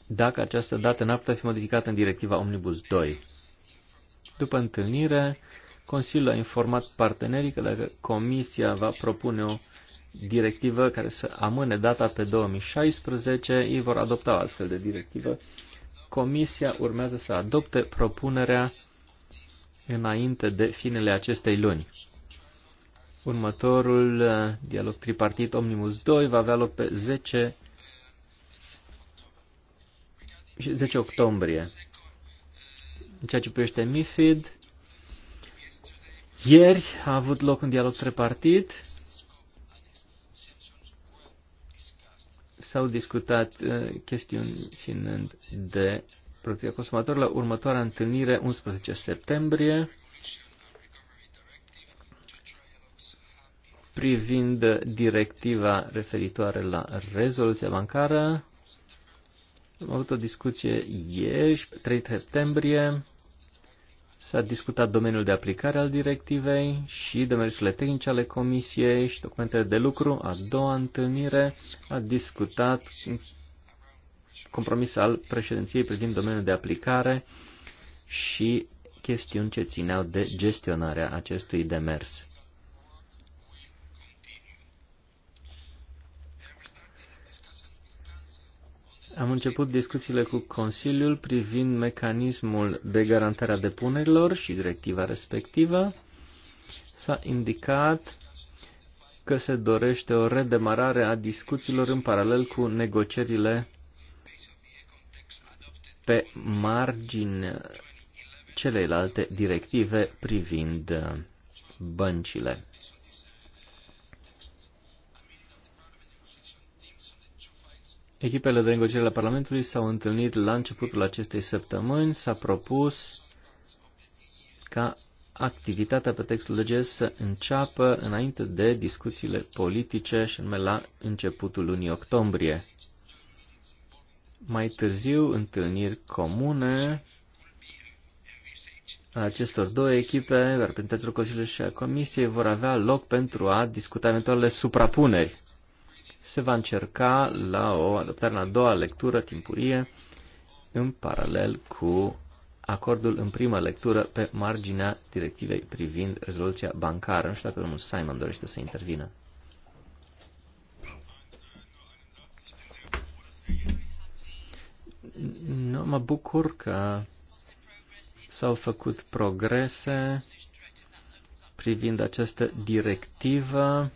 dacă această dată n-ar putea fi modificată în directiva Omnibus 2. După întâlnire, Consiliul a informat partenerii că dacă Comisia va propune o directivă care să amâne data pe 2016. Ei vor adopta o astfel de directivă. Comisia urmează să adopte propunerea înainte de finele acestei luni. Următorul uh, dialog tripartit Omnibus 2 va avea loc pe 10, 10 octombrie. În ceea ce privește MIFID, ieri a avut loc un dialog tripartit s-au discutat uh, chestiuni ținând de protecția consumatorilor la următoarea întâlnire 11 septembrie privind directiva referitoare la rezoluția bancară. Am avut o discuție ieri, 3 septembrie, S-a discutat domeniul de aplicare al directivei și demersurile tehnice ale comisiei și documentele de lucru. A doua întâlnire a discutat compromis al președinției privind domeniul de aplicare și chestiuni ce țineau de gestionarea acestui demers. am început discuțiile cu Consiliul privind mecanismul de garantare a depunerilor și directiva respectivă. S-a indicat că se dorește o redemarare a discuțiilor în paralel cu negocierile pe margine celelalte directive privind băncile. Echipele de negociere la Parlamentului s-au întâlnit la începutul acestei săptămâni, s-a propus ca activitatea pe textul lege să înceapă înainte de discuțiile politice și anume la începutul lunii octombrie. Mai târziu, întâlniri comune a acestor două echipe, reprezentanților Consiliului și a Comisiei, vor avea loc pentru a discuta eventuale suprapuneri se va încerca la o adoptare la a doua lectură timpurie, în paralel cu acordul în prima lectură pe marginea directivei privind rezoluția bancară. Nu știu dacă domnul Simon dorește să intervină. Nu, mă bucur că s-au făcut progrese privind această directivă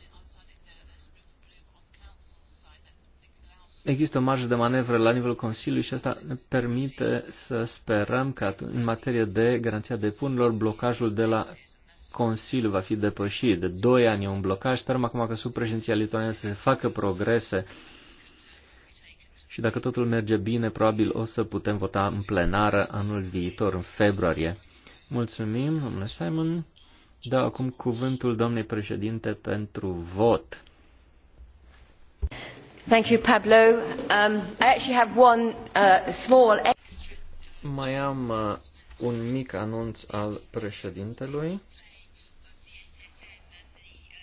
există o marjă de manevră la nivelul Consiliului și asta ne permite să sperăm că în materie de garanția depunerilor, blocajul de la Consiliu va fi depășit. De doi ani e un blocaj. Sperăm acum că sub președinția lituaniană să se facă progrese și dacă totul merge bine, probabil o să putem vota în plenară anul viitor, în februarie. Mulțumim, domnule Simon. Dau acum cuvântul doamnei președinte pentru vot. Pablo. Mai am uh, un mic anunț al președintelui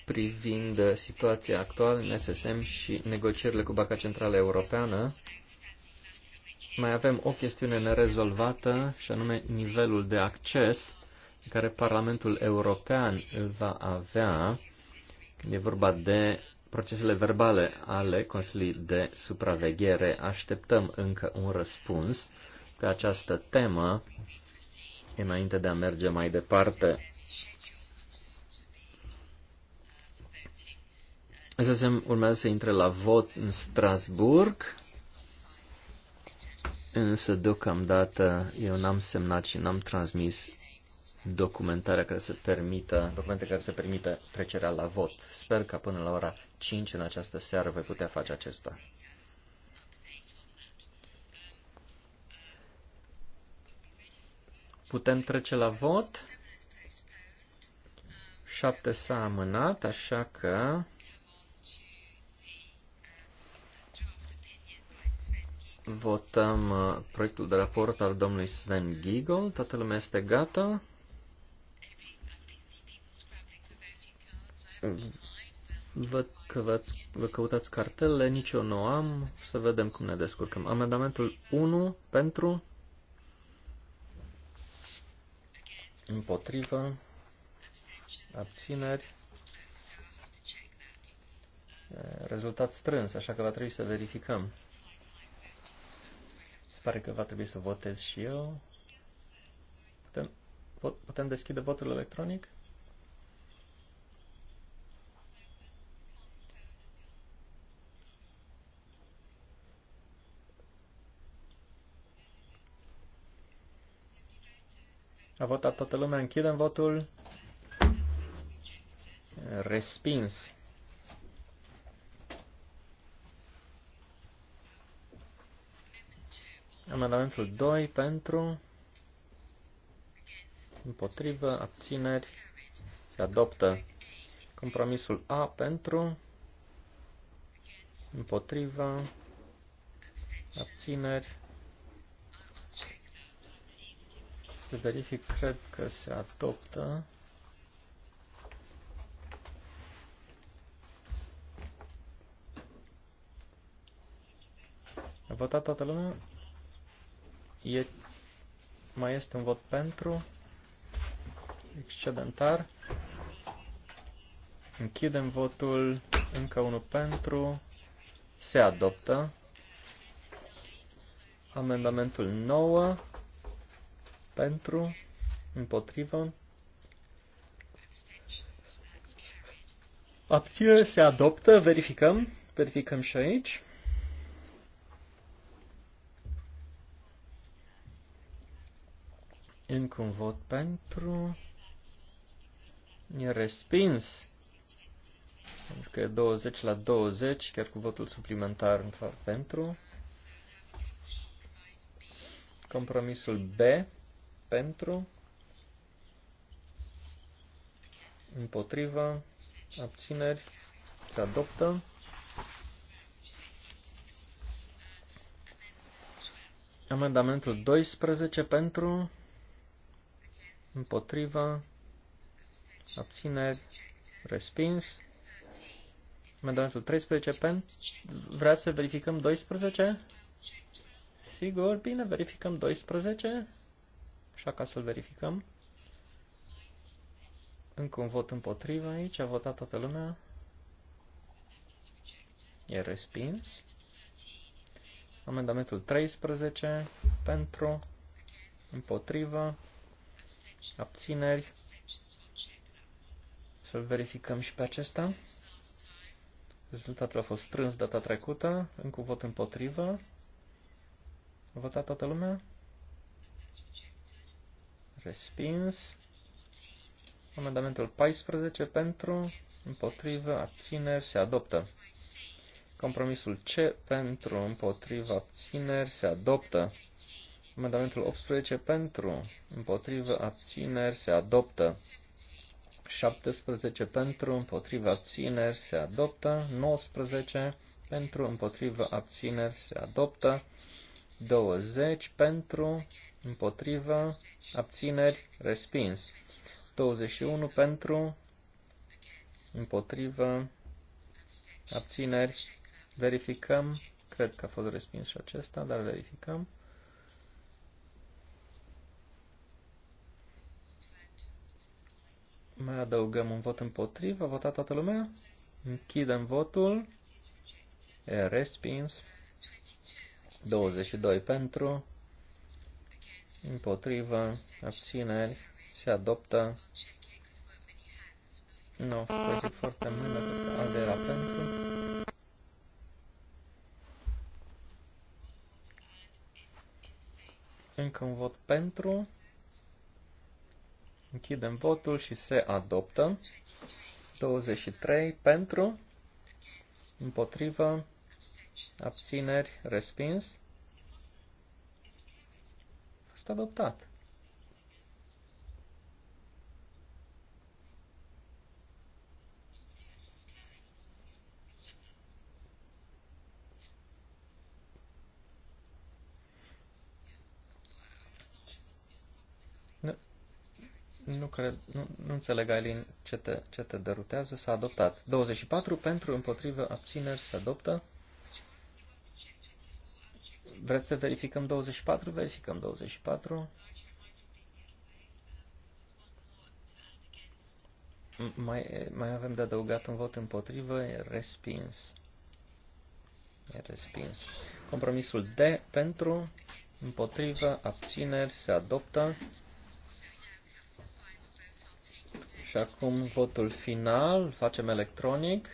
privind uh, situația actuală în SSM și negocierile cu Banca Centrală Europeană. Mai avem o chestiune nerezolvată și anume nivelul de acces pe care Parlamentul European îl va avea când e vorba de procesele verbale ale Consiliului de Supraveghere. Așteptăm încă un răspuns pe această temă înainte de a merge mai departe. SSM urmează să intre la vot în Strasburg, însă deocamdată eu n-am semnat și n-am transmis documentarea care să permită, documente care să permită trecerea la vot. Sper că până la ora 5 în această seară voi putea face acesta. Putem trece la vot. 7 s-a amânat, așa că votăm uh, proiectul de raport al domnului Sven Gigol. Toată lumea este gata. Văd că vă căutați cartele, nici eu nu am, să vedem cum ne descurcăm. Amendamentul 1 pentru, împotrivă, abțineri, rezultat strâns, așa că va trebui să verificăm. Se pare că va trebui să votez și eu. Putem, pot, putem deschide votul electronic? A votat toată lumea, închidem votul. Respins. Amendamentul 2 pentru, împotrivă, abțineri, se adoptă. Compromisul A pentru, împotrivă, abțineri, Să verific, cred că se adoptă. A votat toată lumea? E, mai este un vot pentru? Excedentar. Închidem votul. Încă unul pentru. Se adoptă. Amendamentul 9 pentru, împotrivă, abținere se adoptă, verificăm, verificăm și aici. Încă un vot pentru. E respins. Pentru că e 20 la 20, chiar cu votul suplimentar în fapt pentru. Compromisul B pentru, împotrivă, abțineri, se adoptă. Amendamentul 12 pentru, împotriva, abțineri, respins. Amendamentul 13 pentru, vreați să verificăm 12? Sigur, bine, verificăm 12. Așa ca să-l verificăm. Încă un vot împotrivă aici. A votat toată lumea. E respins. Amendamentul 13 pentru, împotrivă, abțineri. Să-l verificăm și pe acesta. Rezultatul a fost strâns data trecută, încă vot împotrivă. A votat toată lumea? respins. Amendamentul 14 pentru, împotrivă, abțineri, se adoptă. Compromisul C pentru, împotrivă, abțineri, se adoptă. Amendamentul 18 pentru, împotrivă, abțineri, se adoptă. 17 pentru, împotrivă, abțineri, se adoptă. 19 pentru, împotrivă, abțineri, se adoptă. 20 pentru, împotrivă, abțineri, respins. 21 pentru, împotrivă, abțineri, verificăm, cred că a fost respins și acesta, dar verificăm. Mai adăugăm un vot împotrivă, a votat toată lumea, închidem votul, e respins, 22 pentru, împotrivă, abțineri, se adoptă. Nu, foarte foarte mână, al de la pentru. Încă un vot pentru. Închidem votul și se adoptă. 23 pentru, împotrivă, abțineri, respins fost adoptat. Nu, cred, nu, nu înțeleg, Alin, ce te, ce te derutează. S-a adoptat. 24 pentru, împotrivă, abțineri, se adoptă. Vreți să verificăm 24? Verificăm 24. Mai, mai avem de adăugat un vot împotrivă, e respins. E respins. Compromisul D pentru, împotrivă, abțineri, se adoptă. Și acum votul final, facem electronic.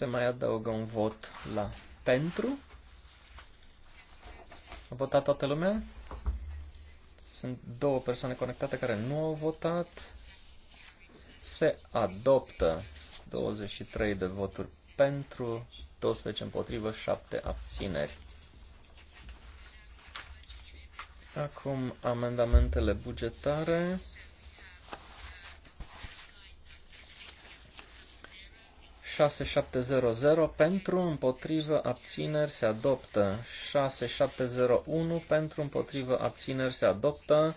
se mai adaugă un vot la pentru. A votat toată lumea? Sunt două persoane conectate care nu au votat. Se adoptă 23 de voturi pentru, 12 împotrivă, 7 abțineri. Acum amendamentele bugetare. 6700 pentru, împotrivă, abțineri se adoptă. 6701 pentru, împotrivă, abțineri se adoptă.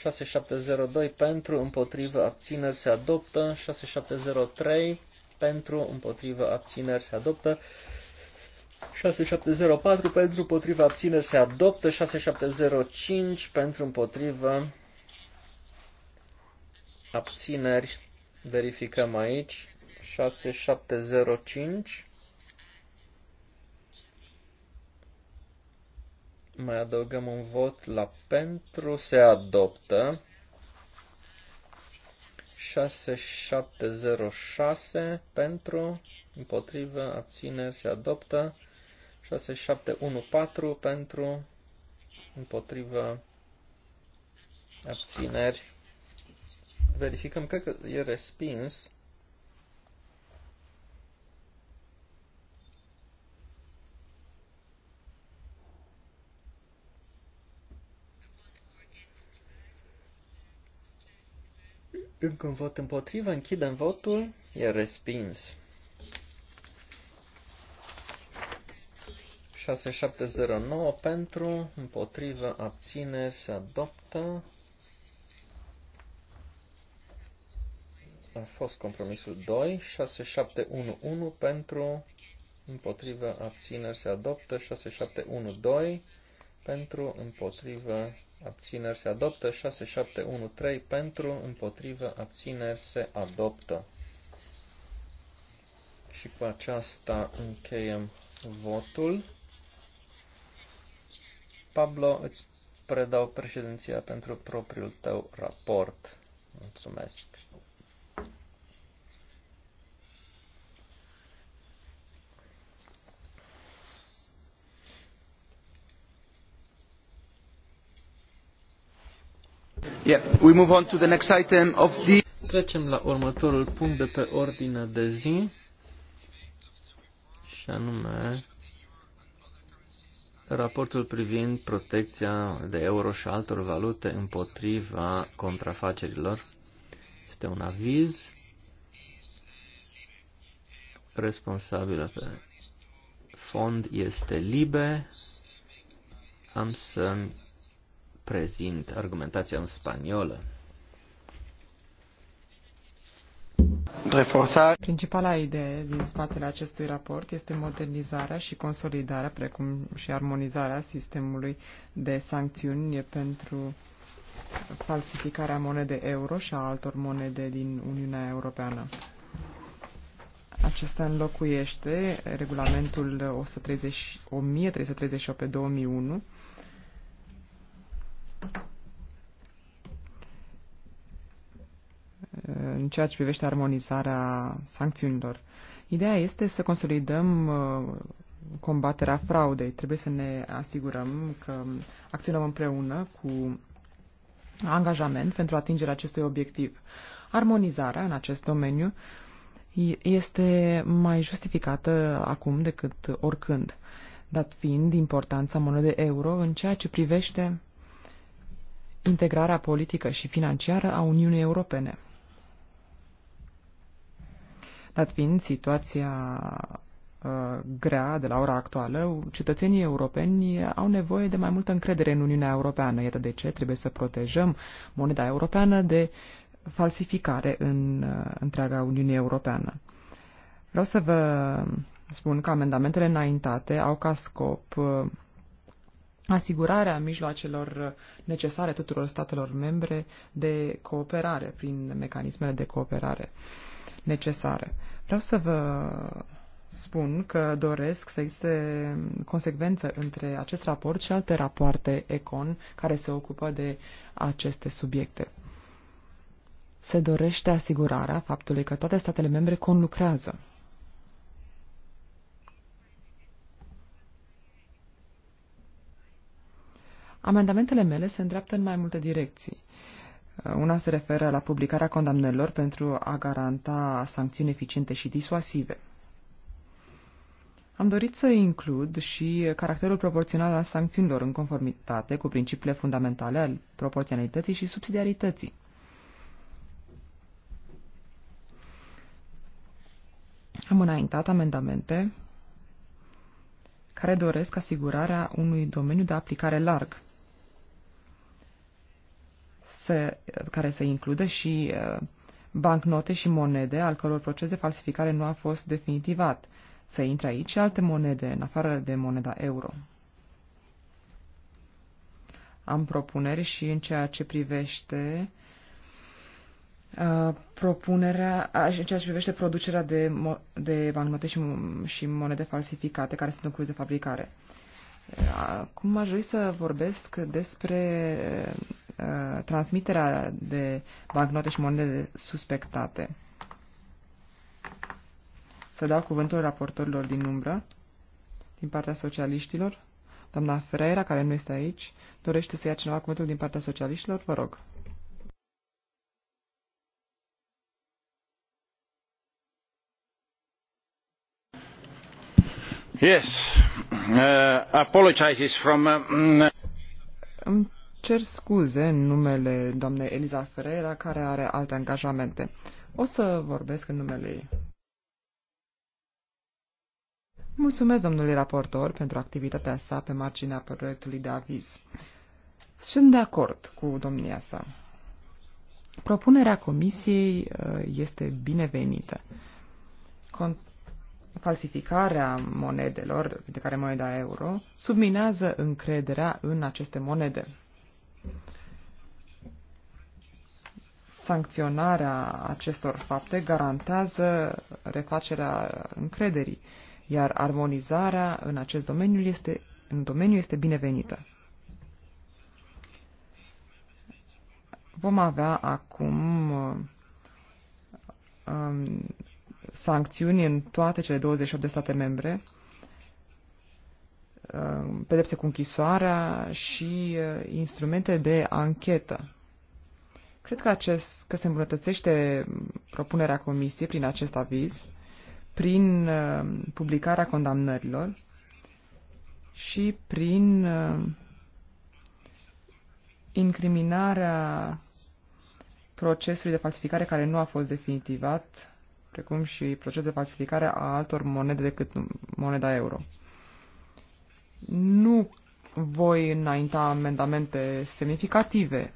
6702 pentru, împotrivă, abțineri se adoptă. 6703 pentru, împotrivă, abțineri se adoptă. 6704 pentru, împotrivă, abțineri se adoptă. 6705 pentru, împotrivă, abțineri. Verificăm aici. 6705. Mai adăugăm un vot la pentru, se adoptă. 6706 pentru, împotrivă, abține, se adoptă. 6714 pentru, împotrivă, abțineri. Verificăm, cred că e respins. Încă un vot împotrivă, închidem votul, e respins. 6709 pentru, împotrivă, abțineri, se adoptă. A fost compromisul 2, 6711 pentru, împotrivă, abțineri, se adoptă, 6712 pentru, împotrivă, abțineri se adoptă, 6713 pentru, împotrivă, abțineri se adoptă. Și cu aceasta încheiem votul. Pablo, îți predau președinția pentru propriul tău raport. Mulțumesc. Trecem la următorul punct de pe ordinea de zi, și anume raportul privind protecția de euro și altor valute împotriva contrafacerilor. Este un aviz responsabil pe fond este libe. Am să prezint argumentația în spaniolă. Reforțare. Principala idee din spatele acestui raport este modernizarea și consolidarea, precum și armonizarea sistemului de sancțiuni pentru falsificarea monedei euro și a altor monede din Uniunea Europeană. Acesta înlocuiește regulamentul 130, 1338 2001 în ceea ce privește armonizarea sancțiunilor. Ideea este să consolidăm uh, combaterea fraudei. Trebuie să ne asigurăm că acționăm împreună cu angajament pentru atingerea acestui obiectiv. Armonizarea în acest domeniu este mai justificată acum decât oricând, dat fiind importanța monedei euro în ceea ce privește integrarea politică și financiară a Uniunii Europene. Dat fiind situația uh, grea de la ora actuală, cetățenii europeni au nevoie de mai multă încredere în Uniunea Europeană. Iată de ce trebuie să protejăm moneda europeană de falsificare în uh, întreaga Uniune Europeană. Vreau să vă spun că amendamentele înaintate au ca scop uh, asigurarea mijloacelor necesare tuturor statelor membre de cooperare prin mecanismele de cooperare necesare. Vreau să vă spun că doresc să existe consecvență între acest raport și alte rapoarte ECON care se ocupă de aceste subiecte. Se dorește asigurarea faptului că toate statele membre conlucrează. Amendamentele mele se îndreaptă în mai multe direcții. Uh, una se referă la publicarea condamnărilor pentru a garanta sancțiuni eficiente și disuasive. Am dorit să includ și caracterul proporțional al sancțiunilor în conformitate cu principiile fundamentale al proporționalității și subsidiarității. Am înaintat amendamente care doresc asigurarea unui domeniu de aplicare larg se, care să includă și uh, bancnote și monede, al căror proces de falsificare nu a fost definitivat. Să intre aici și alte monede, în afară de moneda euro. Am propuneri și în ceea ce privește uh, propunerea, în ceea ce privește producerea de, de bancnote și, și monede falsificate care sunt în curs de fabricare. Uh, acum aș vrea să vorbesc despre Uh, transmiterea de bancnote și monede suspectate. Să dau cuvântul raportorilor din umbră, din partea socialiștilor. Doamna Ferreira, care nu este aici, dorește să ia cineva cuvântul din partea socialiștilor? Vă rog. Yes. Uh, apologizes from uh, îmi cer scuze în numele doamnei Eliza Ferreira, care are alte angajamente. O să vorbesc în numele ei. Mulțumesc domnului raportor pentru activitatea sa pe marginea proiectului de aviz. Sunt de acord cu domnia sa. Propunerea comisiei uh, este binevenită. Con falsificarea monedelor, de care moneda euro, subminează încrederea în aceste monede. sancționarea acestor fapte garantează refacerea încrederii, iar armonizarea în acest domeniu este, în domeniu este binevenită. Vom avea acum um, sancțiuni în toate cele 28 de state membre, um, pedepse cu închisoarea și uh, instrumente de anchetă Cred că, acest, că se îmbunătățește propunerea comisiei prin acest aviz, prin uh, publicarea condamnărilor și prin uh, incriminarea procesului de falsificare care nu a fost definitivat, precum și procesul de falsificare a altor monede decât moneda euro. Nu voi înainta amendamente semnificative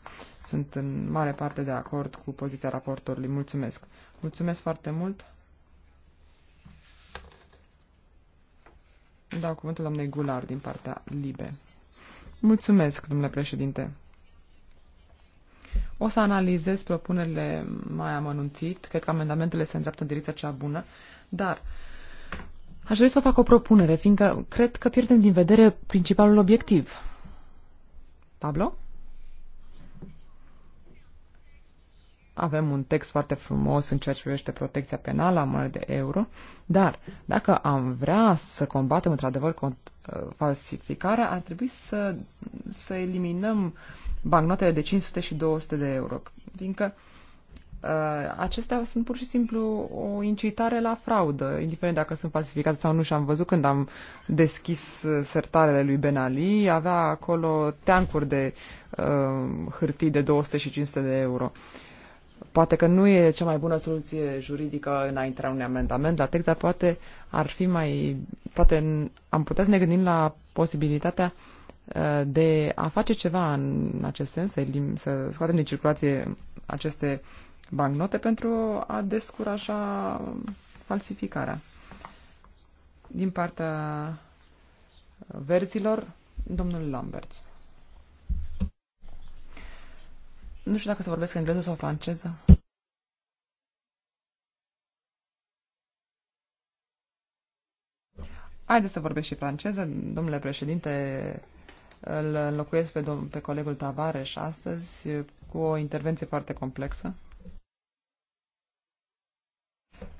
sunt în mare parte de acord cu poziția raportorului. Mulțumesc. Mulțumesc foarte mult. Dau cuvântul doamnei Gular din partea Libe. Mulțumesc, domnule președinte. O să analizez propunerile mai amănunțit. Cred că amendamentele se îndreaptă în direcția cea bună, dar aș dori să fac o propunere, fiindcă cred că pierdem din vedere principalul obiectiv. Pablo? Avem un text foarte frumos în ceea ce privește protecția penală a monedei de euro, dar dacă am vrea să combatem într-adevăr uh, falsificarea, ar trebui să, să eliminăm bancnotele de 500 și 200 de euro, fiindcă uh, acestea sunt pur și simplu o incitare la fraudă, indiferent dacă sunt falsificate sau nu. Și am văzut când am deschis uh, sertarele lui Ben Ali, avea acolo teancuri de uh, hârtii de 200 și 500 de euro poate că nu e cea mai bună soluție juridică intra unui amendament la text, dar poate ar fi mai, poate am putea să ne gândim la posibilitatea uh, de a face ceva în acest sens, să, să scoatem din circulație aceste bancnote pentru a descuraja falsificarea. Din partea verzilor, domnul Lamberts. Nu știu dacă să vorbesc engleză sau franceză. Haideți să vorbesc și franceză. Domnule președinte, îl înlocuiesc pe, domn, pe colegul Tavares astăzi cu o intervenție foarte complexă.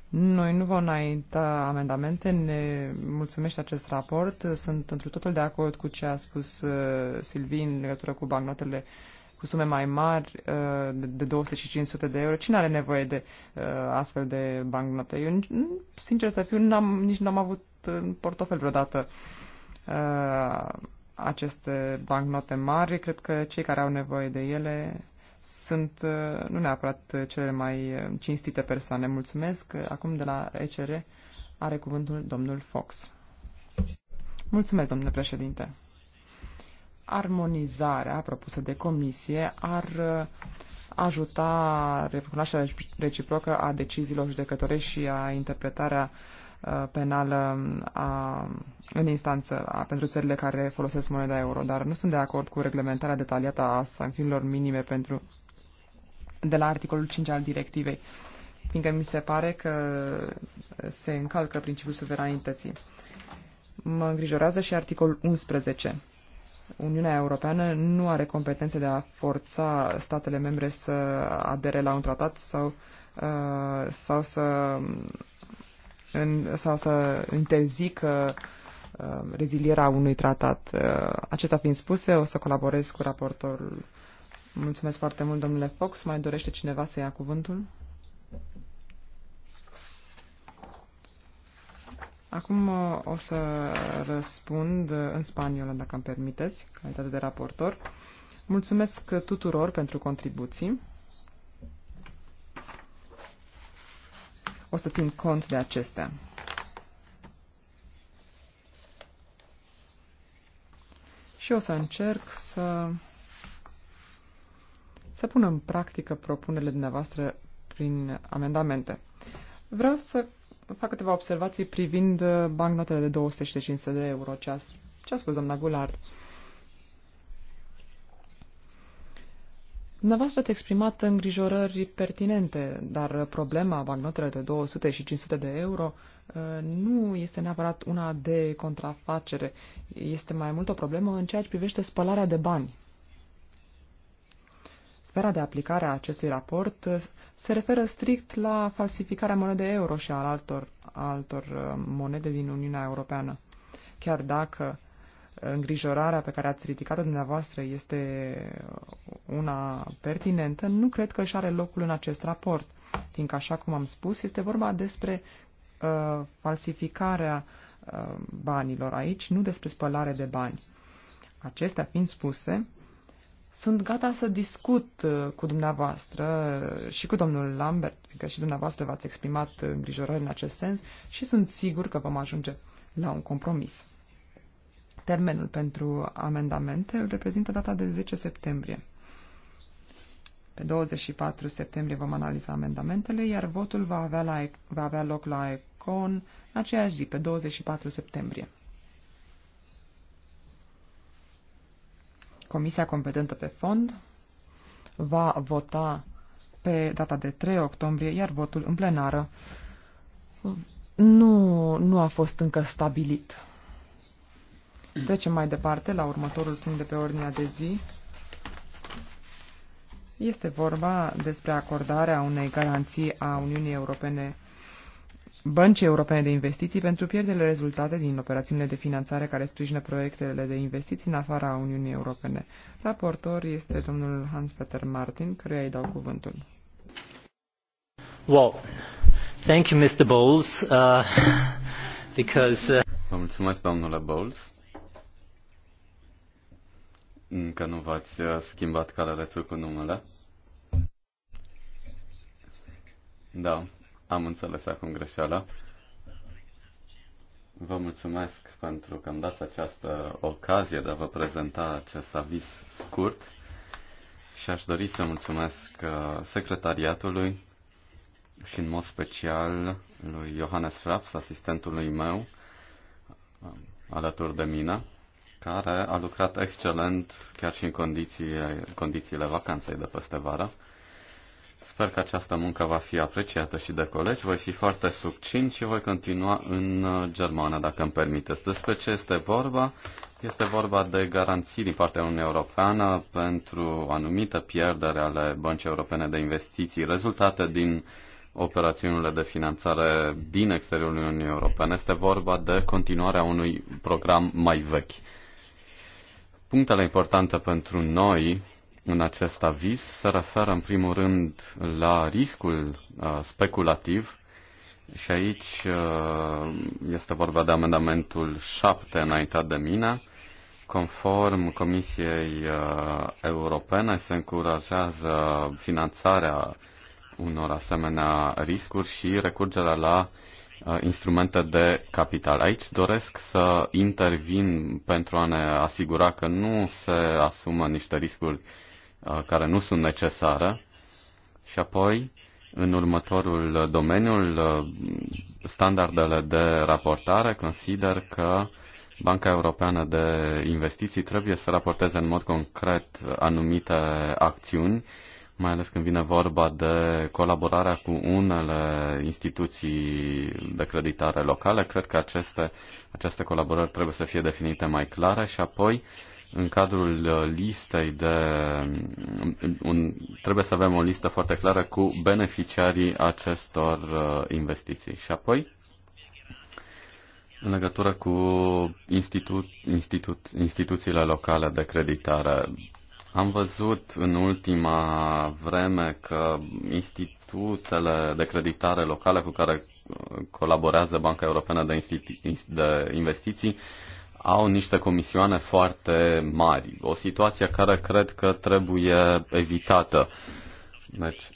Noi nu vom înainta amendamente, ne mulțumește acest raport. Sunt într totul de acord cu ce a spus uh, Silvin în legătură cu bancnotele uh, cu sume mai mari uh, de 200 și 500 de euro. Cine are nevoie de uh, astfel de bancnote? Eu, sincer să fiu, n-am, nici n-am avut în portofel vreodată uh, aceste bancnote mari. Cred că cei care au nevoie de ele sunt nu neapărat cele mai cinstite persoane. Mulțumesc. Acum de la ECR are cuvântul domnul Fox. Mulțumesc, domnule președinte armonizarea propusă de comisie ar uh, ajuta recunoașterea reciprocă a deciziilor judecătorești și a interpretarea uh, penală a, în instanță a, pentru țările care folosesc moneda euro, dar nu sunt de acord cu reglementarea detaliată a sancțiunilor minime pentru de la articolul 5 al directivei, fiindcă mi se pare că se încalcă principiul suveranității. Mă îngrijorează și articolul 11 Uniunea Europeană nu are competențe de a forța statele membre să adere la un tratat sau, uh, sau, să, în, sau să interzică uh, rezilierea unui tratat. Uh, acesta fiind spuse, o să colaborez cu raportorul. Mulțumesc foarte mult, domnule Fox. Mai dorește cineva să ia cuvântul? Acum uh, o să răspund în spaniolă, dacă îmi permiteți, calitate de raportor. Mulțumesc tuturor pentru contribuții. O să țin cont de acestea. Și o să încerc să, să pun în practică propunerile dumneavoastră prin amendamente. Vreau să fac câteva observații privind uh, bancnotele de 200 și de 500 de euro. Ce a, ce a spus doamna Gulard? Dumneavoastră ați exprimat îngrijorări pertinente, dar problema bancnotelor de 200 și 500 de euro uh, nu este neapărat una de contrafacere. Este mai mult o problemă în ceea ce privește spălarea de bani. Sfera de aplicare a acestui raport uh, se referă strict la falsificarea monedei euro și al altor, altor uh, monede din Uniunea Europeană. Chiar dacă îngrijorarea pe care ați ridicat-o dumneavoastră este uh, una pertinentă, nu cred că își are locul în acest raport, fiindcă, așa cum am spus, este vorba despre uh, falsificarea uh, banilor aici, nu despre spălare de bani. Acestea fiind spuse, sunt gata să discut uh, cu dumneavoastră uh, și cu domnul Lambert, că și dumneavoastră v-ați exprimat îngrijorări în acest sens și sunt sigur că vom ajunge la un compromis. Termenul pentru amendamente îl reprezintă data de 10 septembrie. Pe 24 septembrie vom analiza amendamentele, iar votul va avea, la, va avea loc la ECON în aceeași zi, pe 24 septembrie. Comisia competentă pe fond va vota pe data de 3 octombrie, iar votul în plenară nu, nu a fost încă stabilit. Trecem mai departe la următorul punct de pe ordinea de zi. Este vorba despre acordarea unei garanții a Uniunii Europene Băncii Europene de Investiții pentru pierderile rezultate din operațiunile de finanțare care sprijină proiectele de investiții în afara Uniunii Europene. Raportor este domnul Hans-Peter Martin, căruia îi dau cuvântul. Well, Thank you, Mr. Bowles, uh, because... Uh... Vă mulțumesc, domnule Bowles. Încă nu v-ați uh, schimbat calea cu numele. Da, am înțeles acum greșeala. Vă mulțumesc pentru că îmi dați această ocazie de a vă prezenta acest avis scurt și aș dori să mulțumesc uh, secretariatului și în mod special lui Johannes Raps, asistentului meu, uh, alături de mine, care a lucrat excelent chiar și în condiții, condițiile vacanței de peste vară. Sper că această muncă va fi apreciată și de colegi. Voi fi foarte succint și voi continua în uh, germană, dacă îmi permiteți. Despre ce este vorba? Este vorba de garanții din partea Uniunii Europeană pentru anumite pierdere ale băncii europene de investiții rezultate din operațiunile de finanțare din exteriorul Uniunii Europene. Este vorba de continuarea unui program mai vechi. Punctele importante pentru noi în acest aviz se referă în primul rând la riscul uh, speculativ și aici uh, este vorba de amendamentul 7 înaintat de mine. Conform Comisiei uh, Europene se încurajează finanțarea unor asemenea riscuri și recurgerea la instrumente de capital. Aici doresc să intervin pentru a ne asigura că nu se asumă niște riscuri uh, Uh, care nu sunt necesare și apoi în următorul domeniu, uh, standardele de raportare consider că Banca Europeană de Investiții trebuie să raporteze în mod concret anumite acțiuni, mai ales când vine vorba de colaborarea cu unele instituții de creditare locale. Cred că aceste, aceste colaborări trebuie să fie definite mai clare și apoi uh, în cadrul uh, listei de... Mm, un, trebuie să avem o listă foarte clară cu beneficiarii acestor uh, investiții. Și apoi, în legătură cu institu, institu, instituțiile locale de creditare, am văzut în ultima vreme că institutele de creditare locale cu care uh, colaborează Banca Europeană de, Insti- de Investiții au niște comisioane foarte mari, o situație care cred că trebuie evitată. Deci,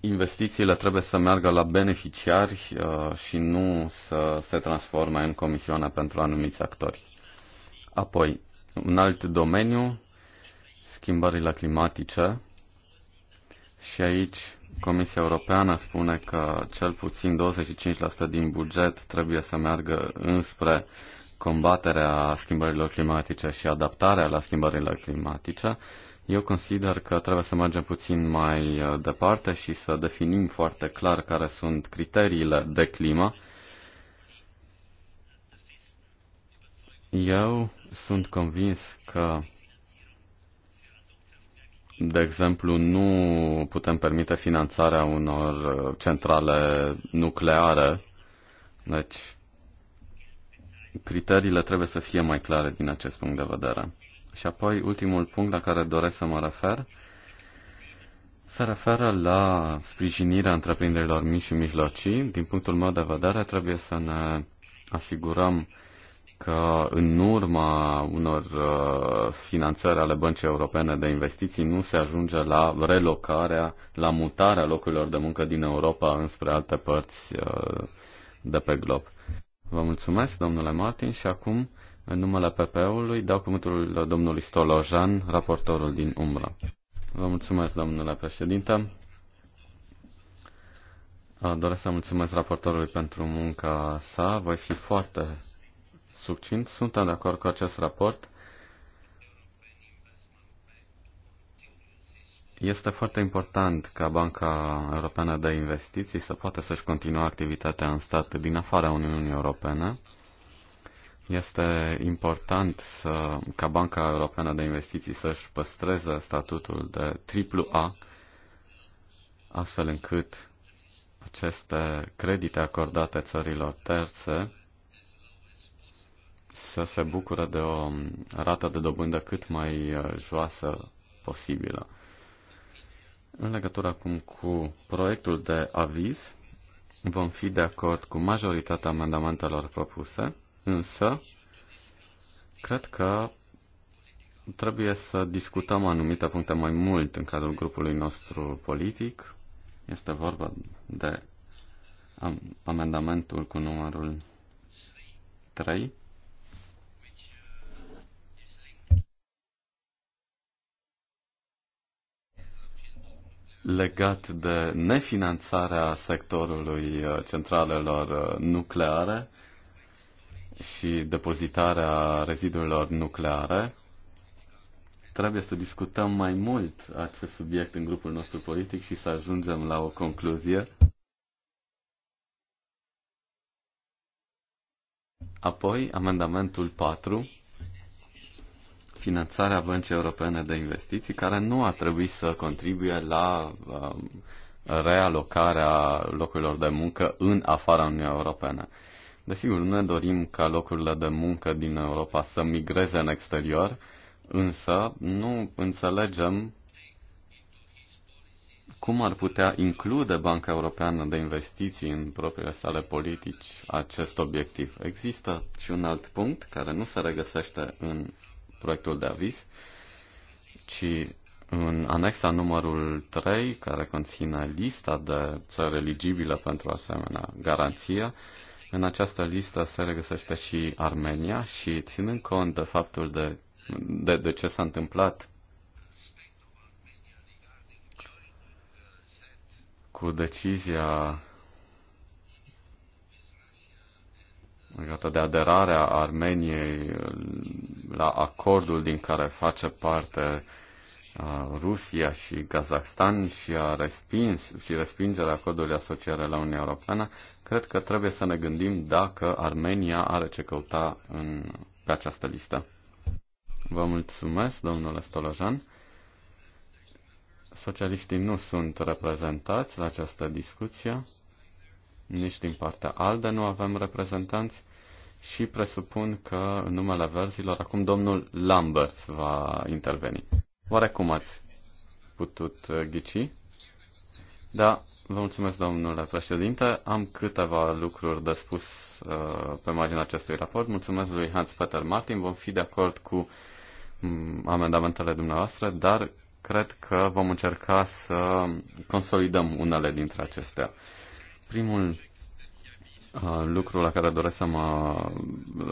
investițiile trebuie să meargă la beneficiari uh, și nu să se transforme în comisioane pentru anumiți actori. Apoi, un alt domeniu, schimbările climatice. Și aici Comisia Europeană spune că cel puțin 25% din buget trebuie să meargă înspre combaterea schimbărilor climatice și adaptarea la schimbările climatice. Eu consider că trebuie să mergem puțin mai uh, departe și să definim foarte clar care sunt criteriile de climă. Eu sunt convins că de exemplu, nu putem permite finanțarea unor uh, centrale nucleare. Deci, criteriile trebuie să fie mai clare din acest punct de vedere. Și apoi, ultimul punct la care doresc să mă refer se referă la sprijinirea întreprinderilor mici și mijlocii. Din punctul meu de vedere, trebuie să ne asigurăm că în urma unor uh, finanțări ale Băncii Europene de Investiții nu se ajunge la relocarea, la mutarea locurilor de muncă din Europa înspre alte părți uh, de pe glob. Vă mulțumesc, domnule Martin, și acum, în numele PP-ului, dau cuvântul domnului Stolojan, raportorul din umbră. Vă mulțumesc, domnule președinte. Uh, doresc să mulțumesc raportorului pentru munca sa. Voi fi foarte succint. sunt de acord cu acest raport. Este foarte important ca Banca Europeană de Investiții să poată să-și continua activitatea în stat din afara Uniunii Europene. Este important să, ca Banca Europeană de Investiții să-și păstreze statutul de AAA, astfel încât aceste credite acordate țărilor terțe să se bucure de o rată de dobândă cât mai uh, joasă posibilă. În legătură acum cu proiectul de aviz, vom fi de acord cu majoritatea amendamentelor propuse, însă cred că trebuie să discutăm anumite puncte mai mult în cadrul grupului nostru politic. Este vorba de amendamentul cu numărul 3 legat de nefinanțarea sectorului uh, centralelor uh, nucleare și depozitarea rezidurilor nucleare. Trebuie să discutăm mai mult acest subiect în grupul nostru politic și să ajungem la o concluzie. Apoi, amendamentul 4 finanțarea Băncii Europene de Investiții, care nu ar trebui să contribuie la um, realocarea locurilor de muncă în afara Uniunii Europene. Desigur, nu ne dorim ca locurile de muncă din Europa să migreze în exterior, însă nu înțelegem cum ar putea include Banca Europeană de Investiții în propriile sale politici acest obiectiv. Există și un alt punct care nu se regăsește în proiectul de ci în anexa numărul 3, care conține lista de țări eligibile pentru asemenea garanție, în această listă se regăsește și Armenia și ținând cont de faptul de, de, de ce s-a întâmplat cu decizia legată de aderarea Armeniei la acordul din care face parte uh, Rusia și Kazakhstan și a respins și respingerea acordului de asociere la Uniunea Europeană, cred că trebuie să ne gândim dacă Armenia are ce căuta în, pe această listă. Vă mulțumesc, domnule Stolojan. Socialiștii nu sunt reprezentați la această discuție nici din partea ALDE nu avem reprezentanți și presupun că în numele verzilor acum domnul Lambert va interveni. Oare cum ați putut uh, ghici? Da, vă mulțumesc, domnule președinte. Am câteva lucruri de spus uh, pe marginea acestui raport. Mulțumesc lui Hans-Peter Martin. Vom fi de acord cu mm, amendamentele dumneavoastră, dar cred că vom încerca să consolidăm unele dintre acestea. Primul uh, lucru la care doresc să mă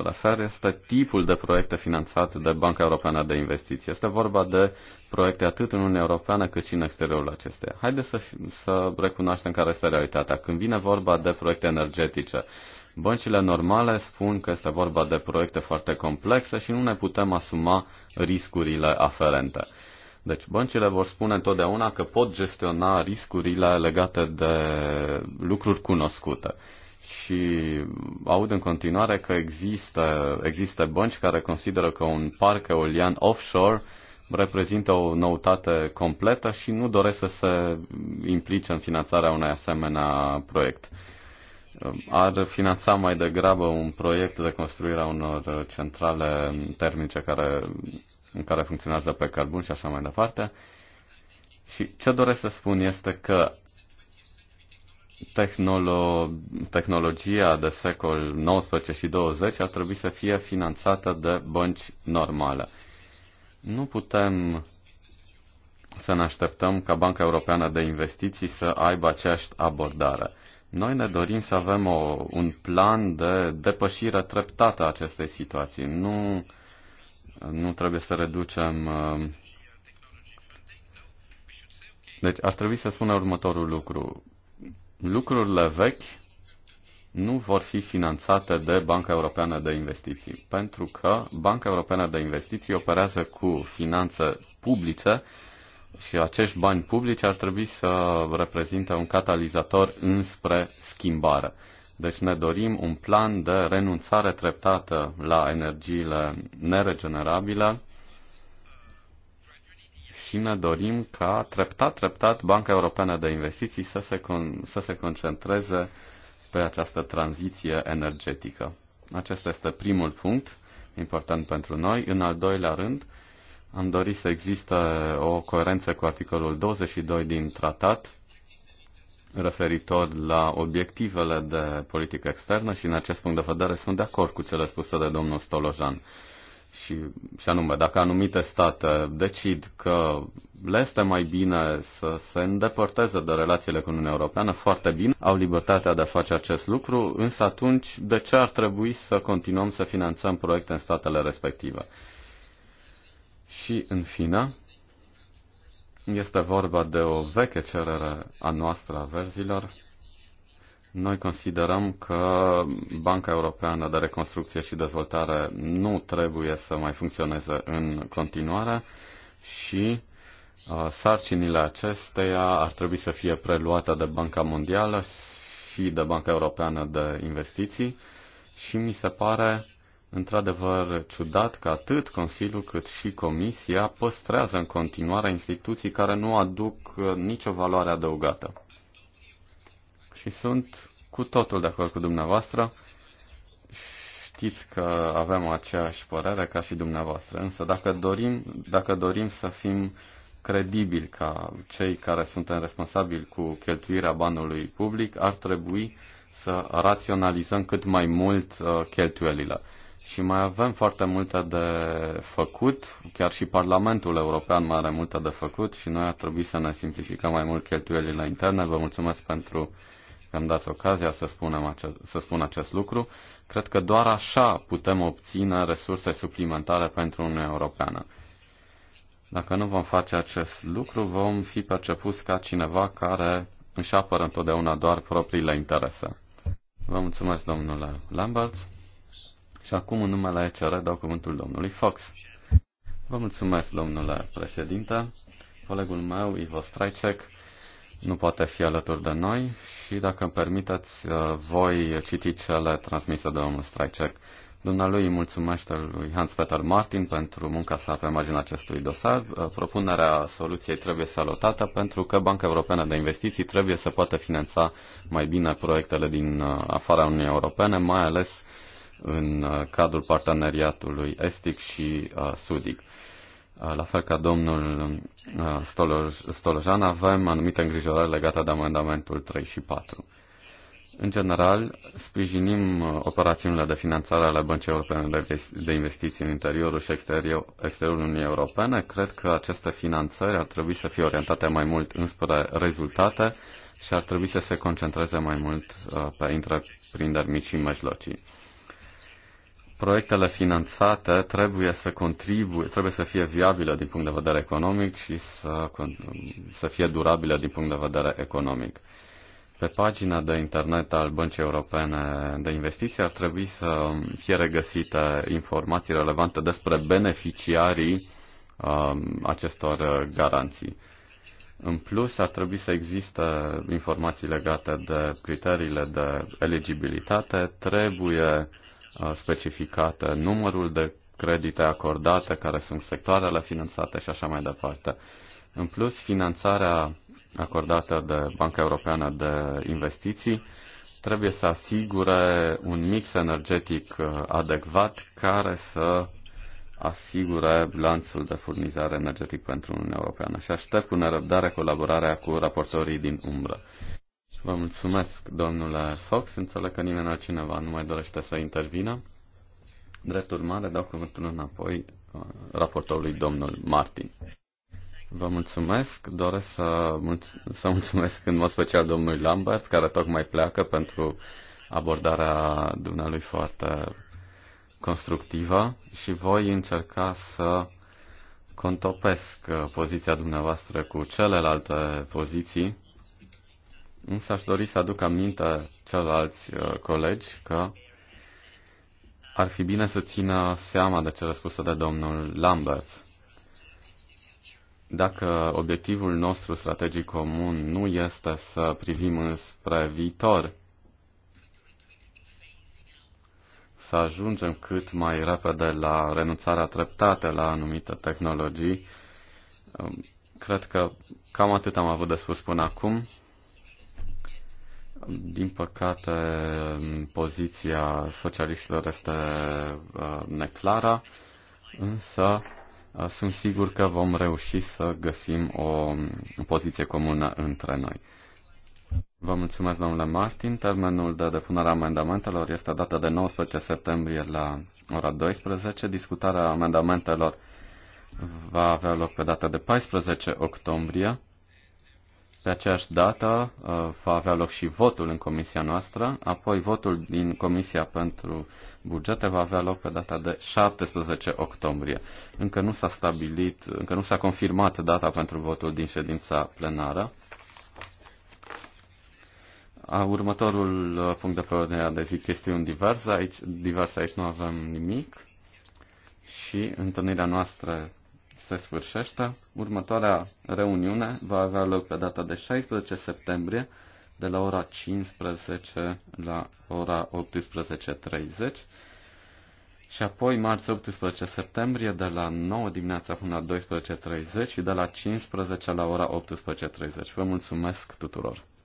refer este tipul de proiecte finanțate de Banca Europeană de Investiții. Este vorba de proiecte atât în Uniunea Europeană cât și în exteriorul acesteia. Haideți să, să recunoaștem care este realitatea. Când vine vorba de proiecte energetice, băncile normale spun că este vorba de proiecte foarte complexe și nu ne putem asuma riscurile aferente. Deci băncile vor spune întotdeauna că pot gestiona riscurile legate de lucruri cunoscute. Și aud în continuare că există, există bănci care consideră că un parc eolian offshore reprezintă o noutate completă și nu doresc să se implice în finanțarea unui asemenea proiect. Ar finanța mai degrabă un proiect de construire a unor centrale termice care în care funcționează pe carbun și așa mai departe. Și ce doresc să spun este că tehnolo- tehnologia de secol 19 și 20 ar trebui să fie finanțată de bănci normale. Nu putem să ne așteptăm ca Banca Europeană de Investiții să aibă aceeași abordare. Noi ne dorim să avem o, un plan de depășire treptată a acestei situații. Nu nu trebuie să reducem. Uh, deci ar trebui să spună următorul lucru. Lucrurile vechi nu vor fi finanțate de Banca Europeană de Investiții, pentru că Banca Europeană de Investiții operează cu finanțe publice și acești bani publici ar trebui să reprezinte un catalizator înspre schimbare. Deci ne dorim un plan de renunțare treptată la energiile neregenerabile și ne dorim ca treptat, treptat Banca Europeană de Investiții să se, con- să se concentreze pe această tranziție energetică. Acesta este primul punct important pentru noi. În al doilea rând, am dorit să existe o coerență cu articolul 22 din tratat, referitor la obiectivele de politică externă și în acest punct de vedere sunt de acord cu cele spuse de domnul Stolojan. Și, și anume, dacă anumite state decid că le este mai bine să se îndepărteze de relațiile cu Uniunea Europeană, foarte bine, au libertatea de a face acest lucru, însă atunci de ce ar trebui să continuăm să finanțăm proiecte în statele respective? Și, în fine, este vorba de o veche cerere a noastră a verzilor. Noi considerăm că Banca Europeană de Reconstrucție și Dezvoltare nu trebuie să mai funcționeze în continuare și uh, sarcinile acesteia ar trebui să fie preluate de Banca Mondială și de Banca Europeană de Investiții și mi se pare într-adevăr ciudat că atât Consiliul cât și Comisia păstrează în continuare instituții care nu aduc uh, nicio valoare adăugată. Și sunt cu totul de acord cu dumneavoastră. Știți că avem aceeași părere ca și dumneavoastră, însă dacă dorim, dacă dorim să fim credibili ca cei care suntem responsabili cu cheltuirea banului public, ar trebui să raționalizăm cât mai mult uh, cheltuielile. Și mai avem foarte multe de făcut, chiar și Parlamentul European mai are multe de făcut și noi ar trebui să ne simplificăm mai mult cheltuielile interne. Vă mulțumesc pentru că am dat ocazia să, spunem acest, să spun acest lucru. Cred că doar așa putem obține resurse suplimentare pentru Uniunea Europeană. Dacă nu vom face acest lucru, vom fi percepuți ca cineva care își apără întotdeauna doar propriile interese. Vă mulțumesc, domnule Lambert. Și acum în numele ECR dau cuvântul domnului Fox. Vă mulțumesc, domnule președinte. Colegul meu, Ivo Strajcek, nu poate fi alături de noi și, dacă îmi permiteți, uh, voi citi cele transmise de domnul Strajcek. Dumnealui îi mulțumește lui Hans-Peter Martin pentru munca sa pe marginea acestui dosar. Uh, propunerea soluției trebuie salutată pentru că Banca Europeană de Investiții trebuie să poată finanța mai bine proiectele din uh, afara Uniunii Europene, mai ales în uh, cadrul parteneriatului estic și uh, sudic. Uh, la fel ca domnul Stolojan, avem anumite îngrijorări legate de amendamentul 3 și 4. În general, sprijinim operațiunile de finanțare ale Băncii Europene de Investiții în interiorul și exterior, exteriorul Uniunii Europene. Cred că aceste finanțări ar trebui să fie orientate mai mult înspre rezultate și ar trebui să se concentreze mai mult pe întreprinderi mici și mijlocii proiectele finanțate trebuie să contribuie, trebuie să fie viabile din punct de vedere economic și să, să fie durabile din punct de vedere economic. Pe pagina de internet al Băncii Europene de Investiții ar trebui să fie regăsite informații relevante despre beneficiarii um, acestor garanții. În plus, ar trebui să existe informații legate de criteriile de eligibilitate, trebuie specificate, numărul de credite acordate, care sunt sectoarele finanțate și așa mai departe. În plus, finanțarea acordată de Banca Europeană de Investiții trebuie să asigure un mix energetic uh, adecvat care să asigure lanțul de furnizare energetic pentru Uniunea Europeană și aștept cu nerăbdare colaborarea cu raportorii din umbră. Vă mulțumesc, domnule Fox. Înțeleg că nimeni altcineva nu mai dorește să intervină. Drept urmare, dau cuvântul înapoi uh, raportorului domnul Martin. Vă mulțumesc. Doresc să, mulț- să mulțumesc în mod special domnului Lambert, care tocmai pleacă pentru abordarea dumnealui foarte constructivă și voi încerca să contopesc uh, poziția dumneavoastră cu celelalte poziții Însă aș dori să aduc aminte celorlalți uh, colegi că ar fi bine să țină seama de cele spuse de domnul Lambert. Dacă obiectivul nostru strategic comun nu este să privim înspre viitor, să ajungem cât mai repede la renunțarea treptată la anumite tehnologii, um, cred că cam atât am avut de spus până acum. Din păcate, poziția socialiștilor este uh, neclară, însă uh, sunt sigur că vom reuși să găsim o poziție comună între noi. Vă mulțumesc, domnule Martin. Termenul de depunere a amendamentelor este dată de 19 septembrie la ora 12. Discutarea amendamentelor va avea loc pe data de 14 octombrie pe aceeași dată uh, va avea loc și votul în comisia noastră, apoi votul din Comisia pentru Bugete va avea loc pe data de 17 octombrie. Încă nu s-a stabilit, încă nu s-a confirmat data pentru votul din ședința plenară. Următorul uh, punct de pe ordinea de zi, chestiuni diverse, aici, diverse, aici nu avem nimic și întâlnirea noastră se sfârșește. Următoarea reuniune va avea loc pe data de 16 septembrie, de la ora 15 la ora 18.30 și apoi marți 18 septembrie de la 9 dimineața până la 12.30 și de la 15 la ora 18.30. Vă mulțumesc tuturor!